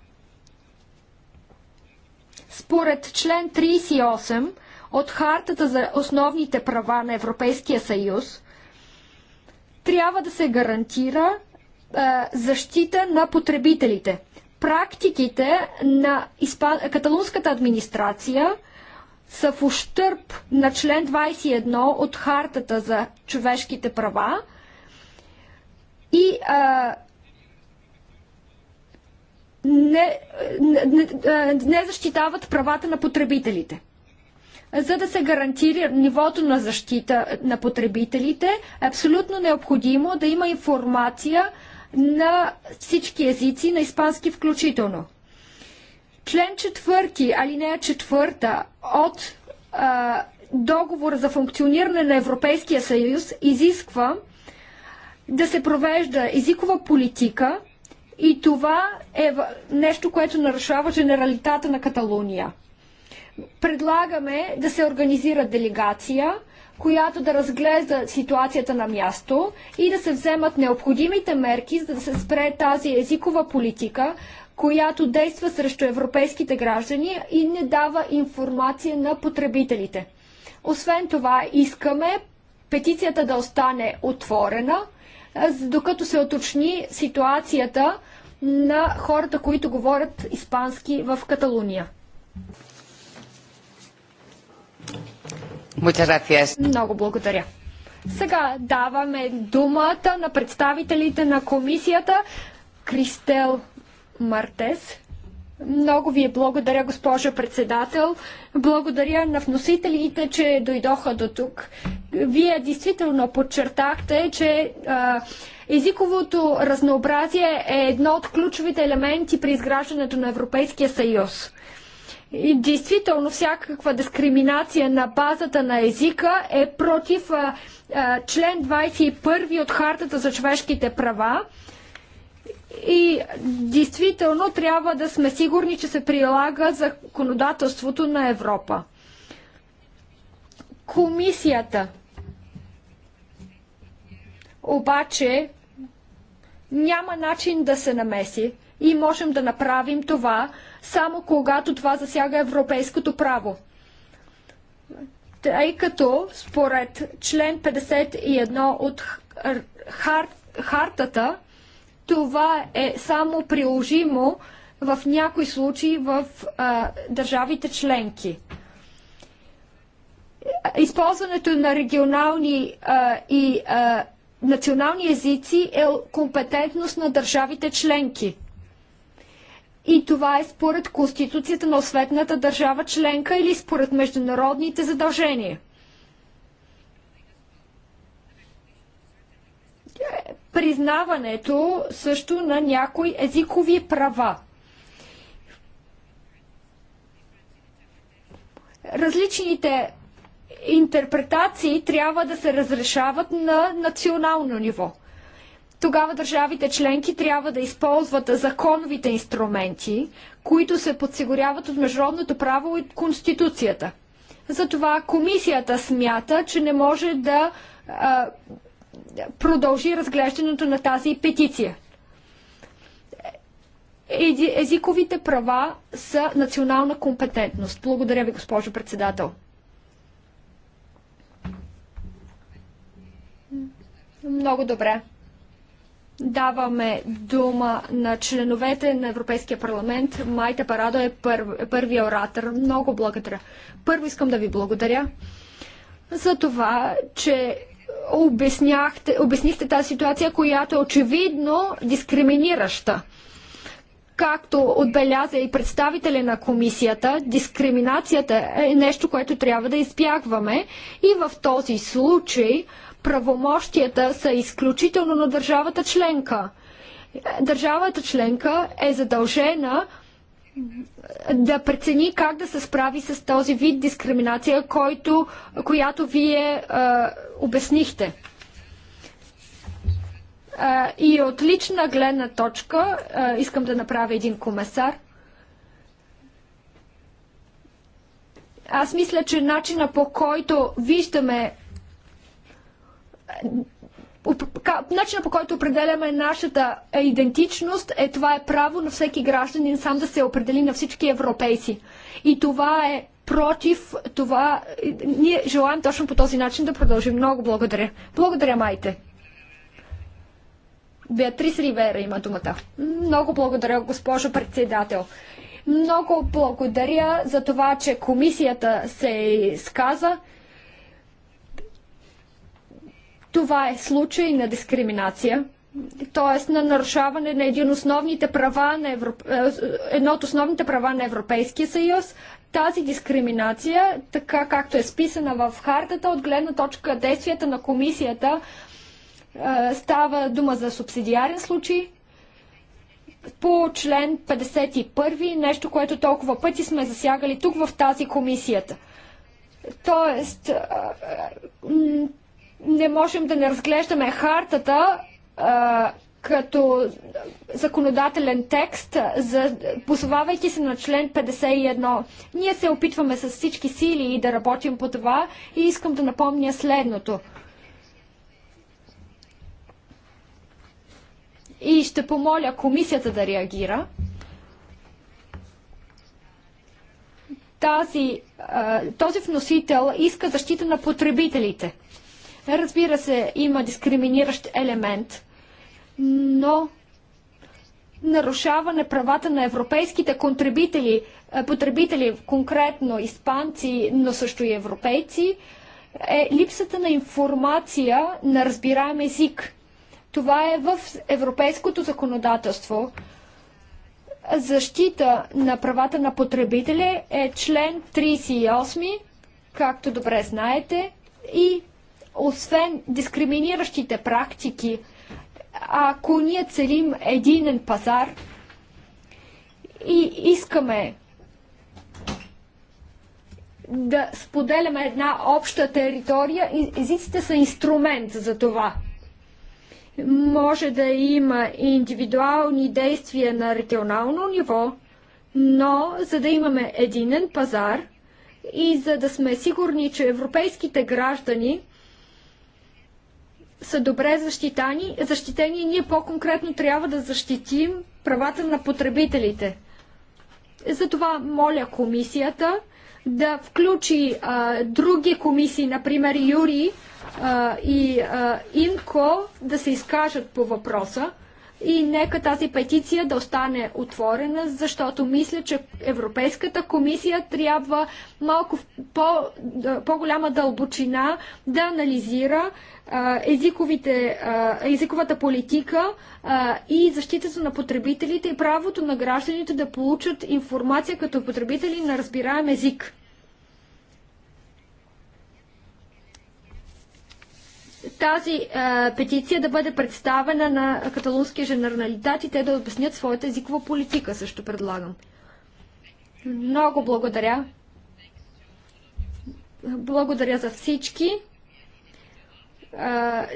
Според член 38 от Хартата за основните права на Европейския съюз, трябва да се гарантира защита на потребителите. Практиките на испан... каталунската администрация са в ущърп на член 21 от Хартата за човешките права и а, не, не, не защитават правата на потребителите. За да се гарантира нивото на защита на потребителите, е абсолютно необходимо да има информация на всички езици, на испански включително. Член четвърти, алинея четвърта от а, договора за функциониране на Европейския съюз изисква да се провежда езикова политика и това е нещо, което нарушава генералитата на Каталуния. Предлагаме да се организира делегация – която да разглежда ситуацията на място и да се вземат необходимите мерки, за да се спре тази езикова политика, която действа срещу европейските граждани и не дава информация на потребителите. Освен това, искаме петицията да остане отворена, докато се оточни ситуацията на хората, които говорят испански в Каталуния. Много благодаря. Сега даваме думата на представителите на комисията Кристел Мартес. Много ви е благодаря, госпожа председател. Благодаря на вносителите, че дойдоха до тук. Вие действително подчертахте, че а, езиковото разнообразие е едно от ключовите елементи при изграждането на Европейския съюз. И действително всякаква дискриминация на базата на езика е против а, а, член 21 от Хартата за човешките права. И действително трябва да сме сигурни, че се прилага законодателството на Европа. Комисията обаче няма начин да се намеси и можем да направим това, само когато това засяга европейското право. Тъй като според член 51 от хар, хартата, това е само приложимо в някои случаи в а, държавите членки. Използването на регионални а, и а, национални езици е компетентност на държавите членки. И това е според Конституцията на осветната държава членка или според международните задължения. Е признаването също на някои езикови права. Различните интерпретации трябва да се разрешават на национално ниво тогава държавите членки трябва да използват законовите инструменти, които се подсигуряват от международното право и Конституцията. Затова комисията смята, че не може да а, продължи разглеждането на тази петиция. Езиковите права са национална компетентност. Благодаря ви, госпожо председател. Много добре даваме дума на членовете на Европейския парламент. Майта Парадо е пър, първия оратор. Много благодаря. Първо искам да ви благодаря за това, че обясняхте, обяснихте тази ситуация, която е очевидно дискриминираща. Както отбеляза и представителя на комисията, дискриминацията е нещо, което трябва да избягваме. И в този случай правомощията са изключително на държавата членка. Държавата членка е задължена да прецени как да се справи с този вид дискриминация, който, която вие а, е, обяснихте. А, е, и от лична гледна точка а, е, искам да направя един комесар. Аз мисля, че начина по който виждаме начина по който определяме нашата е, идентичност е това е право на всеки гражданин сам да се определи на всички европейци. И това е против това. Ние желаем точно по този начин да продължим. Много благодаря. Благодаря, майте. Беатрис Ривера има думата. Много благодаря, госпожо председател. Много благодаря за това, че комисията се сказа. Това е случай на дискриминация, т.е. на нарушаване на един основните права на Европ... Е, едно от основните права на Европейския съюз. Тази дискриминация, така както е списана в хартата, от гледна точка действията на комисията, е, става дума за субсидиарен случай, по член 51, нещо, което толкова пъти сме засягали тук в тази комисията. Тоест, е, не можем да не разглеждаме хартата а, като законодателен текст, за, посовавайки се на член 51. Ние се опитваме с всички сили и да работим по това и искам да напомня следното. И ще помоля комисията да реагира. Тази, този вносител иска защита на потребителите – Разбира се, има дискриминиращ елемент, но нарушаване правата на европейските контрибители, е, потребители, конкретно испанци, но също и европейци, е липсата на информация на разбираем език. Това е в европейското законодателство. Защита на правата на потребители е член 38, както добре знаете, и освен дискриминиращите практики, ако ние целим единен пазар и искаме да споделяме една обща територия, езиците са инструмент за това. Може да има индивидуални действия на регионално ниво, но за да имаме единен пазар и за да сме сигурни, че европейските граждани – са добре защитани, защитени и ние по-конкретно трябва да защитим правата на потребителите. Затова моля комисията да включи а, други комисии, например Юри а, и а, Инко, да се изкажат по въпроса. И нека тази петиция да остане отворена, защото мисля, че Европейската комисия трябва малко по, по-голяма дълбочина да анализира езиковите, езиковата политика и защитата на потребителите и правото на гражданите да получат информация като потребители на разбираем език. тази а, петиция да бъде представена на каталунския женералитет и те да обяснят своята езикова политика, също предлагам. Много благодаря. Благодаря за всички, а,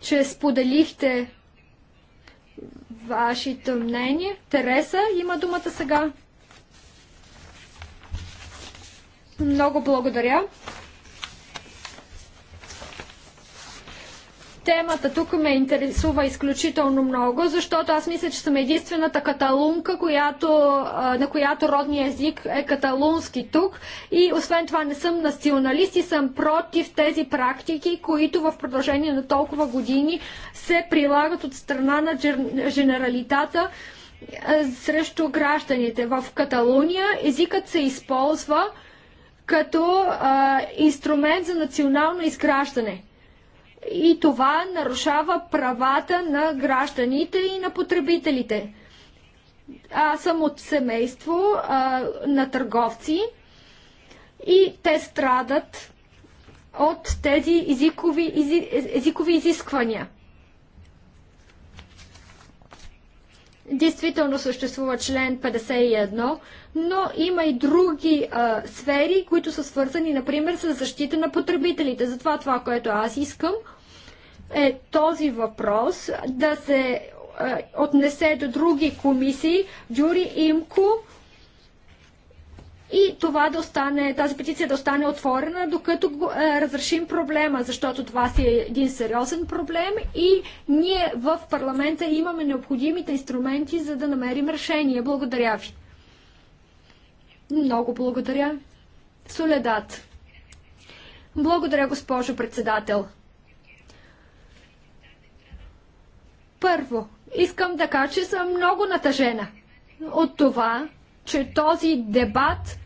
че споделихте вашето мнение. Тереса има думата сега. Много благодаря. Темата тук ме интересува изключително много, защото аз мисля, че съм единствената каталунка, която, на която родния език е каталунски тук. И освен това не съм националист и съм против тези практики, които в продължение на толкова години се прилагат от страна на женералитата срещу гражданите. В Каталуния езикът се използва като а, инструмент за национално изграждане и това нарушава правата на гражданите и на потребителите. Аз съм от семейство а, на търговци и те страдат от тези езикови, ези, езикови изисквания. Действително съществува член 51, но има и други а, сфери, които са свързани, например, с защита на потребителите. Затова това, което аз искам, е този въпрос да се а, отнесе до други комисии, Дюри Имко, и това да остане, тази петиция да остане отворена, докато го, е, разрешим проблема, защото това си е един сериозен проблем и ние в парламента имаме необходимите инструменти, за да намерим решение. Благодаря ви. Много благодаря. Соледат. Благодаря, госпожо председател. Първо, искам да кажа, че съм много натъжена от това, че този дебат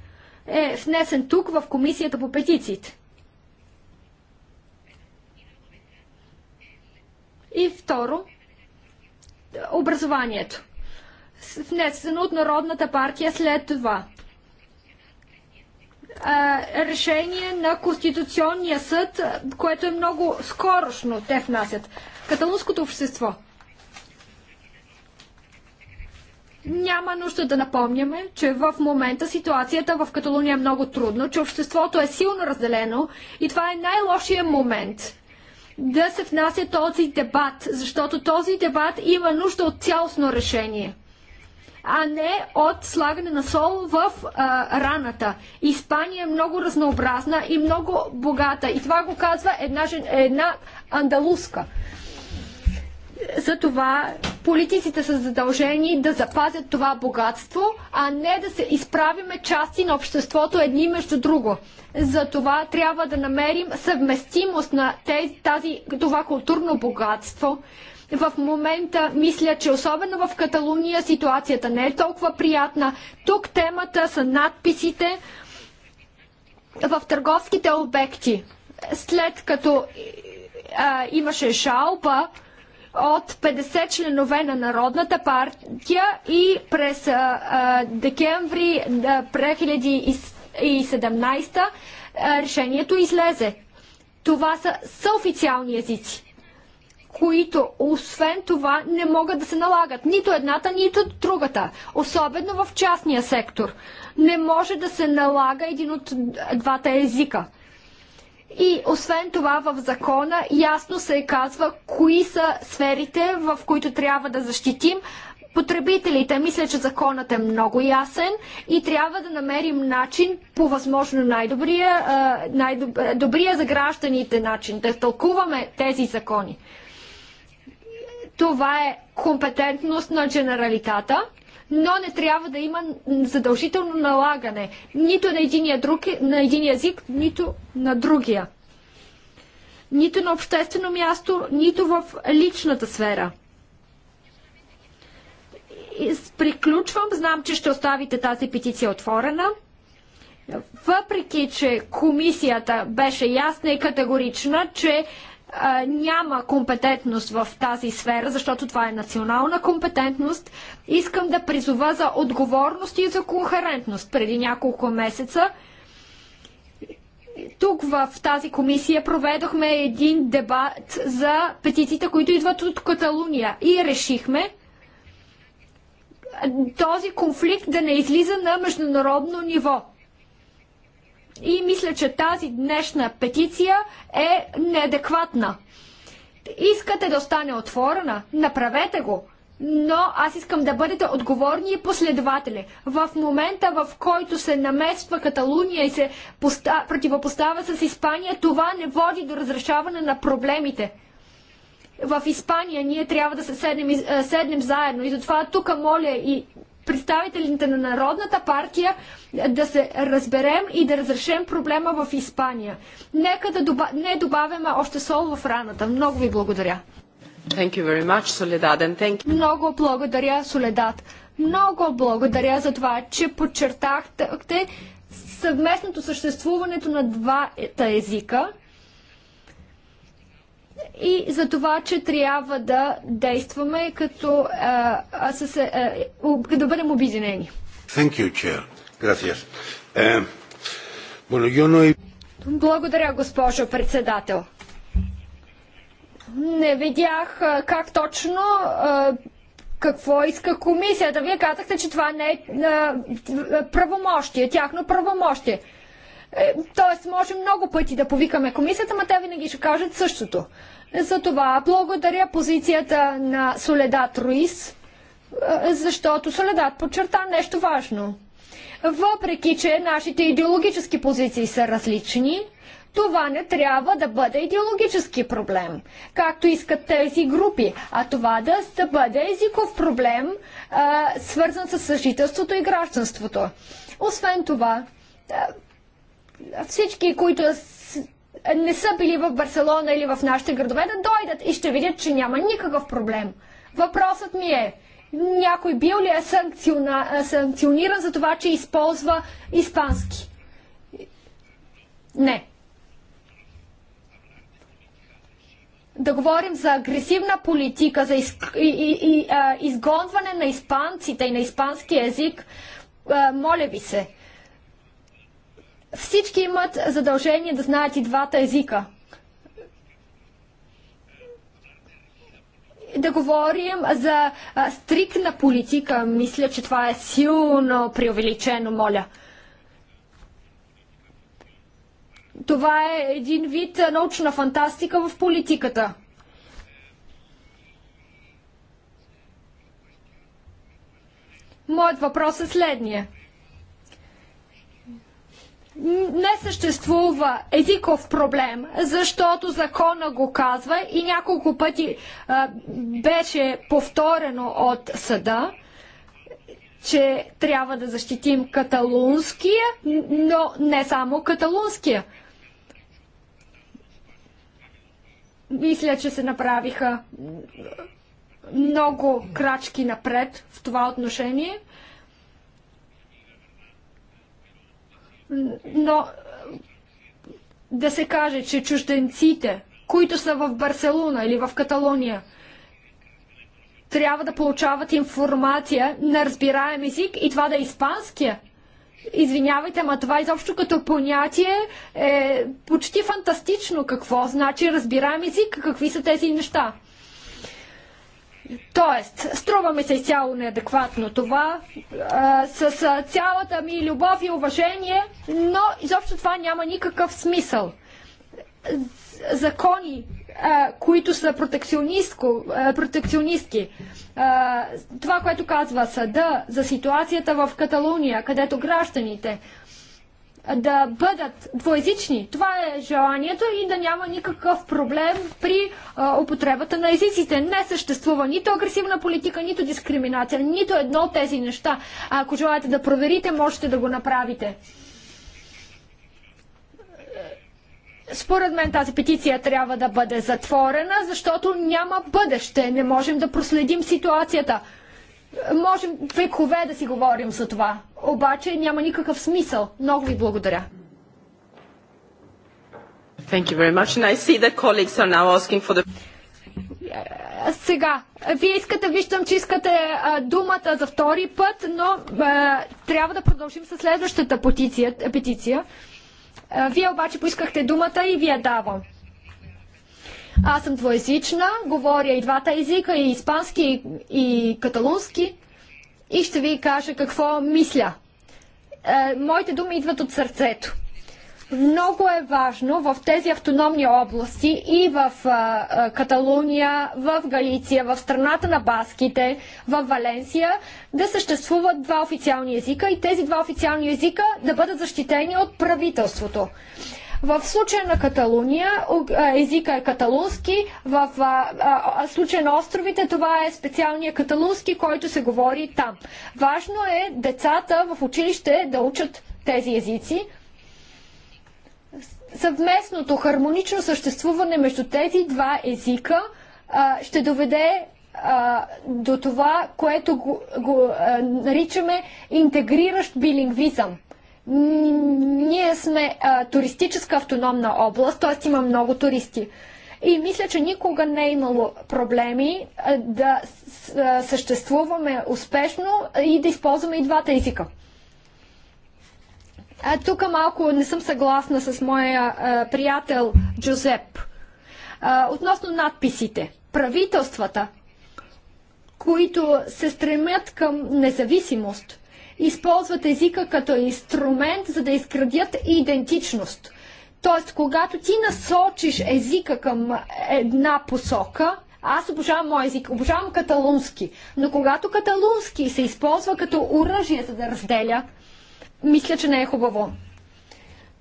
е внесен тук в Комисията по петициите. И второ, образованието. Внесено от Народната партия след това. Решение на Конституционния съд, което е много скорошно, те внасят. Каталунското общество – Няма нужда да напомняме, че в момента ситуацията в Каталуния е много трудно, че обществото е силно разделено и това е най-лошия момент да се внася този дебат, защото този дебат има нужда от цялостно решение а не от слагане на сол в а, раната. Испания е много разнообразна и много богата. И това го казва една, една андалуска. За това политиците са задължени да запазят това богатство, а не да се изправиме части на обществото едни между друго. За това трябва да намерим съвместимост на тези, тази, това културно богатство. В момента мисля, че особено в Каталуния ситуацията не е толкова приятна. Тук темата са надписите в търговските обекти. След като а, имаше шалпа от 50 членове на Народната партия и през а, а, декември 2017 решението излезе. Това са съофициални езици които освен това не могат да се налагат нито едната, нито другата, особено в частния сектор. Не може да се налага един от двата езика. И освен това в закона ясно се казва кои са сферите, в които трябва да защитим потребителите. Мисля, че законът е много ясен и трябва да намерим начин по възможно най-добрия, най-добрия за гражданите начин да тълкуваме тези закони. Това е компетентност на генералитата – но не трябва да има задължително налагане нито на единия, друг, на единия език, нито на другия. Нито на обществено място, нито в личната сфера. Приключвам, знам, че ще оставите тази петиция отворена. Въпреки, че комисията беше ясна и категорична, че няма компетентност в тази сфера, защото това е национална компетентност. Искам да призова за отговорност и за конкурентност. Преди няколко месеца тук в тази комисия проведохме един дебат за петициите, които идват от Каталуния и решихме този конфликт да не излиза на международно ниво. И мисля, че тази днешна петиция е неадекватна. Искате да остане отворена? Направете го. Но аз искам да бъдете отговорни и последователи. В момента, в който се намества Каталуния и се поста... противопоставя с Испания, това не води до разрешаване на проблемите. В Испания ние трябва да се седнем, е, седнем заедно и затова тук моля и представителите на Народната партия да се разберем и да разрешим проблема в Испания. Нека да добав... не добавяме още сол в раната. Много ви благодаря. Thank you very much, Soledad, and thank you. Много благодаря, Соледат. Много благодаря за това, че подчертахте съвместното съществуването на двата езика и за това, че трябва да действаме като а, а, с, а, да бъдем обединени. Е, Благодаря, госпожо председател. Не видях как точно какво иска комисията. Вие казахте, че това не е правомощие, тяхно правомощие. Е, тоест, може много пъти да повикаме комисията, ма те винаги ще кажат същото. За това благодаря позицията на Соледат Руис, е, защото Соледат подчерта нещо важно. Въпреки, че нашите идеологически позиции са различни, това не трябва да бъде идеологически проблем, както искат тези групи, а това да, бъде езиков проблем, е, свързан с съжителството и гражданството. Освен това, всички, които не са били в Барселона или в нашите градове, да дойдат и ще видят, че няма никакъв проблем. Въпросът ми е, някой бил ли е санкциона, санкциониран за това, че използва испански? Не. Да говорим за агресивна политика, за из, и, и, и, а, изгонване на испанците и на испански язик, а, моля ви се. Всички имат задължение да знаят и двата езика. да говорим за стрикна политика. Мисля, че това е силно преувеличено, моля. Това е един вид научна фантастика в политиката. Моят въпрос е следния не съществува езиков проблем, защото закона го казва и няколко пъти а, беше повторено от съда, че трябва да защитим каталунския, но не само каталунския. Мисля, че се направиха много крачки напред в това отношение – но е, да се каже, че чужденците, които са в Барселона или в Каталония, трябва да получават информация на разбираем език и това да е испанския. Извинявайте, ма това изобщо като понятие е почти фантастично. Какво значи разбираем език? Какви са тези неща? Тоест, струва ми се изцяло неадекватно това, а, с а, цялата ми любов и уважение, но изобщо това няма никакъв смисъл. Закони, а, които са протекционистки, това, което казва съда за ситуацията в Каталуния, където гражданите да бъдат двоязични. Това е желанието и да няма никакъв проблем при а, употребата на езиците. Не съществува нито агресивна политика, нито дискриминация, нито едно от тези неща. А ако желаете да проверите, можете да го направите. Според мен тази петиция трябва да бъде затворена, защото няма бъдеще. Не можем да проследим ситуацията. Можем векове да си говорим за това, обаче няма никакъв смисъл. Много ви благодаря. Thank you very much. And I see that colleagues are now asking for the... Сега, вие искате, виждам, че искате а, думата за втори път, но а, трябва да продължим с следващата петиция. А, вие обаче поискахте думата и ви я давам. Аз съм двоязична, говоря и двата езика, и испански, и, и каталунски. И ще ви кажа какво мисля. Е, моите думи идват от сърцето. Много е важно в тези автономни области и в а, а, Каталуния, в Галиция, в страната на баските, в Валенсия да съществуват два официални езика и тези два официални езика да бъдат защитени от правителството. В случая на Каталуния езика е каталунски, в случая на островите това е специалния каталунски, който се говори там. Важно е децата в училище да учат тези езици. Съвместното хармонично съществуване между тези два езика ще доведе до това, което го, го наричаме интегриращ билингвизъм. Ние сме а, туристическа автономна област, т.е. има много туристи. И мисля, че никога не е имало проблеми а, да с, съществуваме успешно и да използваме и двата езика. тук малко не съм съгласна с моя а, приятел Джузеп. А, относно надписите. Правителствата, които се стремят към независимост, използват езика като инструмент, за да изградят идентичност. Тоест, когато ти насочиш езика към една посока, аз обожавам мой език, обожавам каталунски, но когато каталунски се използва като оръжие, за да разделя, мисля, че не е хубаво.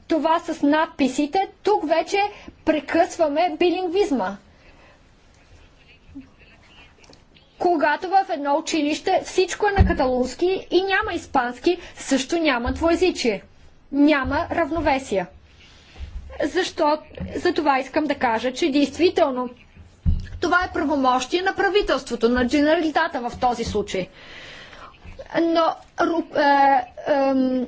Това с надписите, тук вече прекъсваме билингвизма. когато в едно училище всичко е на каталунски и няма испански, също няма двоязичие. Няма равновесие. Защо? За това искам да кажа, че действително това е правомощие на правителството, на дженералитата в този случай. Но е, е,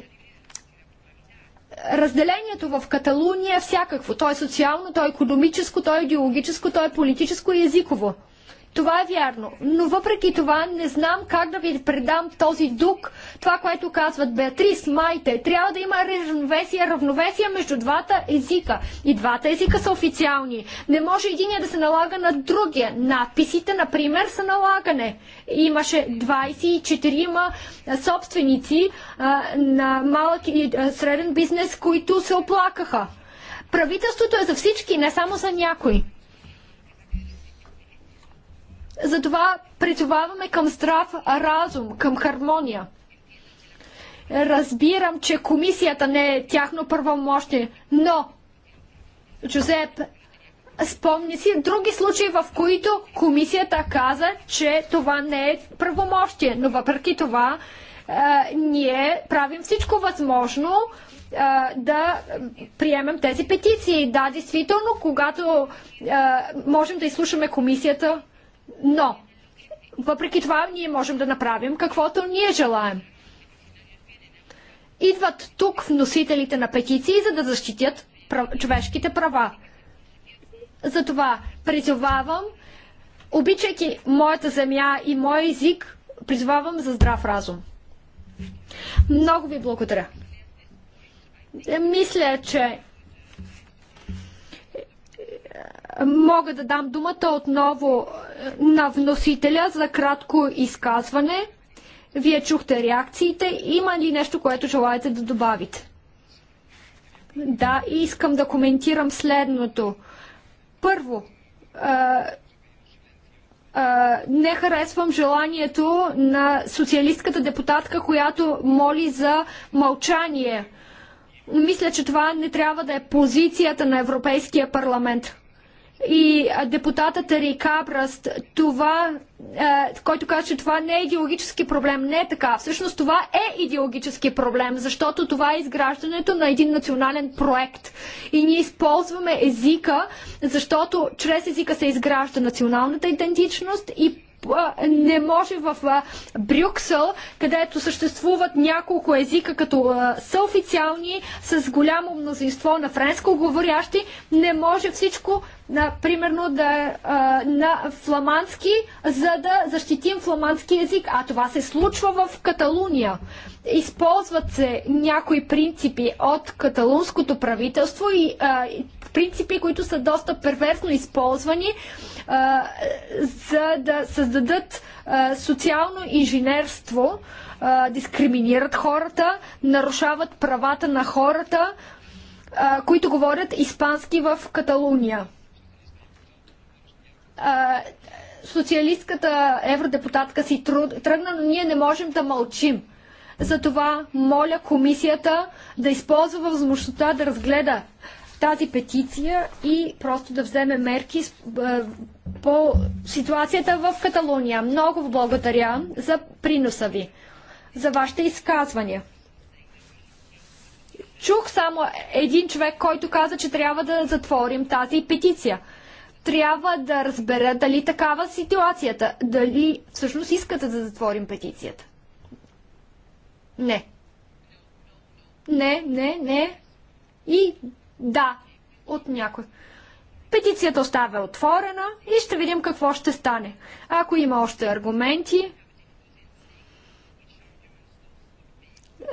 разделението в Каталуния е всякакво. То е социално, то е економическо, то е идеологическо, то е политическо и езиково. Това е вярно. Но въпреки това не знам как да ви предам този дух, това, което казват Беатрис, Майте. Трябва да има равновесие, равновесие между двата езика. И двата езика са официални. Не може един да се налага на другия. Надписите, например, са налагане. Имаше 24 собственици на малък и среден бизнес, които се оплакаха. Правителството е за всички, не само за някой. Затова призоваваме към здрав разум, към хармония. Разбирам, че комисията не е тяхно първомощие, но Джузеп спомни си други случаи, в които комисията каза, че това не е първомощие. но въпреки това е, ние правим всичко възможно е, да приемем тези петиции. Да, действително, когато е, можем да изслушаме комисията, но, въпреки това, ние можем да направим каквото ние желаем. Идват тук вносителите на петиции, за да защитят прав... човешките права. Затова призовавам, обичайки моята земя и моя език, призовавам за здрав разум. Много ви благодаря. Мисля, че мога да дам думата отново е, на вносителя за кратко изказване. Вие чухте реакциите. Има ли нещо, което желаете да добавите? Да, искам да коментирам следното. Първо, а, е, а, е, не харесвам желанието на социалистката депутатка, която моли за мълчание. Мисля, че това не трябва да е позицията на Европейския парламент. И депутатът Рикабраст, това, който каза, че това не е идеологически проблем, не е така. Всъщност това е идеологически проблем, защото това е изграждането на един национален проект. И ние използваме езика, защото чрез езика се изгражда националната идентичност и не може в Брюксел, където съществуват няколко езика като са официални, с голямо мнозинство на френско говорящи, не може всичко на, примерно да, е на фламандски, за да защитим фламандски език. А това се случва в Каталуния. Използват се някои принципи от каталунското правителство и а, принципи, които са доста перверсно използвани, а, за да създадат а, социално инженерство, а, дискриминират хората, нарушават правата на хората, а, които говорят испански в Каталуния. А, социалистката евродепутатка си тръгна, но ние не можем да мълчим. Затова моля комисията да използва възможността да разгледа тази петиция и просто да вземе мерки по ситуацията в Каталуния. Много благодаря за приноса ви, за вашите изказвания. Чух само един човек, който каза, че трябва да затворим тази петиция. Трябва да разбера дали такава ситуацията, дали всъщност искате да затворим петицията. Не. Не, не, не. И да, от някой. Петицията остава отворена и ще видим какво ще стане. Ако има още аргументи,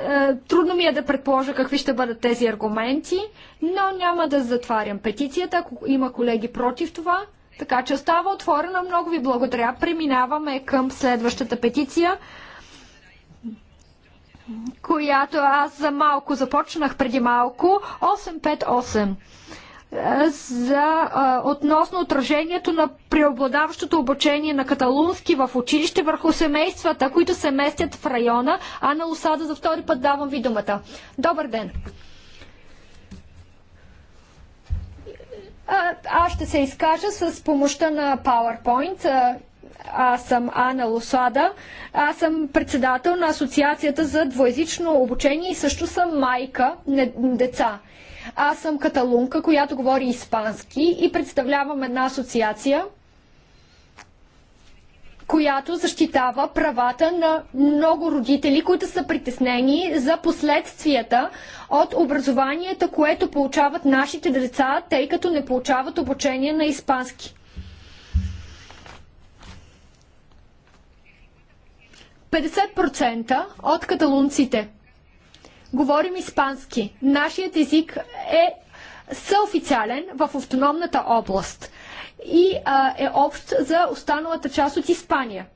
е, трудно ми е да предположа какви ще бъдат тези аргументи, но няма да затварям петицията, ако има колеги против това. Така че остава отворена. Много ви благодаря. Преминаваме към следващата петиция която аз за малко започнах преди малко, 858 за а, относно отражението на преобладаващото обучение на каталунски в училище върху семействата, които се местят в района. а на Осада, за втори път давам ви думата. Добър ден! А, аз ще се изкажа с помощта на PowerPoint. Аз съм Ана Лосада. Аз съм председател на Асоциацията за двоязично обучение и също съм майка на деца. Аз съм каталунка, която говори испански и представлявам една асоциация, която защитава правата на много родители, които са притеснени за последствията от образованието, което получават нашите деца, тъй като не получават обучение на испански. 50% от каталунците говорим испански. Нашият език е съофициален в автономната област и а, е общ за останалата част от Испания.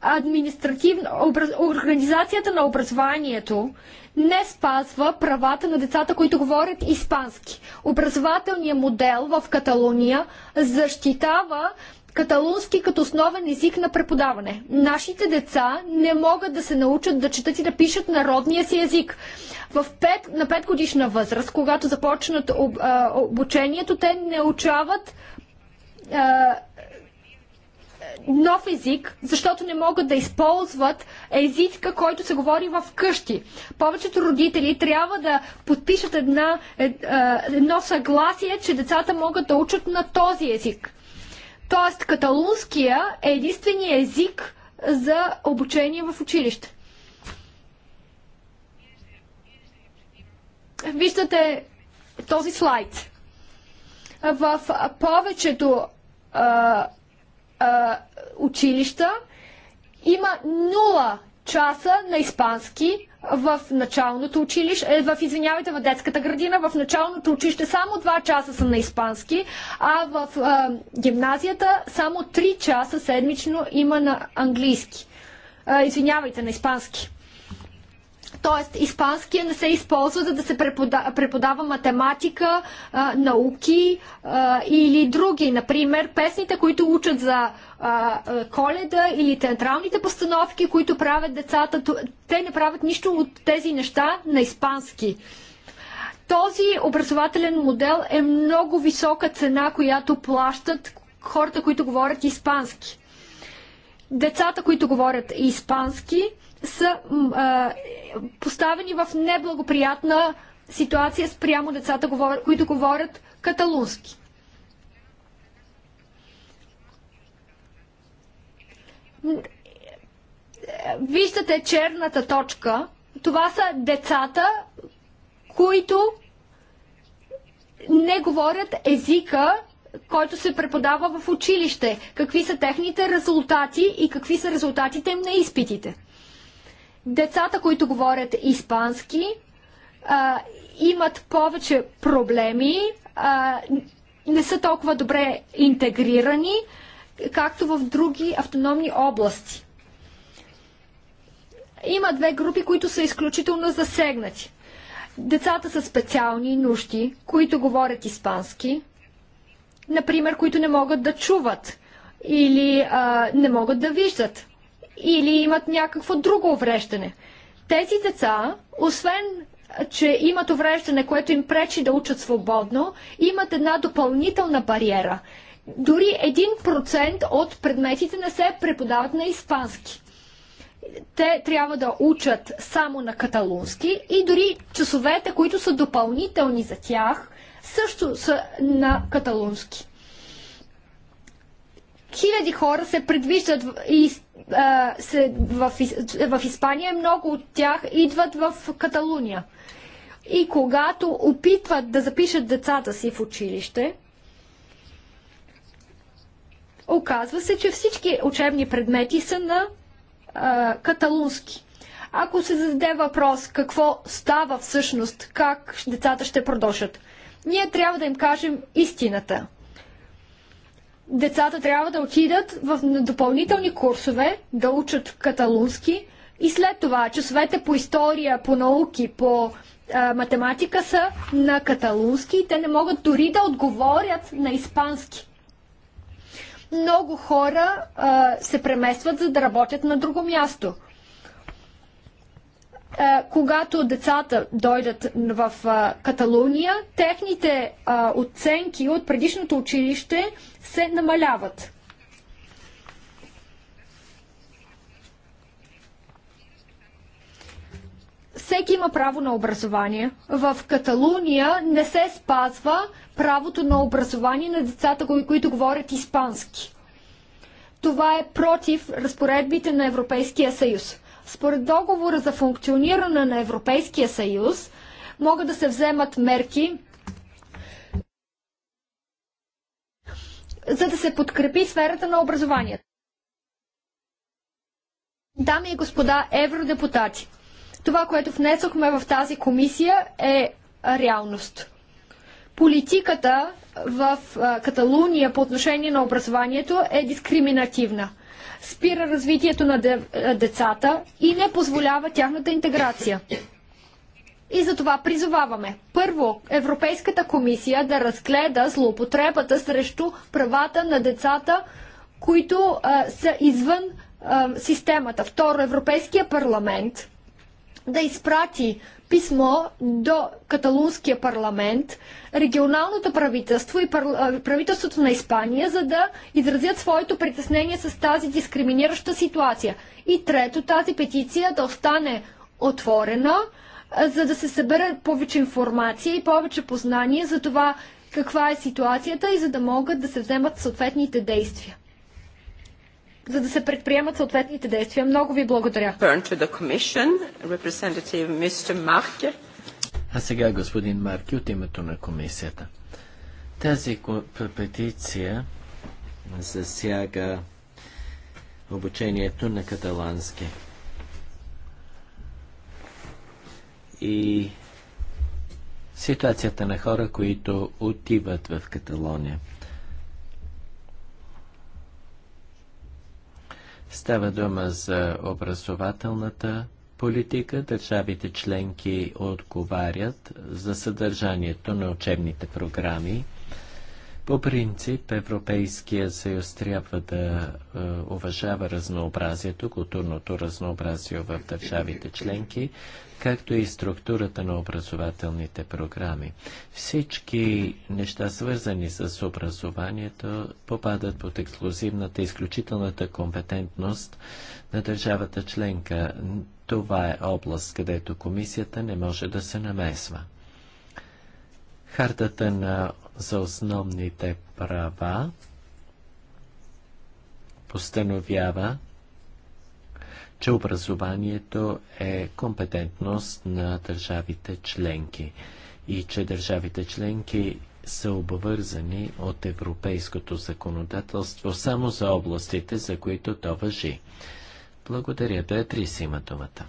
Административна образ, организацията на образованието не спазва правата на децата, които говорят испански. Образователният модел в Каталуния защитава каталунски като основен език на преподаване. Нашите деца не могат да се научат да четат и да пишат народния си език. В 5, на 5 годишна възраст, когато започнат об, обучението, те не учават нов език, защото не могат да използват езика, който се говори в къщи. Повечето родители трябва да подпишат една, е, едно съгласие, че децата могат да учат на този език. Тоест, каталунския е единствения език за обучение в училище. Виждате този слайд. В повечето а, а, училища има нула часа на испански в началното училище, е, в, извинявайте, в детската градина, в началното училище само 2 часа са на испански, а в а, гимназията само 3 часа седмично има на английски. А, извинявайте, на испански. Тоест, испанския не се използва за да се преподава, преподава математика, а, науки а, или други. Например, песните, които учат за а, коледа или театралните постановки, които правят децата, те не правят нищо от тези неща на испански. Този образователен модел е много висока цена, която плащат хората, които говорят испански. Децата, които говорят испански, са а, поставени в неблагоприятна ситуация спрямо децата, които говорят каталунски. Виждате черната точка. Това са децата, които не говорят езика, който се преподава в училище. Какви са техните резултати и какви са резултатите им на изпитите? Децата, които говорят испански, а, имат повече проблеми, а, не са толкова добре интегрирани, както в други автономни области. Има две групи, които са изключително засегнати. Децата са специални нужди, които говорят испански, например, които не могат да чуват или а, не могат да виждат или имат някакво друго увреждане. Тези деца, освен че имат увреждане, което им пречи да учат свободно, имат една допълнителна бариера. Дори 1% от предметите не се преподават на испански. Те трябва да учат само на каталунски и дори часовете, които са допълнителни за тях, също са на каталунски. Хиляди хора се предвиждат и а, се, в, в Испания, много от тях идват в Каталуния. И когато опитват да запишат децата си в училище, оказва се, че всички учебни предмети са на а, каталунски. Ако се зададе въпрос какво става всъщност, как децата ще продължат, ние трябва да им кажем истината. Децата трябва да отидат в допълнителни курсове, да учат каталунски и след това часовете по история, по науки, по а, математика са на каталунски и те не могат дори да отговорят на испански. Много хора а, се преместват за да работят на друго място когато децата дойдат в Каталуния, техните оценки от предишното училище се намаляват. всеки има право на образование. В Каталуния не се спазва правото на образование на децата, които говорят испански. Това е против разпоредбите на Европейския съюз. Според договора за функциониране на Европейския съюз могат да се вземат мерки за да се подкрепи сферата на образованието. Дами и господа евродепутати, това, което внесохме в тази комисия е реалност. Политиката в Каталуния по отношение на образованието е дискриминативна. Спира развитието на децата и не позволява тяхната интеграция. И за това призоваваме първо Европейската комисия да разгледа злоупотребата срещу правата на децата, които а, са извън а, системата. Второ, Европейския парламент да изпрати писмо до каталунския парламент, регионалното правителство и правителството на Испания, за да изразят своето притеснение с тази дискриминираща ситуация. И трето, тази петиция да остане отворена, за да се събере повече информация и повече познание за това каква е ситуацията и за да могат да се вземат съответните действия. За да се предприемат съответните действия. Много ви благодаря. А сега господин Марки от името на комисията. Тази петиция засяга обучението на каталански. и ситуацията на хора, които отиват в Каталония. Става дума за образователната политика. Държавите членки отговарят за съдържанието на учебните програми по принцип Европейския съюз трябва да е, уважава разнообразието, културното разнообразие в държавите членки, както и структурата на образователните програми. Всички неща, свързани с образованието, попадат под ексклюзивната, изключителната компетентност на държавата членка. Това е област, където комисията не може да се намесва. Хартата на за основните права постановява, че образованието е компетентност на държавите членки и че държавите членки са обвързани от европейското законодателство само за областите, за които то въжи. Благодаря, Беатрис има думата.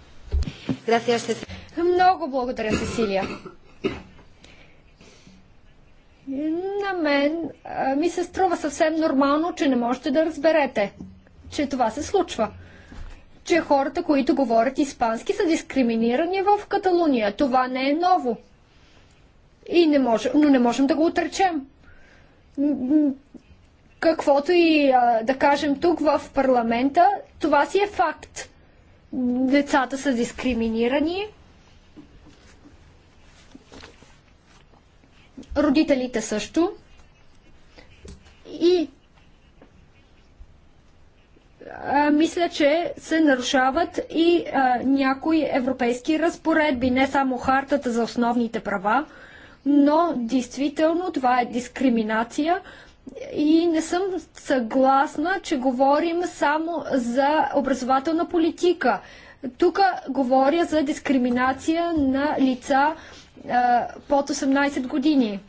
Много благодаря, Сесилия. На мен ми се струва съвсем нормално, че не можете да разберете, че това се случва. Че хората, които говорят испански, са дискриминирани в Каталуния. Това не е ново. И не може, но не можем да го отречем. Каквото и да кажем тук в парламента, това си е факт. Децата са дискриминирани, родителите също. И а, мисля, че се нарушават и а, някои европейски разпоредби, не само хартата за основните права, но действително това е дискриминация и не съм съгласна, че говорим само за образователна политика. Тук говоря за дискриминация на лица, под 18 години.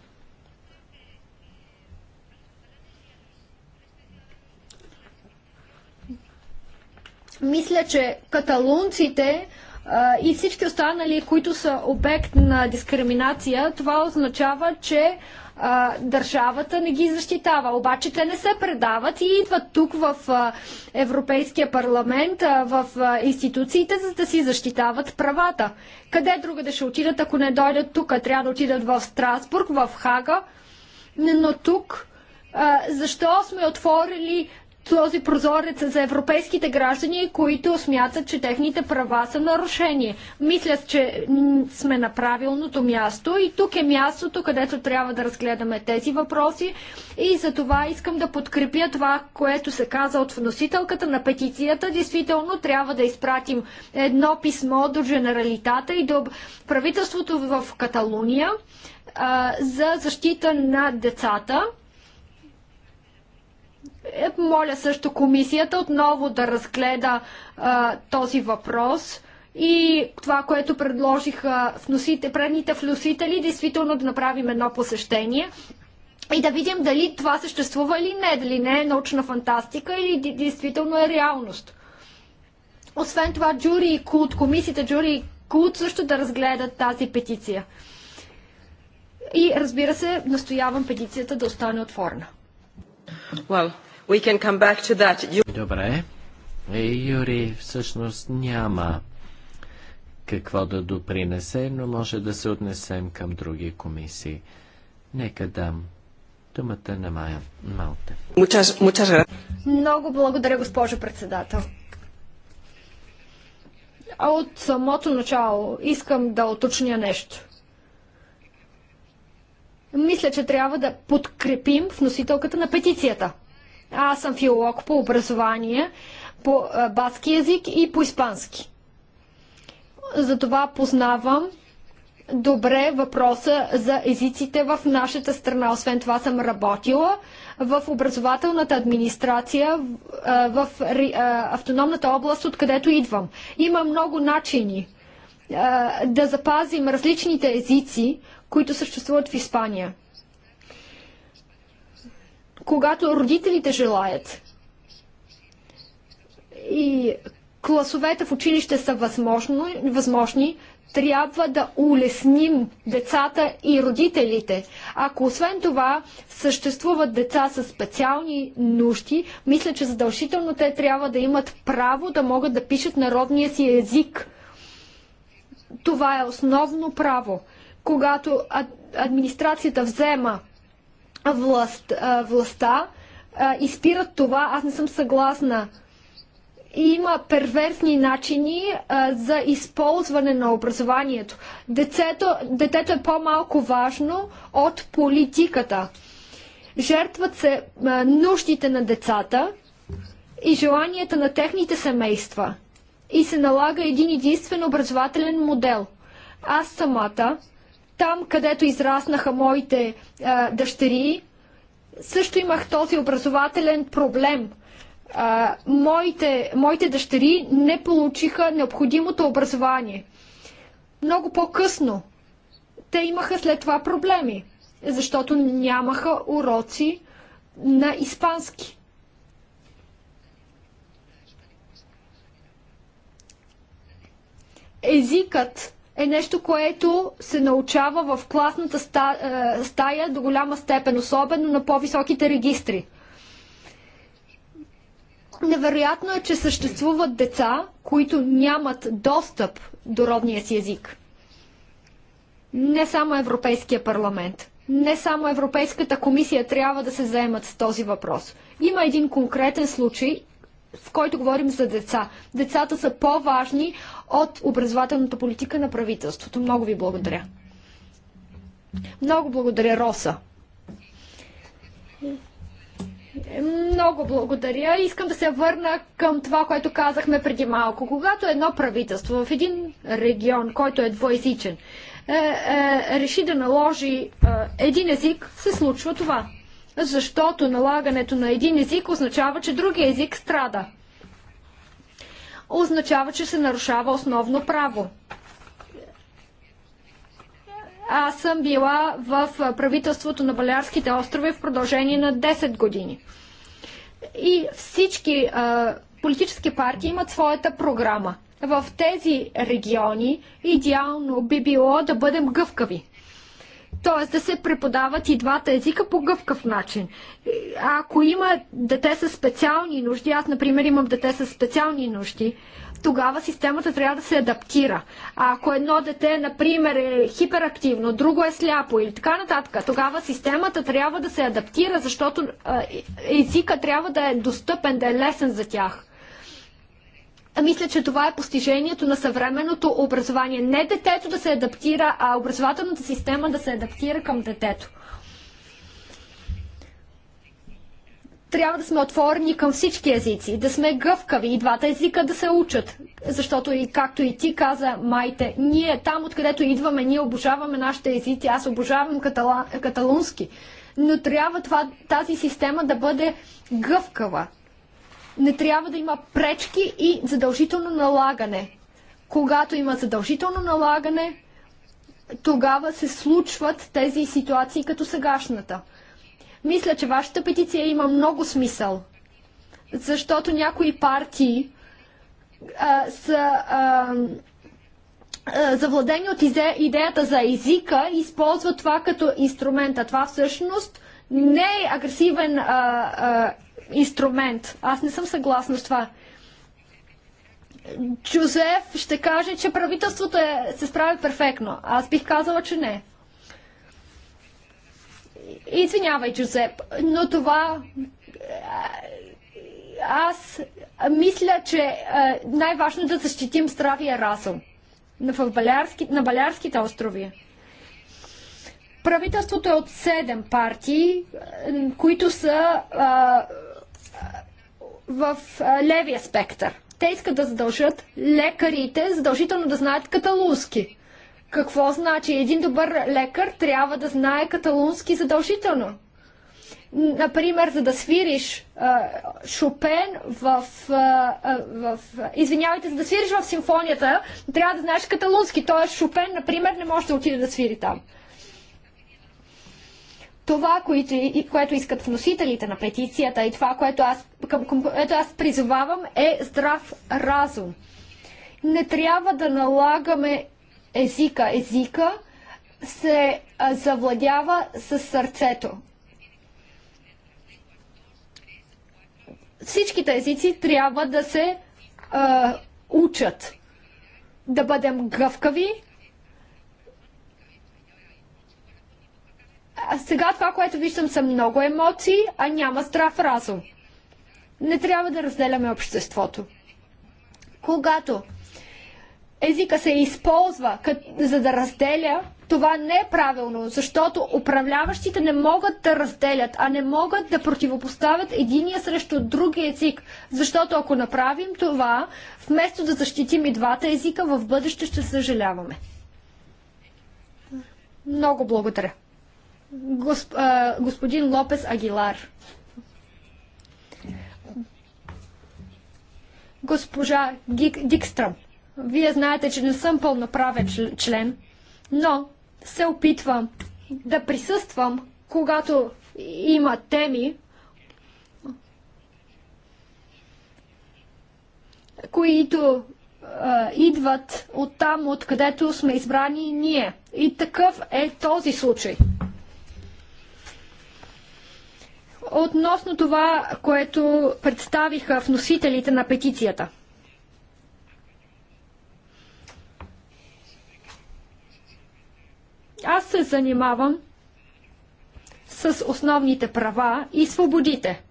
Мисля, че каталунците а, и всички останали, които са обект на дискриминация, това означава, че а, държавата не ги защитава. Обаче те не се предават и идват тук в а, Европейския парламент, а, в а, институциите, за да си защитават правата. Къде друга да ще отидат, ако не дойдат тук? Трябва да отидат в Страсбург, в Хага. Но тук защо сме отворили този прозорец за европейските граждани, които смятат, че техните права са нарушени. Мисля, че сме на правилното място и тук е мястото, където трябва да разгледаме тези въпроси и за това искам да подкрепя това, което се каза от вносителката на петицията. Действително трябва да изпратим едно писмо до генералитата и до правителството в Каталуния за защита на децата. Е, моля също комисията отново да разгледа а, този въпрос и това, което предложиха вносите, предните вносители, действително да направим едно посещение и да видим дали това съществува или не, дали не е научна фантастика или действително е реалност. Освен това, джури и култ, комисията джури и култ също да разгледат тази петиция. И разбира се, настоявам петицията да остане отворена. Well, We can come back to that. You... Добре. Е, Юри всъщност няма какво да допринесе, но може да се отнесем към други комисии. Нека дам думата на Майя Малте. Много благодаря, госпожо председател. А от самото начало искам да оточня нещо. Мисля, че трябва да подкрепим вносителката на петицията – аз съм филолог по образование, по баски язик и по испански. Затова познавам добре въпроса за езиците в нашата страна. Освен това съм работила в образователната администрация в автономната област, откъдето идвам. Има много начини да запазим различните езици, които съществуват в Испания когато родителите желаят. И класовете в училище са възможно, възможни, трябва да улесним децата и родителите. Ако освен това съществуват деца с специални нужди, мисля, че задължително те трябва да имат право да могат да пишат народния си език. Това е основно право. Когато администрацията взема власт, властта и спират това. Аз не съм съгласна. Има перверсни начини за използване на образованието. Децето, детето е по-малко важно от политиката. Жертват се нуждите на децата и желанията на техните семейства. И се налага един единствен образователен модел. Аз самата там, където израснаха моите а, дъщери, също имах този образователен проблем. А, моите, моите дъщери не получиха необходимото образование. Много по-късно те имаха след това проблеми, защото нямаха уроци на испански. Езикът е нещо, което се научава в класната е, стая до голяма степен, особено на по-високите регистри. Невероятно е, че съществуват деца, които нямат достъп до родния си език. Не само Европейския парламент, не само Европейската комисия трябва да се заемат с този въпрос. Има един конкретен случай, в който говорим за деца. Децата са по-важни от образователната политика на правителството. Много ви благодаря. Много благодаря, Роса. Много благодаря. Искам да се върна към това, което казахме преди малко. Когато едно правителство в един регион, който е двоязичен, е, е, реши да наложи е, един език, се случва това. Защото налагането на един език означава, че другия език страда означава, че се нарушава основно право. Аз съм била в правителството на Балярските острови в продължение на 10 години. И всички а, политически партии имат своята програма. В тези региони идеално би било да бъдем гъвкави т.е. да се преподават и двата езика по гъвкав начин. А ако има дете с специални нужди, аз, например, имам дете с специални нужди, тогава системата трябва да се адаптира. А ако едно дете, например, е хиперактивно, друго е сляпо или така нататък, тогава системата трябва да се адаптира, защото е, езика трябва да е достъпен, да е лесен за тях мисля, че това е постижението на съвременното образование. Не детето да се адаптира, а образователната система да се адаптира към детето. трябва да сме отворени към всички езици, да сме гъвкави и двата езика да се учат. Защото, и, както и ти каза, майте, ние там, откъдето идваме, ние обожаваме нашите езици. Аз обожавам каталунски. Но трябва това, тази система да бъде гъвкава не трябва да има пречки и задължително налагане. Когато има задължително налагане, тогава се случват тези ситуации като сегашната. Мисля, че вашата петиция има много смисъл, защото някои партии а, са а, а, завладени от идеята за езика и използват това като инструмента. Това всъщност не е агресивен а, а, инструмент. Аз не съм съгласна с това. Джузеф ще каже, че правителството е, се справи перфектно. Аз бих казала, че не. Извинявай, Джузеп, но това е, аз мисля, че е, най-важно е да защитим здравия разум в Балярски, на Балярските острови. Правителството е от седем партии, е, които са а, в левия спектър. Те искат да задължат лекарите задължително да знаят каталунски. Какво значи? Един добър лекар трябва да знае каталунски задължително. Например, за да свириш а, Шопен в, а, в... Извинявайте, за да свириш в симфонията, трябва да знаеш каталунски. Тоест Шопен, например, не може да отиде да свири там това, което, което искат вносителите на петицията и това, което аз, към, към което аз призовавам е здрав разум. Не трябва да налагаме езика. Езика се завладява с сърцето. Всичките езици трябва да се а, учат. Да бъдем гъвкави, А сега това, което виждам, са много емоции, а няма здрав разум. Не трябва да разделяме обществото. Когато езика се използва кът, за да разделя, това не е правилно, защото управляващите не могат да разделят, а не могат да противопоставят единия срещу другия език. Защото ако направим това, вместо да защитим и двата езика, в бъдеще ще съжаляваме. Много благодаря. Госп, а, господин Лопес Агилар. Госпожа Гик, Дикстрам, вие знаете, че не съм пълноправен член, но се опитвам да присъствам, когато има теми, които а, идват от там, откъдето сме избрани ние. И такъв е този случай. относно това, което представиха вносителите на петицията. Аз се занимавам с основните права и свободите.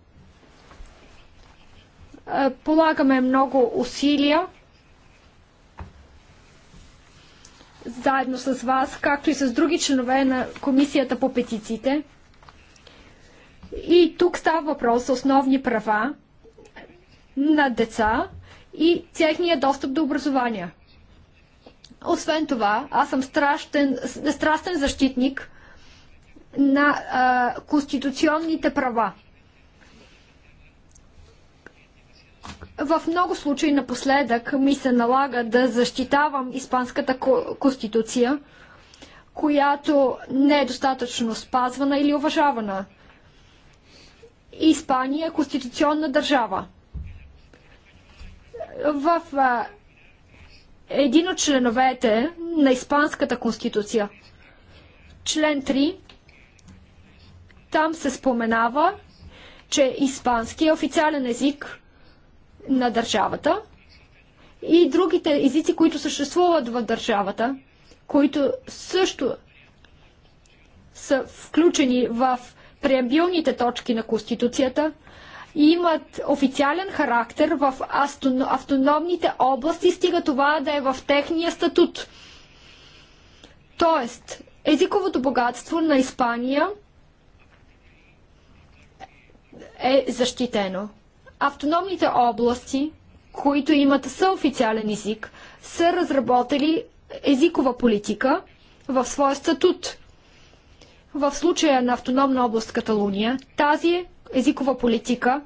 Е, полагаме много усилия заедно с вас, както и с други членове на Комисията по петициите – и тук става въпрос за основни права на деца и техния достъп до образование. Освен това, аз съм страшен, страстен защитник на а, конституционните права. В много случаи напоследък ми се налага да защитавам Испанската конституция, която не е достатъчно спазвана или уважавана. Испания е конституционна държава. В а, един от членовете на Испанската конституция, член 3, там се споменава, че испански е официален език на държавата и другите езици, които съществуват в държавата, които също са включени в преамбилните точки на Конституцията имат официален характер в автономните области, стига това да е в техния статут. Тоест, езиковото богатство на Испания е защитено. Автономните области, които имат съофициален език, са разработили езикова политика в своя статут – в случая на автономна област Каталуния, тази езикова политика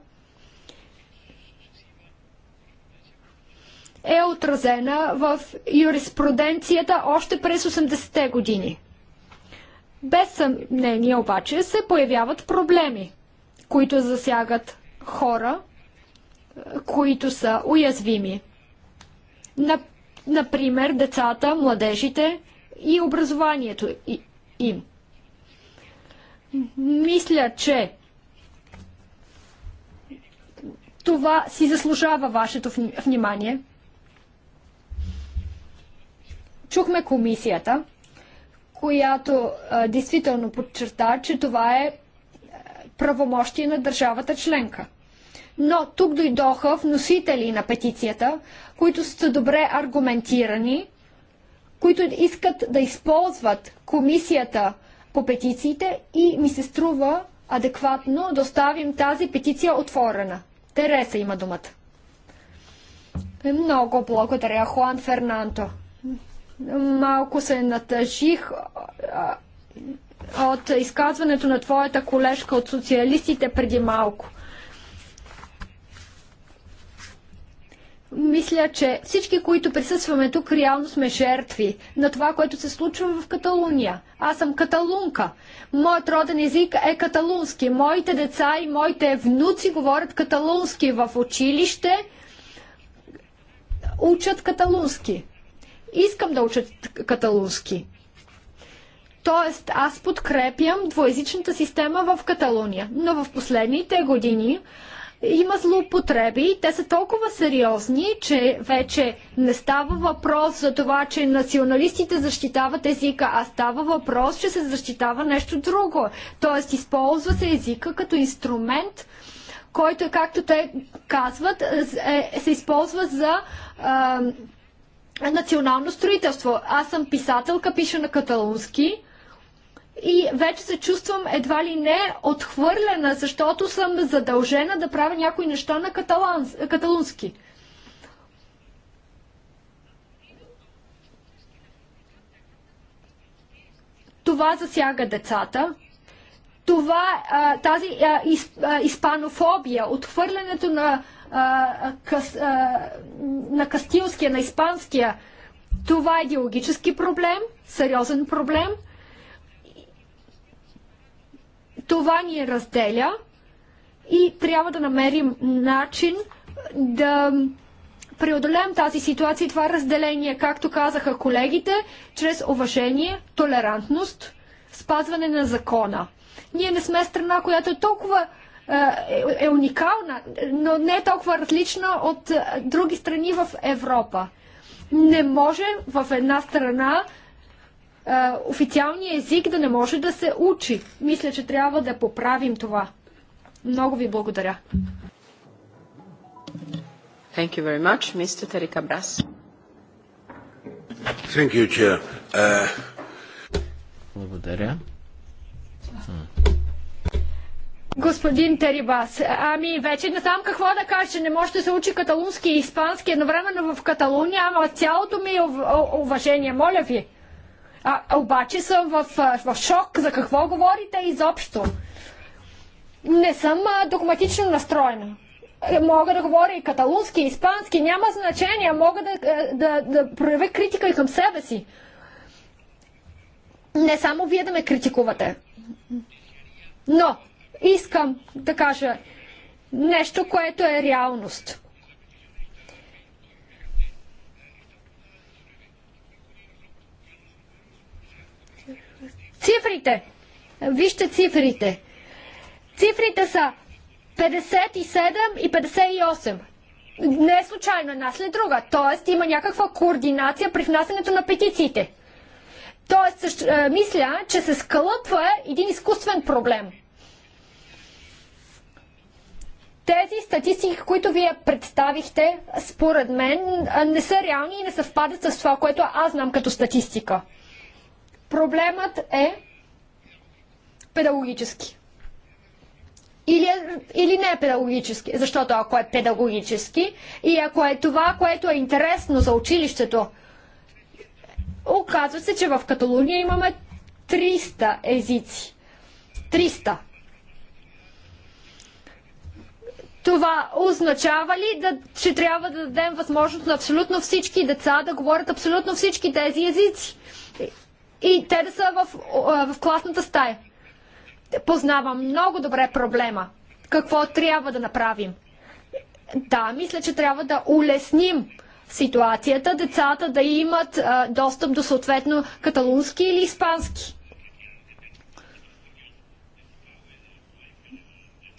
е отразена в юриспруденцията още през 80-те години. Без съмнение обаче се появяват проблеми, които засягат хора, които са уязвими. Например, децата, младежите и образованието им. Мисля, че това си заслужава вашето внимание. Чухме комисията, която а, действително подчерта, че това е правомощие на държавата членка. Но тук дойдоха вносители на петицията, които са добре аргументирани, които искат да използват комисията по петициите и ми се струва адекватно да оставим тази петиция отворена. Тереса има думата. Много благодаря, Хуан Фернандо. Малко се натъжих от изказването на твоята колежка от социалистите преди малко. Мисля, че всички, които присъстваме тук, реално сме жертви на това, което се случва в Каталуния. Аз съм каталунка. Моят роден език е каталунски. Моите деца и моите внуци говорят каталунски в училище, учат каталунски. Искам да учат каталунски. Тоест, аз подкрепям двоязичната система в Каталуния. Но в последните години има злоупотреби. Те са толкова сериозни, че вече не става въпрос за това, че националистите защитават езика, а става въпрос, че се защитава нещо друго. Тоест, използва се езика като инструмент, който, както те казват, е, се използва за национално строителство. Аз съм писателка, пиша на каталунски и вече се чувствам едва ли не отхвърлена, защото съм задължена да правя някои неща на каталанс, каталунски. Това засяга децата. Това, тази испанофобия, отхвърлянето на, на кастилския, на испанския, това е идеологически проблем, сериозен проблем – това ни е разделя и трябва да намерим начин да преодолеем тази ситуация и това разделение, както казаха колегите, чрез уважение, толерантност, спазване на закона. Ние не сме страна, която е толкова е, е, е уникална, но не е толкова различна от е, други страни в Европа. Не може в една страна официалния език да не може да се учи. Мисля, че трябва да поправим това. Много ви благодаря. Thank you very much, Mr. Terikabras. Thank you, Chair. Uh... Благодаря. Господин Терибас, ами вече не знам какво да кажа, че не може да се учи каталунски и испански едновременно в Каталуния, ама цялото ми е уважение, моля ви. А, обаче съм в, в шок за какво говорите изобщо. Не съм а, догматично настроена. Е, мога да говоря и каталунски, и испански, няма значение. Мога да, е, да, да проявя критика и към себе си. Не само вие да ме критикувате. Но искам да кажа нещо, което е реалност. Цифрите. Вижте цифрите. Цифрите са 57 и 58. Не е случайно една след друга. Тоест има някаква координация при внасянето на петициите. Тоест, е, мисля, че се скълъпва един изкуствен проблем. Тези статистики, които вие представихте, според мен, е, не са реални и не съвпадат с това, което аз знам като статистика. Проблемът е педагогически. Или, или не е педагогически, защото ако е педагогически и ако е това, което е интересно за училището, оказва се, че в Каталуния имаме 300 езици. 300. Това означава ли, да, че трябва да дадем възможност на абсолютно всички деца да говорят абсолютно всички тези езици? и те да са в, в класната стая. Познавам много добре проблема. Какво трябва да направим? Да, мисля, че трябва да улесним ситуацията, децата да имат а, достъп до съответно каталунски или испански.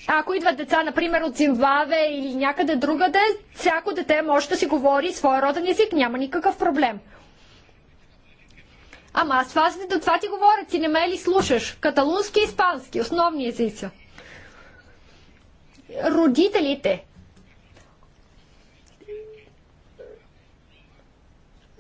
Ако идват деца, например, от Зимбаве или някъде другаде, всяко дете може да си говори своя роден език, няма никакъв проблем. Ама аз това, до това ти говоря, ти не ме ли слушаш? Каталунски и испански, основни езици. Родителите.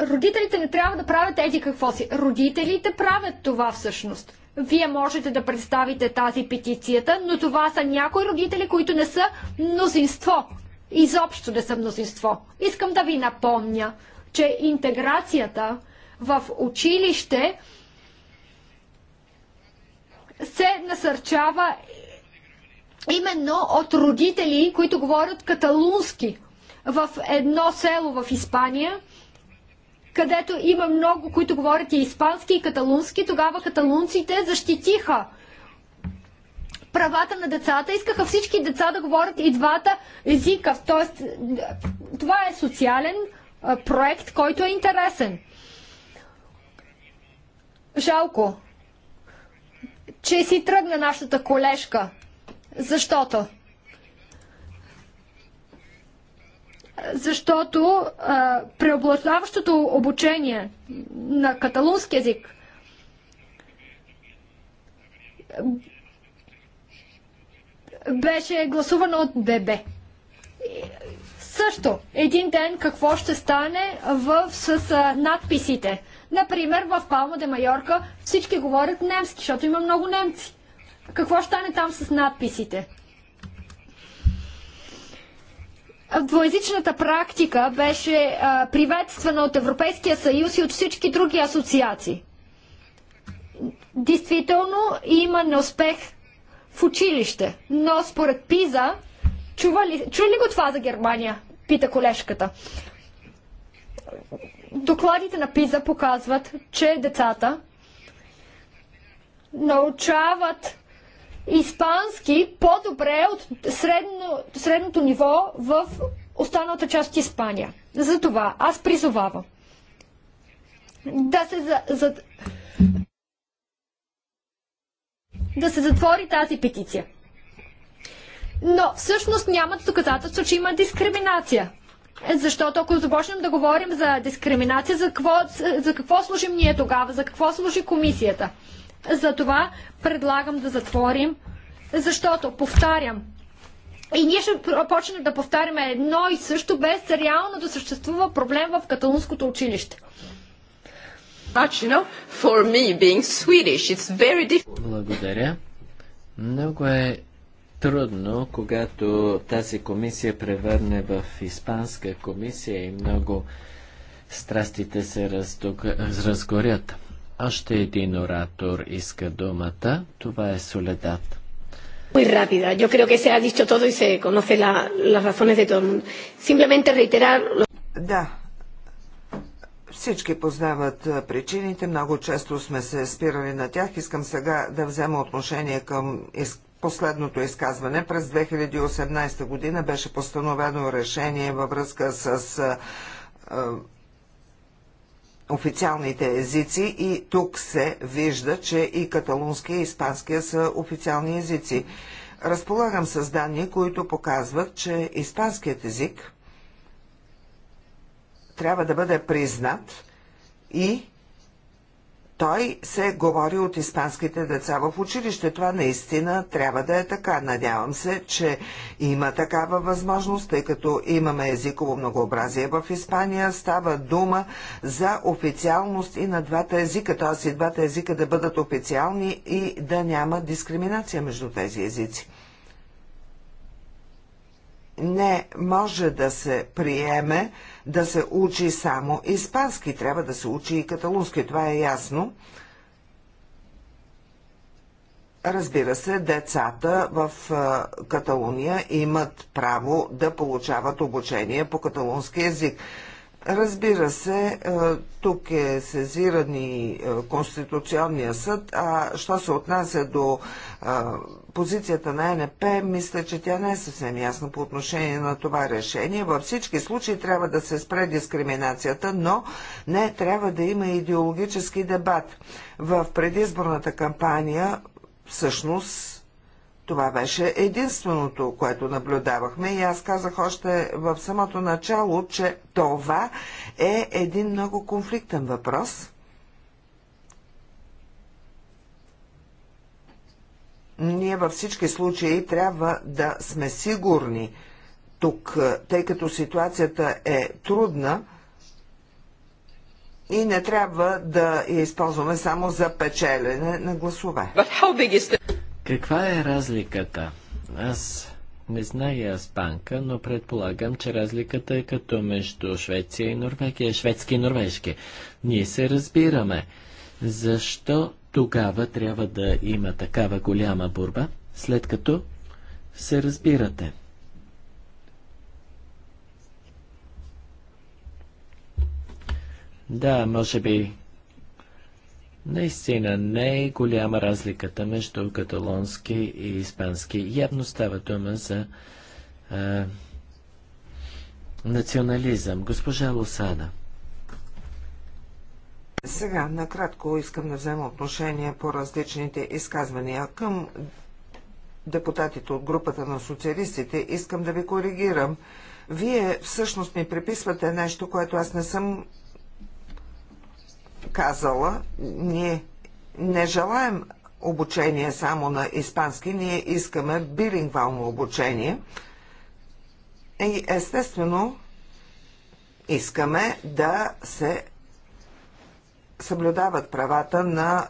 Родителите не трябва да правят еди какво си. Родителите правят това всъщност. Вие можете да представите тази петицията, но това са някои родители, които не са мнозинство. Изобщо не са мнозинство. Искам да ви напомня, че интеграцията, в училище се насърчава именно от родители, които говорят каталунски в едно село в Испания, където има много, които говорят и испански, и каталунски, тогава каталунците защитиха правата на децата, искаха всички деца да говорят и двата езика. Тоест, това е социален проект, който е интересен. Жалко, че си тръгна нашата колежка, защото защото а, преобладаващото обучение на каталунски язик беше гласувано от ББ. също, един ден какво ще стане в, с а, надписите Например, в Палма де Майорка всички говорят немски, защото има много немци. Какво стане там с надписите? Двоязичната практика беше а, приветствана от Европейския съюз и от всички други асоциации. Действително има неуспех в училище, но според Пиза, чува ли, чули ли го това за Германия? Пита колешката? Докладите на ПИЗА показват, че децата научават испански по-добре от средно, средното ниво в останалата част от Испания. Затова аз призовавам да се, за, за, да се затвори тази петиция. Но всъщност нямат доказателство, че има дискриминация. Защото ако започнем да говорим за дискриминация, за какво, за какво служим ние тогава, за какво служи комисията? Затова предлагам да затворим, защото, повтарям, и ние ще почнем да повтаряме едно и също, без реално да съществува проблем в каталунското училище. Благодаря. Много е трудно, когато тази комисия превърне в испанска комисия и много страстите се разгорят. Още един оратор иска думата. Това е Соледат. Muy rápida. Yo creo que se ha dicho todo y se conoce la, las razones de todo el mundo. Simplemente reiterar... Да, всички познават причините, много често сме се спирали на тях. Искам сега да взема отношение към последното изказване. През 2018 година беше постановено решение във връзка с а, а, официалните езици и тук се вижда, че и каталунския и испанския са официални езици. Разполагам с данни, които показват, че испанският език трябва да бъде признат и той се говори от испанските деца в училище. Това наистина трябва да е така. Надявам се, че има такава възможност, тъй като имаме езиково многообразие в Испания. Става дума за официалност и на двата езика, т.е. и двата езика да бъдат официални и да няма дискриминация между тези езици не може да се приеме да се учи само испански, трябва да се учи и каталунски, това е ясно. Разбира се, децата в Каталуния имат право да получават обучение по каталунски язик. Разбира се, тук е сезиран и Конституционния съд, а що се отнася до позицията на НП, мисля, че тя не е съвсем ясна по отношение на това решение. Във всички случаи трябва да се спре дискриминацията, но не трябва да има идеологически дебат. В предизборната кампания всъщност това беше единственото, което наблюдавахме и аз казах още в самото начало, че това е един много конфликтен въпрос. ние във всички случаи трябва да сме сигурни тук, е, тъй като ситуацията е трудна и не трябва да я използваме само за печелене на гласове. Каква е разликата? Аз не зная с банка, но предполагам, че разликата е като между Швеция и Норвегия, шведски и норвежки. Ние се разбираме. Защо тогава трябва да има такава голяма борба, след като се разбирате. Да, може би Наистина не е голяма разликата между каталонски и испански. Явно става дума за а, национализъм. Госпожа Лосада. Сега накратко искам да взема отношение по различните изказвания. Към депутатите от групата на социалистите искам да ви коригирам. Вие всъщност ми приписвате нещо, което аз не съм казала. Ние не желаем обучение само на испански, ние искаме билингвално обучение. И естествено искаме да се съблюдават правата на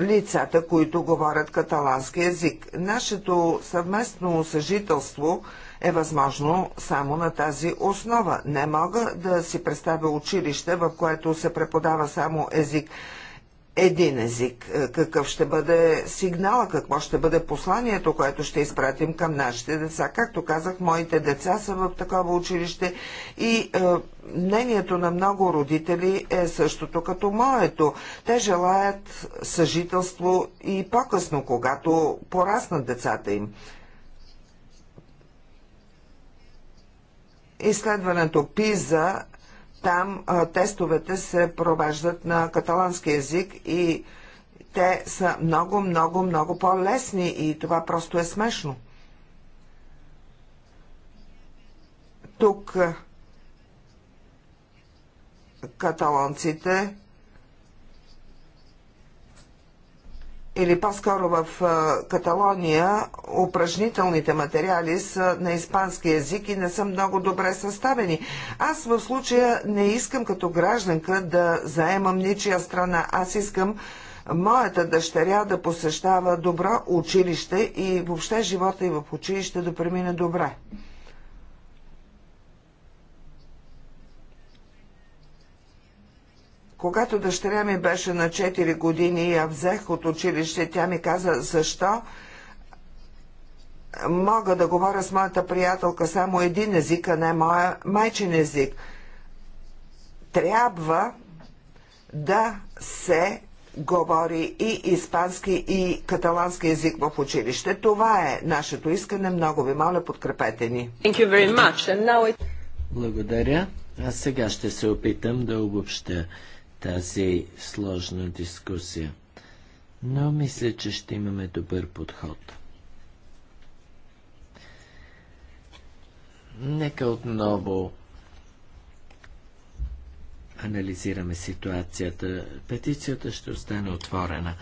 лицата, които говорят каталански язик. Нашето съвместно съжителство е възможно само на тази основа. Не мога да си представя училище, в което се преподава само език един език, е, какъв ще бъде сигнала, какво ще бъде посланието, което ще изпратим към нашите деца. Както казах, моите деца са в такова училище и е, мнението на много родители е същото като моето. Те желаят съжителство и по-късно, когато пораснат децата им. Изследването ПИЗА там а, тестовете се провеждат на каталански язик и те са много, много, много по-лесни и това просто е смешно. Тук каталонците или по-скоро в Каталония упражнителните материали са на испански язик и не са много добре съставени. Аз в случая не искам като гражданка да заемам ничия страна. Аз искам моята дъщеря да посещава добро училище и въобще живота и в училище да премине добре. Когато дъщеря ми беше на 4 години и я взех от училище, тя ми каза, защо мога да говоря с моята приятелка само един език, а не моя майчин език. Трябва да се говори и испански, и каталански език в училище. Това е нашето искане. Много ви моля, подкрепете ни. It... Благодаря. А сега ще се опитам да обобщя тази сложна дискусия. Но мисля, че ще имаме добър подход. Нека отново анализираме ситуацията. Петицията ще остане отворена.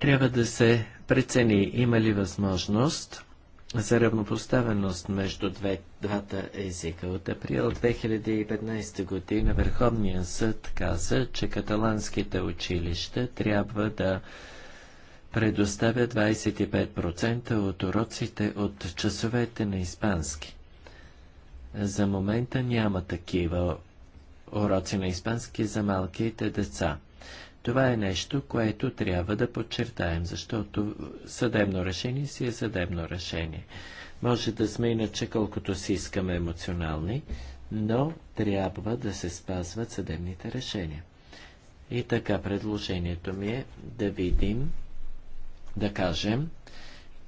Трябва да се прецени има ли възможност за равнопоставеност между две, двата езика. От април 2015 година Върховният съд каза, че каталанските училища трябва да предоставят 25% от уроците от часовете на испански. За момента няма такива уроци на испански за малките деца. Това е нещо, което трябва да подчертаем, защото съдебно решение си е съдебно решение. Може да сме иначе колкото си искаме емоционални, но трябва да се спазват съдебните решения. И така предложението ми е да видим, да кажем,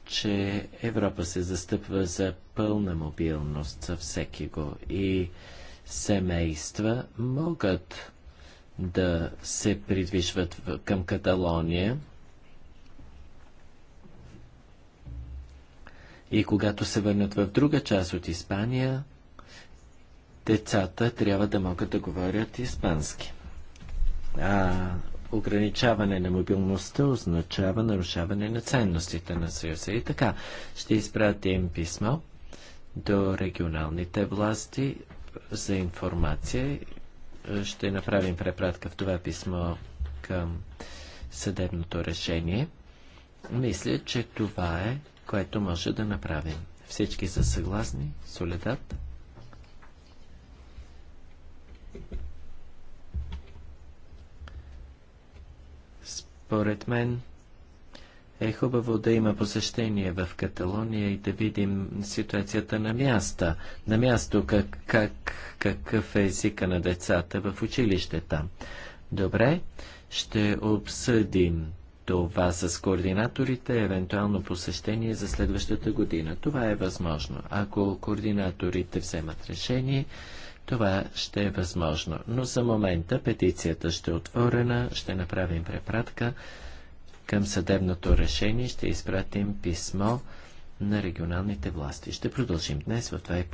че Европа се застъпва за пълна мобилност за всеки го и семейства могат да се придвижват към Каталония. И когато се върнат в друга част от Испания, децата трябва да могат да говорят испански. А ограничаване на мобилността означава нарушаване на ценностите на Съюза. И така, ще изпратим писмо до регионалните власти за информация ще направим препратка в това писмо към съдебното решение. Мисля, че това е, което може да направим. Всички са съгласни. Соледат. Според мен, е хубаво да има посещение в Каталония и да видим ситуацията на място. На място как, как, какъв е езика на децата в училище там. Добре, ще обсъдим това с координаторите, евентуално посещение за следващата година. Това е възможно. Ако координаторите вземат решение, това ще е възможно. Но за момента петицията ще е отворена, ще направим препратка към съдебното решение ще изпратим писмо на регионалните власти. Ще продължим днес в 2.30.